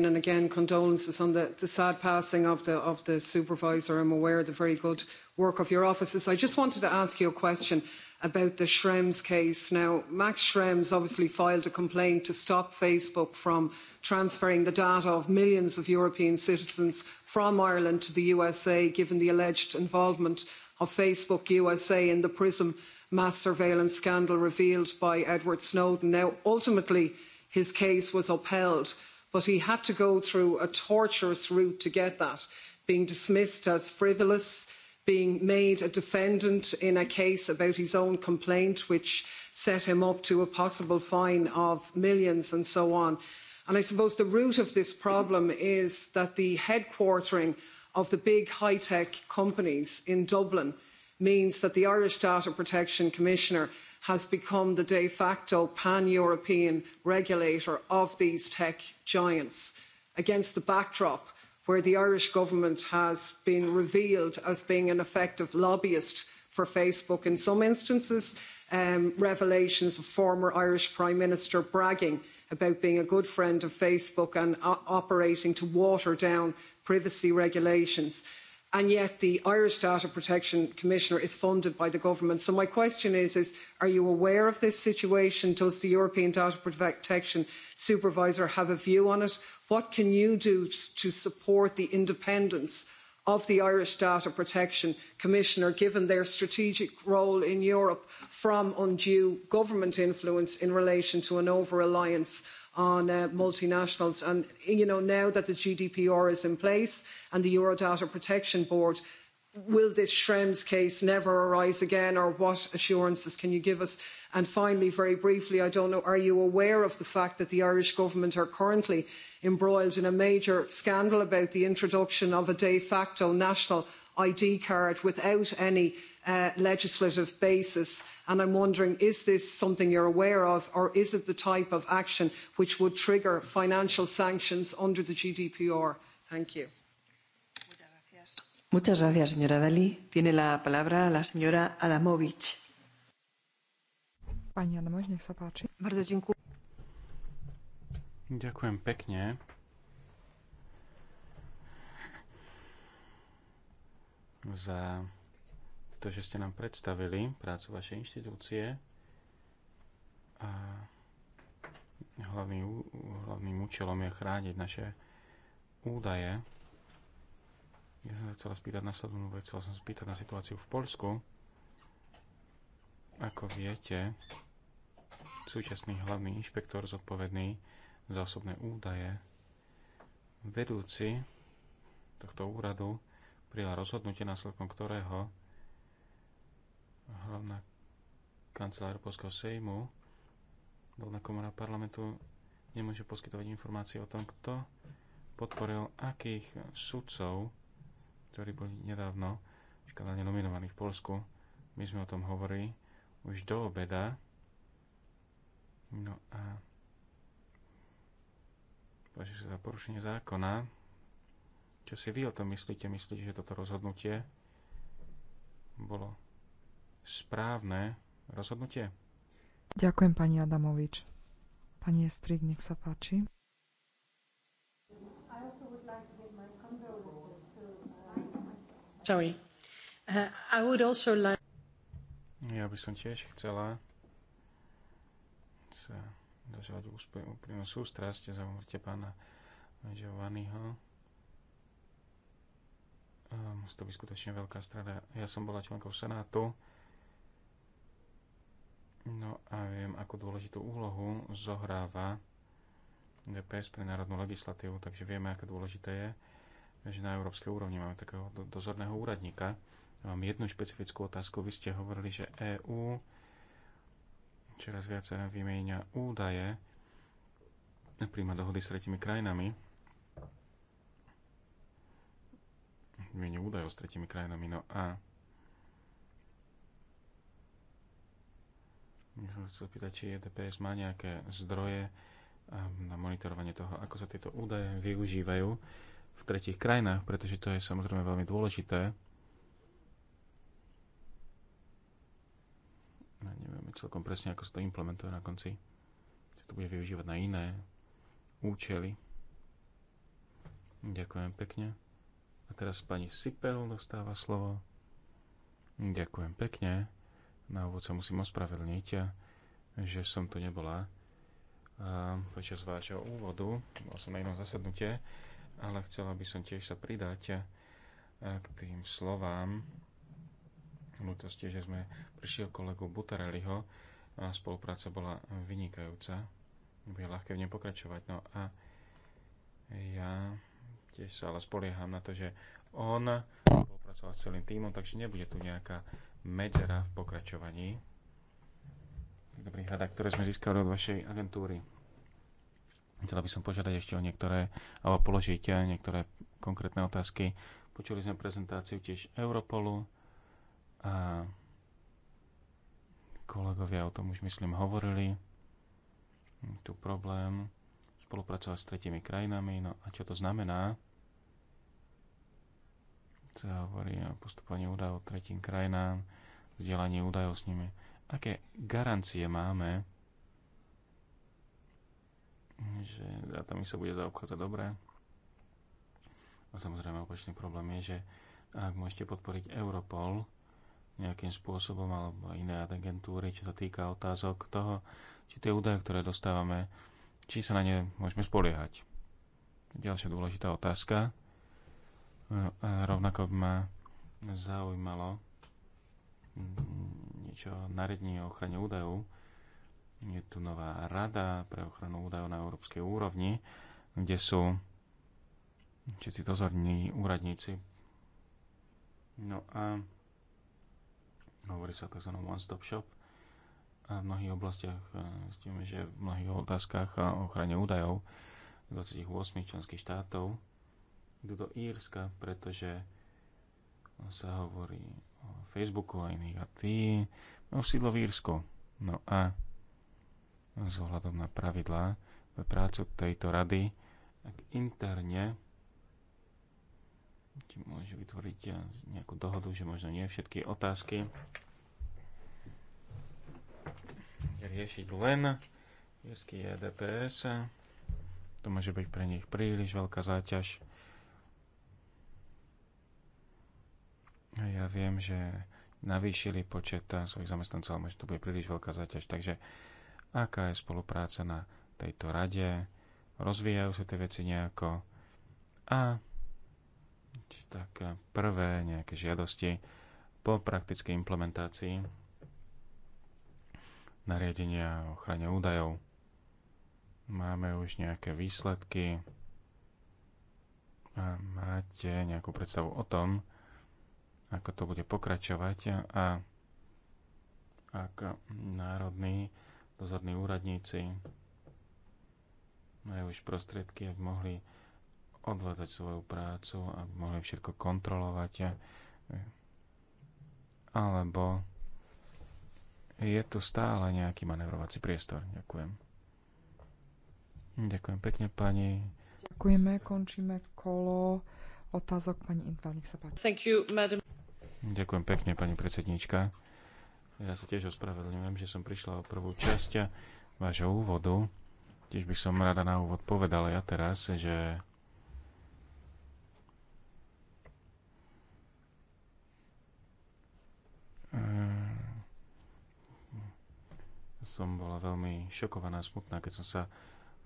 and again, condolences on the, sad passing of the, of the supervisor. I'm aware of the very good work of your offices. I just wanted to ask you a question about the Schrems case. Now, Max Schrems obviously filed a complaint to stop Facebook from transferring the data of millions of European citizens from Ireland to the USA, given the alleged involvement of Facebook USA in the PRISM mass surveillance scandal revealed by Edward Snowden. Now, ultimately, his case was upheld, but he had to go through a torturous route to get that, being dismissed as frivolous, being made a defendant in a case about his own complaint, which set him up to a possible fine of millions and so on. And I suppose the root of this problem is that the headquartering of the big high tech companies in Dublin means that the Irish Data Protection Commissioner has become the de facto pan-European regulator of these tech giants against the backdrop where the Irish government has been revealed as being an effective lobbyist for Facebook in some instances, um, revelations of former Irish Prime Minister bragging about being a good friend of Facebook and operating to water down privacy regulations and yet the Irish Data Protection Commissioner is funded by the government. So my question is, is are you aware of this situation? Does the European Data Protection Supervisor have a view on it? What can you do to support the independence of the Irish Data Protection Commissioner, given their strategic role in Europe from undue government influence in relation to an over-reliance on uh, multinationals. And you know, now that the GDPR is in place and the Eurodata Protection Board, will this Schrems case never arise again, or what assurances can you give us? And finally, very briefly, I don't know, are you aware of the fact that the Irish government are currently embroiled in a major scandal about the introduction of a de facto national ID card without any Uh, legislative basis. And I'm wondering, is this something you're aware of, or is it the type of action which would trigger financial sanctions under the GDPR? Thank you. Muchas gracias, señora Dalli. Tiene la palabra la señora Adamovich. Pani Adamovich, nech sa páči. Bardzo dziękuję. Ďakujem pekne. za to, že ste nám predstavili prácu vašej inštitúcie a hlavný, hlavným účelom je chrániť naše údaje. Ja som sa chcela spýtať nasledovnú vec, chcela som spýtať na situáciu v Polsku. Ako viete, súčasný hlavný inšpektor zodpovedný za osobné údaje, vedúci tohto úradu prijal rozhodnutie, následkom ktorého hlavná kancelár Polského sejmu, dolná komora parlamentu nemôže poskytovať informácie o tom, kto podporil akých sudcov, ktorí boli nedávno škandálne nominovaní v Polsku. My sme o tom hovorili už do obeda. No a považuje sa za porušenie zákona. Čo si vy o tom myslíte? Myslíte, že toto rozhodnutie bolo správne rozhodnutie? Ďakujem pani Adamovič. Pani Estrik, nech sa páči. Sorry. Uh, I would also like... Ja by som tiež chcela sa dozvať úplnú sústrasť za umrtie pána Giovanniho. Um, to by skutočne veľká strada. Ja som bola členkou Senátu No a viem, ako dôležitú úlohu zohráva DPS pre národnú legislatívu, takže vieme, aké dôležité je, že na európskej úrovni máme takého dozorného úradníka. Ja mám jednu špecifickú otázku. Vy ste hovorili, že EÚ čoraz viac vymieňa údaje, príjma dohody s tretimi krajinami, vymieňa údaje s tretimi krajinami, no a Ja som chcel pýtať, či EDPS má nejaké zdroje ehm, na monitorovanie toho, ako sa tieto údaje využívajú v tretich krajinách, pretože to je samozrejme veľmi dôležité. Ja no, neviem celkom presne, ako sa to implementuje na konci. Či to bude využívať na iné účely. Ďakujem pekne. A teraz pani Sipel dostáva slovo. Ďakujem pekne. Na úvod sa musím ospravedlniť, že som tu nebola počas vášho úvodu. Bol som na inom zasadnutie, ale chcela by som tiež sa pridať k tým slovám ľútosti, že sme prišiel kolegu Butareliho a spolupráca bola vynikajúca. Bude ľahké v nej pokračovať. No a ja tiež sa ale spolieham na to, že on spolupracoval s celým týmom, takže nebude tu nejaká medzera v pokračovaní Dobrý radách, ktoré sme získali od vašej agentúry. Chcela by som požiadať ešte o niektoré, alebo položiť eh, niektoré konkrétne otázky. Počuli sme prezentáciu tiež Europolu a kolegovia o tom už myslím hovorili. Tu problém spolupracovať s tretimi krajinami, no a čo to znamená? sa hovorí o postupovaní údajov tretím krajinám, vzdielanie údajov s nimi. Aké garancie máme, že mi sa bude zaobchádzať dobre? A samozrejme opačný problém je, že ak môžete podporiť Europol nejakým spôsobom alebo iné agentúry, čo sa týka otázok toho, či tie údaje, ktoré dostávame, či sa na ne môžeme spoliehať. Ďalšia dôležitá otázka Rovnako by ma zaujímalo mm, niečo naredenie o ochrane údajov. Je tu nová rada pre ochranu údajov na európskej úrovni, kde sú všetci dozorní úradníci. No a hovorí sa o tzv. one-stop shop. A v mnohých oblastiach e, zistíme, že v mnohých otázkach o ochrane údajov 28 členských štátov idú do Írska, pretože sa hovorí o Facebooku a iných a tí majú sídlo v Írsku. No a s ohľadom na pravidlá pre prácu tejto rady, ak interne ti môže vytvoriť nejakú dohodu, že možno nie všetky otázky riešiť len írsky EDPS. To môže byť pre nich príliš veľká záťaž Ja viem, že navýšili počet svojich zamestnancov, ale to bude príliš veľká záťaž. Takže aká je spolupráca na tejto rade? Rozvíjajú sa tie veci nejako? A tak prvé nejaké žiadosti po praktickej implementácii nariadenia o ochrane údajov. Máme už nejaké výsledky a máte nejakú predstavu o tom, ako to bude pokračovať a ak národní dozorní úradníci majú už prostriedky, aby mohli odvádzať svoju prácu, aby mohli všetko kontrolovať, alebo je tu stále nejaký manevrovací priestor. Ďakujem. Ďakujem pekne, pani. Ďakujeme, končíme kolo otázok pani Intva, nech sa páči. Thank you, madam. Ďakujem pekne, pani predsedníčka. Ja sa tiež ospravedlňujem, že som prišla o prvú časť vášho úvodu. Tiež by som rada na úvod povedala ja teraz, že som bola veľmi šokovaná, smutná, keď som sa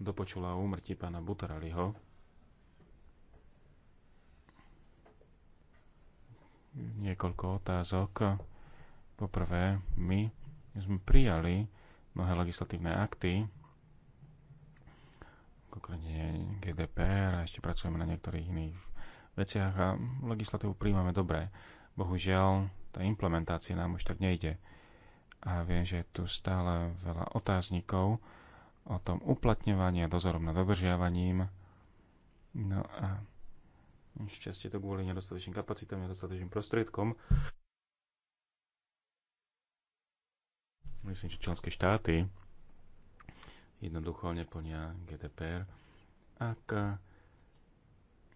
dopočula o úmrtí pána Butaraliho. niekoľko otázok. Poprvé, my sme prijali mnohé legislatívne akty, konkrétne GDPR a ešte pracujeme na niektorých iných veciach a legislatívu príjmame dobre. Bohužiaľ, tá implementácia nám už tak nejde. A viem, že je tu stále veľa otáznikov o tom uplatňovaní a dozorom nad dodržiavaním. No a Šťastie to kvôli nedostatečným kapacitám, nedostatečným prostriedkom. Myslím, že členské štáty jednoducho neplnia GDPR, ak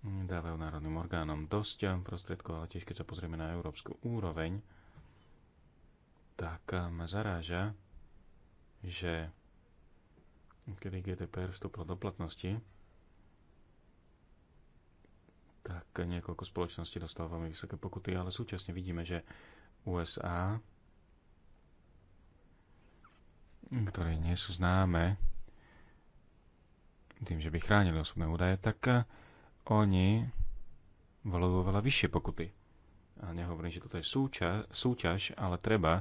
dávajú národným orgánom dosť prostriedkov, ale tiež keď sa pozrieme na európsku úroveň, tak ma zaráža, že kedy GDPR vstúpil do platnosti, tak niekoľko spoločností dostalo veľmi vysoké pokuty, ale súčasne vidíme, že USA, ktoré nie sú známe tým, že by chránili osobné údaje, tak eh, oni volujú veľa vyššie pokuty. A nehovorím, že toto je súťaž, súťaž ale treba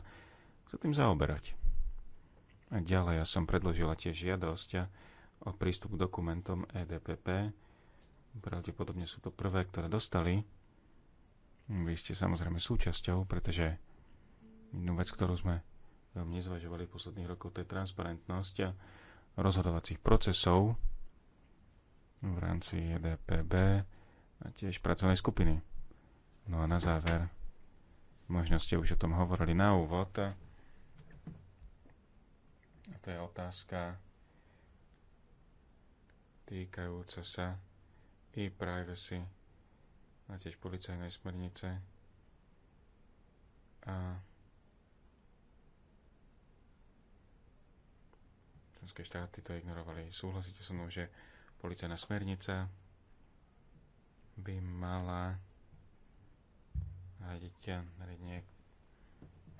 sa tým zaoberať. A ďalej ja som predložila tiež žiadosť o prístup k dokumentom EDPP, pravdepodobne sú to prvé, ktoré dostali. Vy ste samozrejme súčasťou, pretože jednu vec, ktorú sme veľmi nezvažovali v posledných rokoch, to je transparentnosť a rozhodovacích procesov v rámci EDPB a tiež pracovnej skupiny. No a na záver, možno ste už o tom hovorili na úvod, a to je otázka týkajúca sa e-privacy a tiež policajnej smernice a členské štáty to ignorovali. Súhlasíte so mnou, že policajná smernica by mala riadiť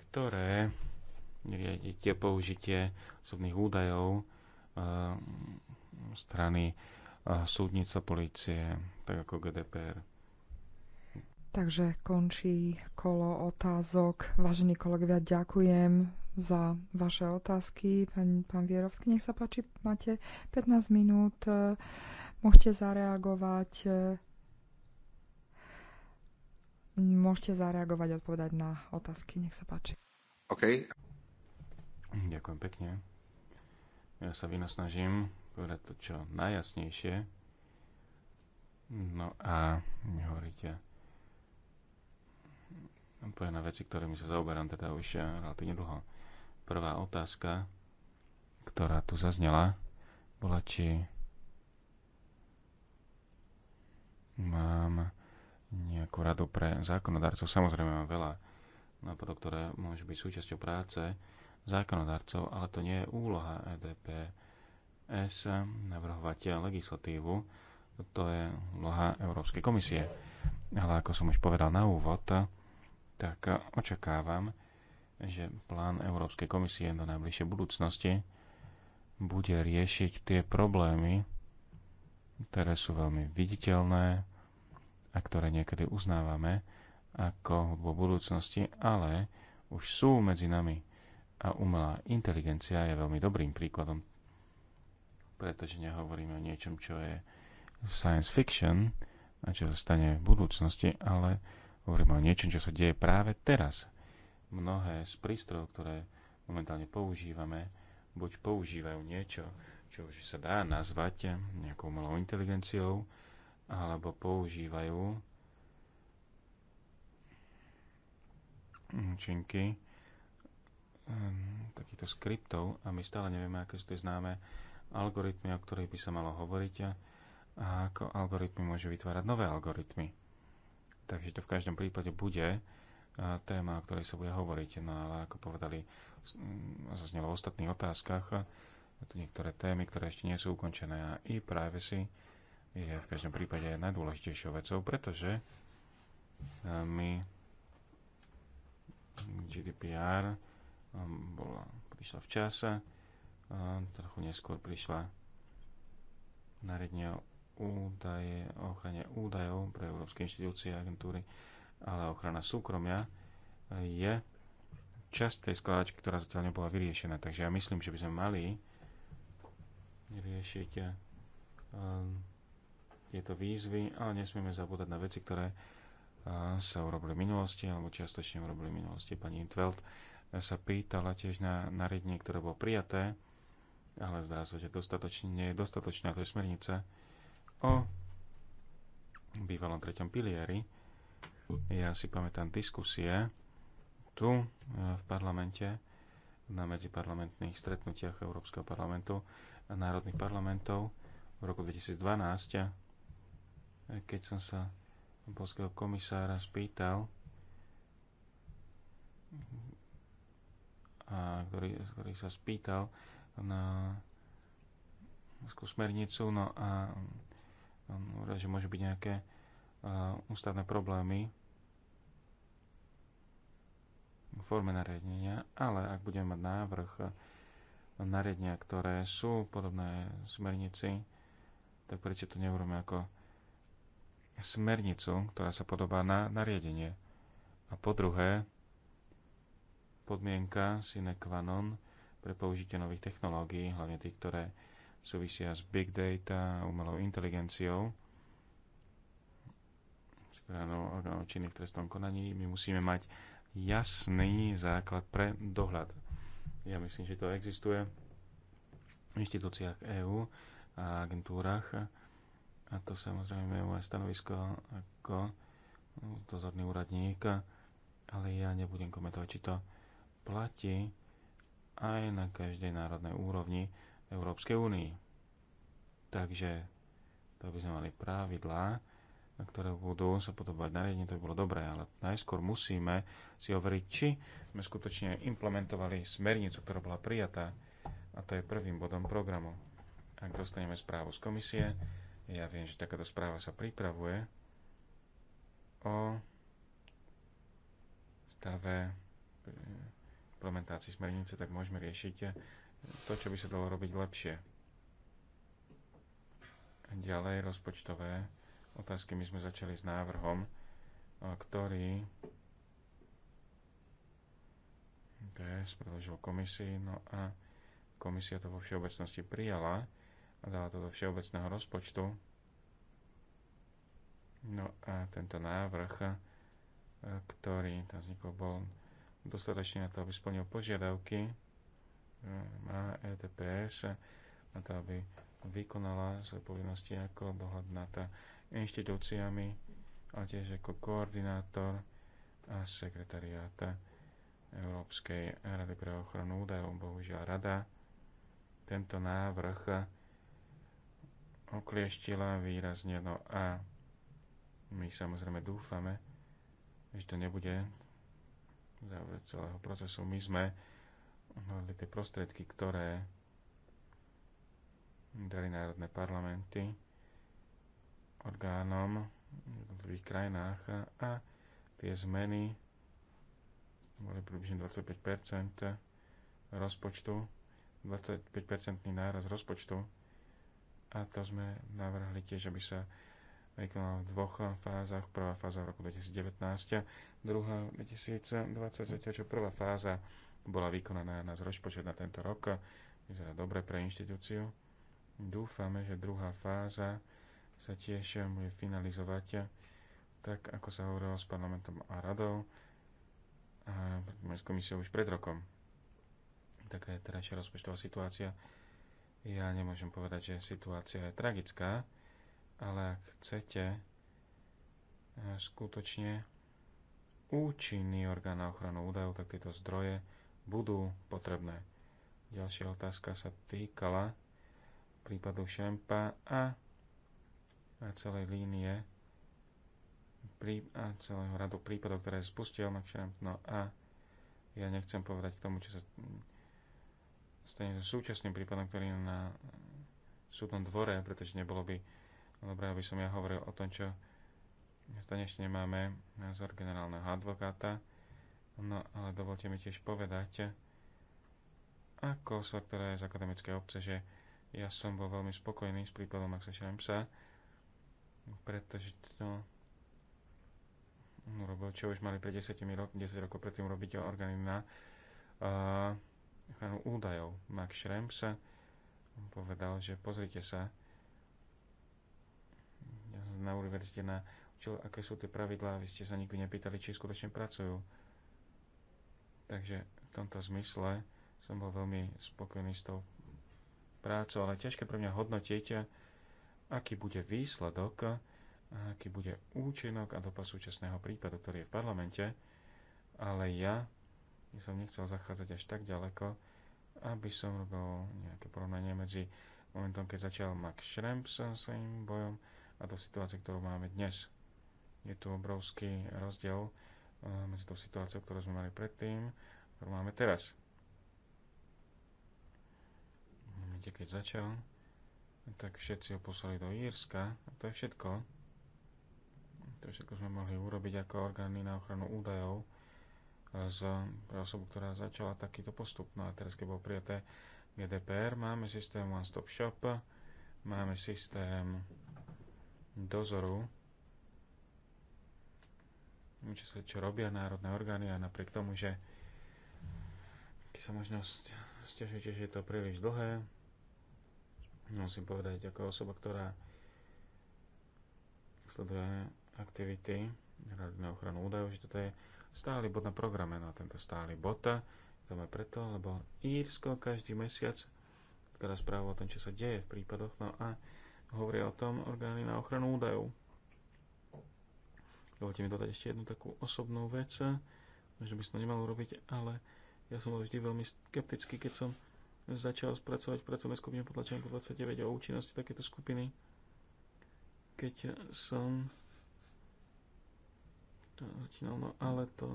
ktoré riadite použitie osobných údajov ehm, strany súdnica, policie, tak ako GDPR. Takže končí kolo otázok. Vážení kolegovia, ďakujem za vaše otázky. Pán, pán Vierovský, nech sa páči, máte 15 minút, môžete zareagovať. Môžete zareagovať, odpovedať na otázky, nech sa páči. OK. Ďakujem pekne. Ja sa vynasnažím povedať to čo najjasnejšie. No a hovoríte poviem na veci, ktorými sa zaoberám teda už eh, relatívne dlho. Prvá otázka, ktorá tu zaznela, bola, či mám nejakú radu pre zákonodarcov. Samozrejme mám veľa nápadov, ktoré môžu byť súčasťou práce zákonodarcov, ale to nie je úloha EDP s navrhovať legislatívu. To je úloha Európskej komisie. Ale ako som už povedal na úvod, tak očakávam, že plán Európskej komisie do najbližšej budúcnosti bude riešiť tie problémy, ktoré sú veľmi viditeľné a ktoré niekedy uznávame ako vo budúcnosti, ale už sú medzi nami. A umelá inteligencia je veľmi dobrým príkladom pretože nehovoríme o niečom, čo je science fiction a čo sa stane v budúcnosti, ale hovoríme o niečom, čo sa deje práve teraz. Mnohé z prístrojov, ktoré momentálne používame, buď používajú niečo, čo už sa dá nazvať nejakou malou inteligenciou, alebo používajú účinky ehm, takýchto skriptov a my stále nevieme, aké sú tie známe algoritmy, o ktorých by sa malo hovoriť a ako algoritmy môžu vytvárať nové algoritmy. Takže to v každom prípade bude téma, o ktorej sa bude hovoriť. No ale ako povedali, mm, zaznelo v ostatných otázkach, to niektoré témy, ktoré ešte nie sú ukončené a e-privacy je v každom prípade najdôležitejšou vecou, pretože my mm, GDPR um, bola, prišla v čase, a trochu neskôr prišla nariadenia údaje o ochrane údajov pre európske inštitúcie a agentúry, ale ochrana súkromia je časť tej skladačky, ktorá zatiaľ nebola vyriešená. Takže ja myslím, že by sme mali riešiť eh, tieto výzvy, ale nesmieme zabúdať na veci, ktoré eh, sa urobili v minulosti alebo čiastočne urobili v minulosti. Pani Intveld sa pýtala tiež na nariadenie, ktoré bolo prijaté ale zdá sa, že dostatočne, nie je dostatočná. To je smernica o bývalom treťom pilieri. Ja si pamätám diskusie tu e, v parlamente, na medziparlamentných stretnutiach Európskeho parlamentu a národných parlamentov v roku 2012, e, keď som sa polského komisára spýtal, a ktorý, ktorý sa spýtal, na smernicu, no a um, že môžu byť nejaké uh, ústavné problémy v forme nariadenia, ale ak budeme mať návrh nariadenia, ktoré sú podobné smernici, tak prečo to neurobíme ako smernicu, ktorá sa podobá na nariadenie. A po druhé, podmienka sine qua non pre použitie nových technológií, hlavne tých, ktoré súvisia s big data, umelou inteligenciou, stranou orgánov činných v trestnom konaní, my musíme mať jasný základ pre dohľad. Ja myslím, že to existuje v inštitúciách EÚ a agentúrach a to samozrejme je moje stanovisko ako dozorný úradník, ale ja nebudem komentovať, či to platí aj na každej národnej úrovni Európskej únii. Takže to by sme mali pravidlá, na ktoré budú sa podobať nariadenie, to by bolo dobré, ale najskôr musíme si overiť, či sme skutočne implementovali smernicu, ktorá bola prijatá a to je prvým bodom programu. Ak dostaneme správu z komisie, ja viem, že takáto správa sa pripravuje o stave implementácii smernice, tak môžeme riešiť to, čo by sa dalo robiť lepšie. Ďalej rozpočtové otázky. My sme začali s návrhom, ktorý PS predložil komisii, no a komisia to vo všeobecnosti prijala a dala to do všeobecného rozpočtu. No a tento návrh, ktorý tam vznikol, bol dostatočne na to, aby splnil požiadavky, e, má ETPS na to, aby vykonala svoje povinnosti ako dohľad nad inštitúciami, ale tiež ako koordinátor a sekretariáta Európskej rady pre ochranu údajov. Bohužiaľ, rada tento návrh oklieštila výrazne no a my samozrejme dúfame, že to nebude záver celého procesu. My sme mali tie prostriedky, ktoré dali národné parlamenty orgánom v jednotlivých krajinách a, tie zmeny boli približne 25% rozpočtu, 25% náraz rozpočtu a to sme navrhli tiež, aby sa vykonal v dvoch fázach. Prvá fáza v roku 2019, druhá 2020, zatiaľ čo prvá fáza bola vykonaná na rozpočet na tento rok. Vyzerá dobre pre inštitúciu. Dúfame, že druhá fáza sa tiež bude finalizovať tak, ako sa hovorilo s parlamentom a radou a s komisiou už pred rokom. Taká je teda rozpočtová situácia. Ja nemôžem povedať, že situácia je tragická, ale ak chcete eh, skutočne účinný orgán na ochranu údajov, tak tieto zdroje budú potrebné. Ďalšia otázka sa týkala prípadu Šempa a, celej línie a celého radu prípadov, ktoré spustil Max Šemp. No a ja nechcem povedať k tomu, čo sa stane súčasným prípadom, ktorý je na súdnom dvore, pretože nebolo by Dobre, no aby som ja hovoril o tom, čo dnešne máme názor generálneho advokáta. No ale dovolte mi tiež povedať, ako sa ktorá je z akademickej obce, že ja som bol veľmi spokojný s prípadom Maxa Šremsa, pretože to robil, čo už mali pred 10, rok, 10 rokov predtým robiť orgány na uh, ochranu údajov. Max Šremsa povedal, že pozrite sa, na univerzite na čo, aké sú tie pravidlá, vy ste sa nikdy nepýtali, či skutočne pracujú. Takže v tomto zmysle som bol veľmi spokojný s tou prácou, ale ťažké pre mňa hodnotiť, aký bude výsledok, aký bude účinok a dopad súčasného prípadu, ktorý je v parlamente, ale ja som nechcel zachádzať až tak ďaleko, aby som robil nejaké porovnanie medzi momentom, keď začal Max Schrems eh, svojím bojom, a do situácie, ktorú máme dnes. Je tu obrovský rozdiel eh, medzi tou situáciou, ktorú sme mali predtým, ktorú máme teraz. Viete, keď začal, tak všetci ho poslali do Írska a to je všetko. To všetko sme mohli urobiť ako orgány na ochranu údajov eh, z osobu, ktorá začala takýto postup. No a teraz, keď bol prijaté GDPR, máme systém One Stop Shop, máme systém dozoru, čo, čo robia národné orgány a napriek tomu, že keď sa možno stiažujete, že je to príliš dlhé, musím povedať ako osoba, ktorá sleduje aktivity na ochranu údajov, že toto je stály bod na programe, no a tento stály bod to je preto, lebo Írsko každý mesiac teda správa o tom, čo sa deje v prípadoch, no a hovoria o tom orgány na ochranu údajov. Dovolte mi dodať ešte jednu takú osobnú vec, že by som to nemal urobiť, ale ja som bol vždy veľmi skeptický, keď som začal spracovať v pracovnej skupine podľa článku 29 o účinnosti takéto skupiny. Keď som to začínal, no ale to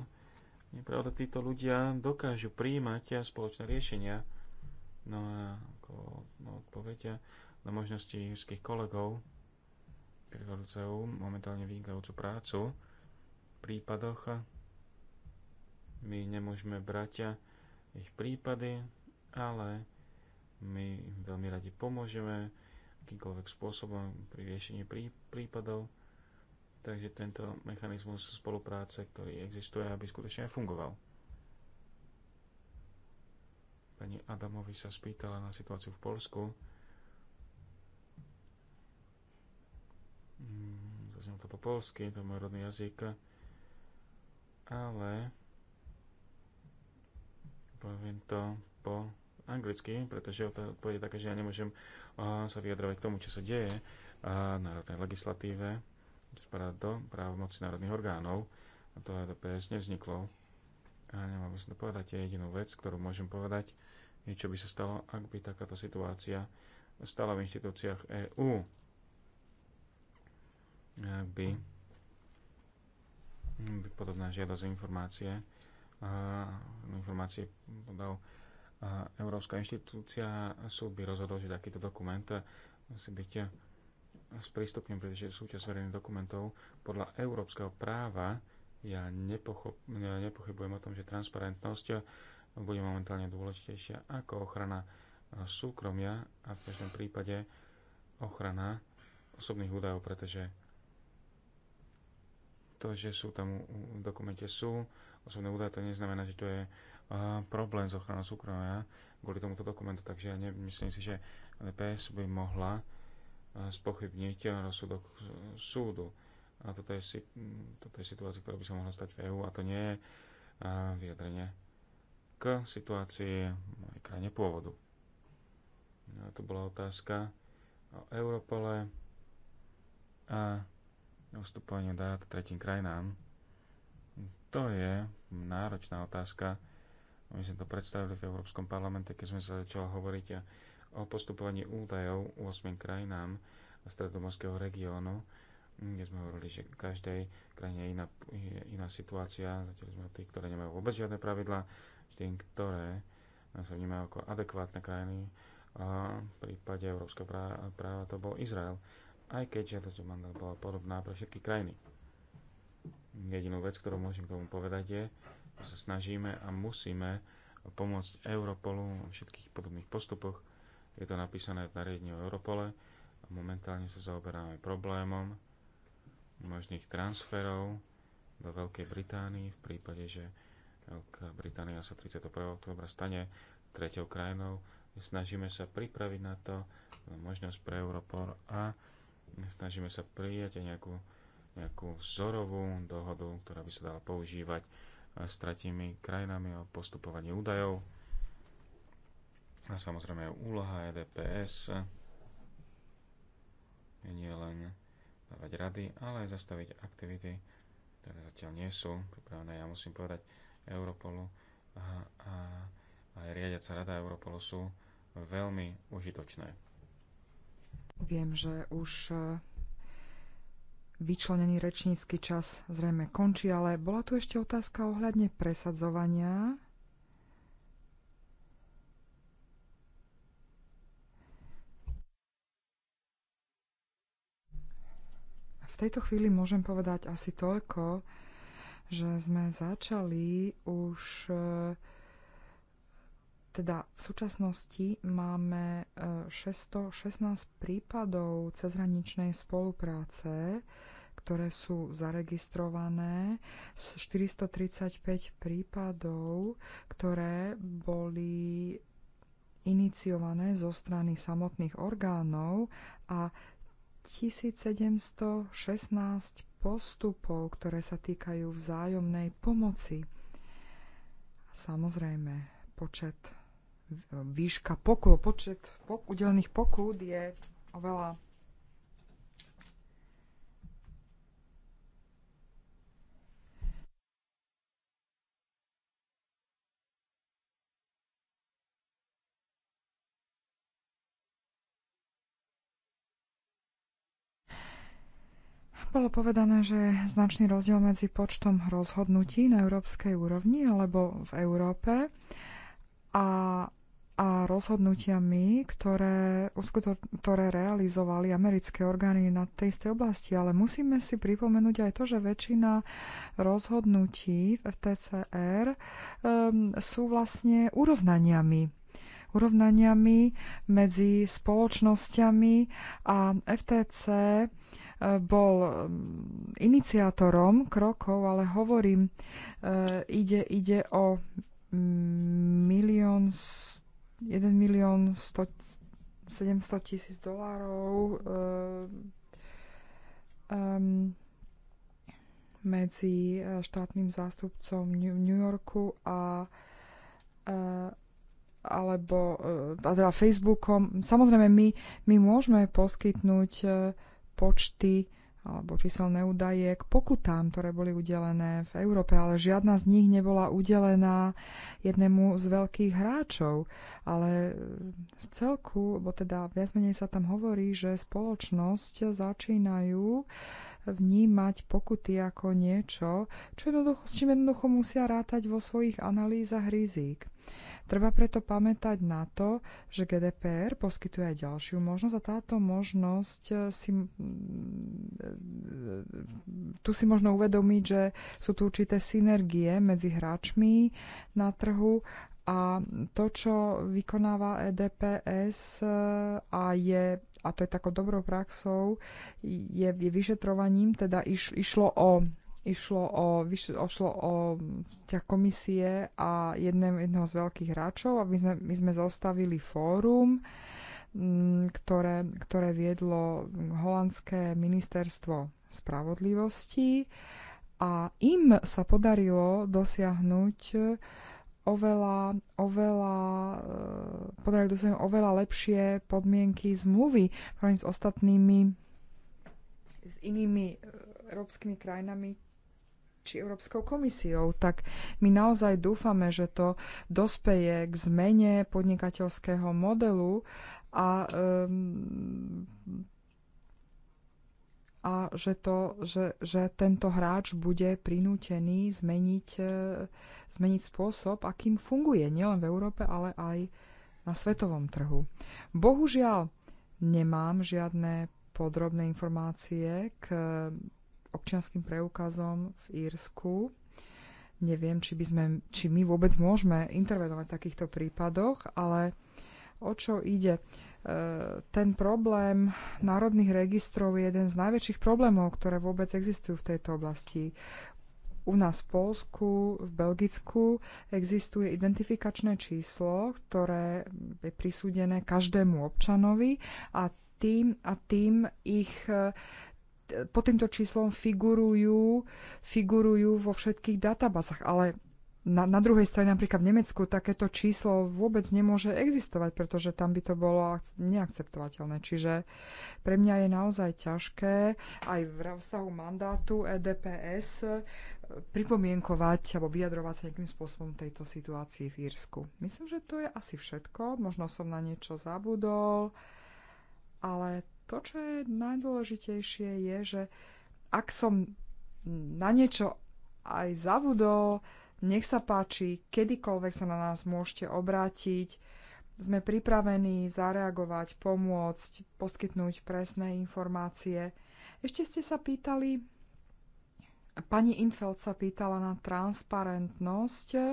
nepravda, títo ľudia dokážu príjmať spoločné riešenia. No a ako no, na možnosti írskych kolegov, realizujú momentálne vynikajúcu prácu. V prípadoch my nemôžeme brať ich prípady, ale my im veľmi radi pomôžeme akýmkoľvek spôsobom pri riešení prípadov. Takže tento mechanizmus spolupráce, ktorý existuje, aby skutočne aj fungoval. Pani Adamovi sa spýtala na situáciu v Polsku. Mm, zaznelo to po polsky, to je môj rodný jazyk, ale poviem to po anglicky, pretože odpoveď je taká, že ja nemôžem sa vyjadrovať k tomu, čo sa deje na národnej legislatíve, čo spadá do právomoci národných orgánov. A to ADPS nevzniklo. A nemám by som to povedať, je jedinú vec, ktorú môžem povedať, je, čo by sa stalo, ak by takáto situácia stala v inštitúciách EÚ ak by, by podobná žiadosť informácie informácie podal Európska inštitúcia, súd by rozhodol, že takýto dokument musí byť sprístupný, pretože súčasť verejných dokumentov podľa európskeho práva ja, nepochop, ja nepochybujem o tom, že transparentnosť bude momentálne dôležitejšia ako ochrana súkromia a v každom prípade ochrana osobných údajov, pretože to, že sú tam v dokumente sú osobné údaje, to neznamená, že to je problém s ochranou súkromia kvôli tomuto dokumentu, takže ja myslím si, že LPS by mohla spochybniť rozsudok súdu. A toto je, toto je situácia, ktorá by sa mohla stať v EÚ a to nie je vyjadrenie k situácii mojej krajine pôvodu. A to bola otázka o Europole a ustupovanie dát tretím krajinám. To je náročná otázka. My sme to predstavili v Európskom parlamente, keď sme sa začali hovoriť o postupovaní údajov 8 krajinám stredomorského regiónu, kde sme hovorili, že každej krajine je iná, je iná situácia. Zatiaľ sme tých, ktoré nemajú vôbec žiadne pravidlá, tým, ktoré sa vnímajú ako adekvátne krajiny. A v prípade európskeho práva, práva to bol Izrael aj keď žiadosť o mandát bola podobná pre všetky krajiny. Jedinú vec, ktorú môžem k tomu povedať je, že sa snažíme a musíme pomôcť Europolu v všetkých podobných postupoch. Je to napísané v nariadení o Europole. A momentálne sa zaoberáme problémom možných transferov do Veľkej Británii v prípade, že Veľká Británia sa 31. oktobra stane treťou krajinou. Snažíme sa pripraviť na to možnosť pre Europol a snažíme sa prijať nejakú, nejakú vzorovú dohodu, ktorá by sa dala používať eh, s tretími krajinami o postupovaní údajov. A samozrejme aj úloha EDPS je nielen dávať rady, ale aj zastaviť aktivity, ktoré zatiaľ nie sú pripravené. Ja musím povedať Europolu a, a, a aj riadiaca rada Europolu sú veľmi užitočné. Viem, že už e, vyčlenený rečnícky čas zrejme končí, ale bola tu ešte otázka ohľadne presadzovania. V tejto chvíli môžem povedať asi toľko, že sme začali už e, teda v súčasnosti máme 616 e, prípadov cezhraničnej spolupráce, ktoré sú zaregistrované, z 435 prípadov, ktoré boli iniciované zo strany samotných orgánov a 1716 postupov, ktoré sa týkajú vzájomnej pomoci. Samozrejme, počet výška pokú, počet pok, udelených pokút je oveľa bolo povedané, že značný rozdiel medzi počtom rozhodnutí na európskej úrovni alebo v Európe a a rozhodnutiami, ktoré, ktoré realizovali americké orgány na tej istej oblasti. Ale musíme si pripomenúť aj to, že väčšina rozhodnutí v FTCR um, ehm, sú vlastne urovnaniami urovnaniami medzi spoločnosťami a FTC eh, bol ehm, iniciátorom krokov, ale hovorím, eh, ide, ide o mm, milión 1 milión 700 tisíc dolárov um, medzi eh, štátnym zástupcom v New Yorku a eh, alebo teda Facebookom. Samozrejme, my, my môžeme poskytnúť počty alebo číselné údaje k pokutám, ktoré boli udelené v Európe, ale žiadna z nich nebola udelená jednému z veľkých hráčov. Ale v celku, bo teda viac menej sa tam hovorí, že spoločnosť začínajú vnímať pokuty ako niečo, čo jednoducho, s čím jednoducho musia rátať vo svojich analýzach rizík. Treba preto pamätať na to, že GDPR poskytuje aj ďalšiu možnosť a táto možnosť eh, si, eh, tu si možno uvedomiť, že sú tu určité synergie medzi hráčmi na trhu a to, čo vykonáva EDPS eh, a je a to je takou dobrou praxou, je, je vyšetrovaním, teda iš, išlo o Išlo o, ošlo o ťa komisie a jedného, jedného z veľkých hráčov a my sme, my sme zostavili fórum, ktoré, ktoré viedlo holandské ministerstvo spravodlivosti a im sa podarilo dosiahnuť oveľa, oveľa, e, podarilo dosiahnuť oveľa lepšie podmienky zmluvy s ostatnými, s inými e, európskymi krajinami, či Európskou komisiou, tak my naozaj dúfame, že to dospeje k zmene podnikateľského modelu a, um, a že, to, že, že tento hráč bude prinútený zmeniť, e, zmeniť spôsob, akým funguje nielen v Európe, ale aj na svetovom trhu. Bohužiaľ, nemám žiadne podrobné informácie k občianským preukazom v Írsku. Neviem, či, by sme, či my vôbec môžeme intervenovať v takýchto prípadoch, ale o čo ide? E, ten problém národných registrov je jeden z najväčších problémov, ktoré vôbec existujú v tejto oblasti. U nás v Polsku, v Belgicku existuje identifikačné číslo, ktoré je prisúdené každému občanovi a tým a tým ich pod týmto číslom figurujú, figurujú vo všetkých databázach, ale na, na druhej strane napríklad v Nemecku takéto číslo vôbec nemôže existovať, pretože tam by to bolo neakceptovateľné. Čiže pre mňa je naozaj ťažké aj v rozsahu mandátu EDPS e, pripomienkovať alebo vyjadrovať sa nejakým spôsobom tejto situácii v Írsku. Myslím, že to je asi všetko. Možno som na niečo zabudol, ale to, čo je najdôležitejšie, je, že ak som na niečo aj zabudol, nech sa páči, kedykoľvek sa na nás môžete obrátiť. Sme pripravení zareagovať, pomôcť, poskytnúť presné informácie. Ešte ste sa pýtali, pani Infeld sa pýtala na transparentnosť eh,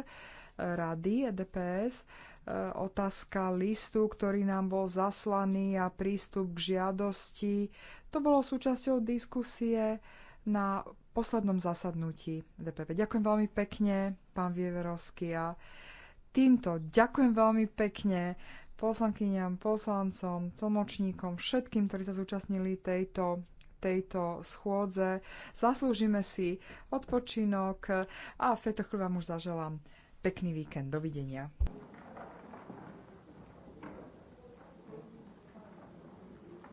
rady EDPS. Eh, otázka listu, ktorý nám bol zaslaný a prístup k žiadosti. To bolo súčasťou diskusie na poslednom zasadnutí DPP. Ďakujem veľmi pekne, pán Vieverovský. A týmto ďakujem veľmi pekne poslankyňam, poslancom, tlmočníkom, všetkým, ktorí sa zúčastnili tejto tejto schôdze. Zaslúžime si odpočinok a v tejto chvíli vám už zaželám pekný víkend. Dovidenia.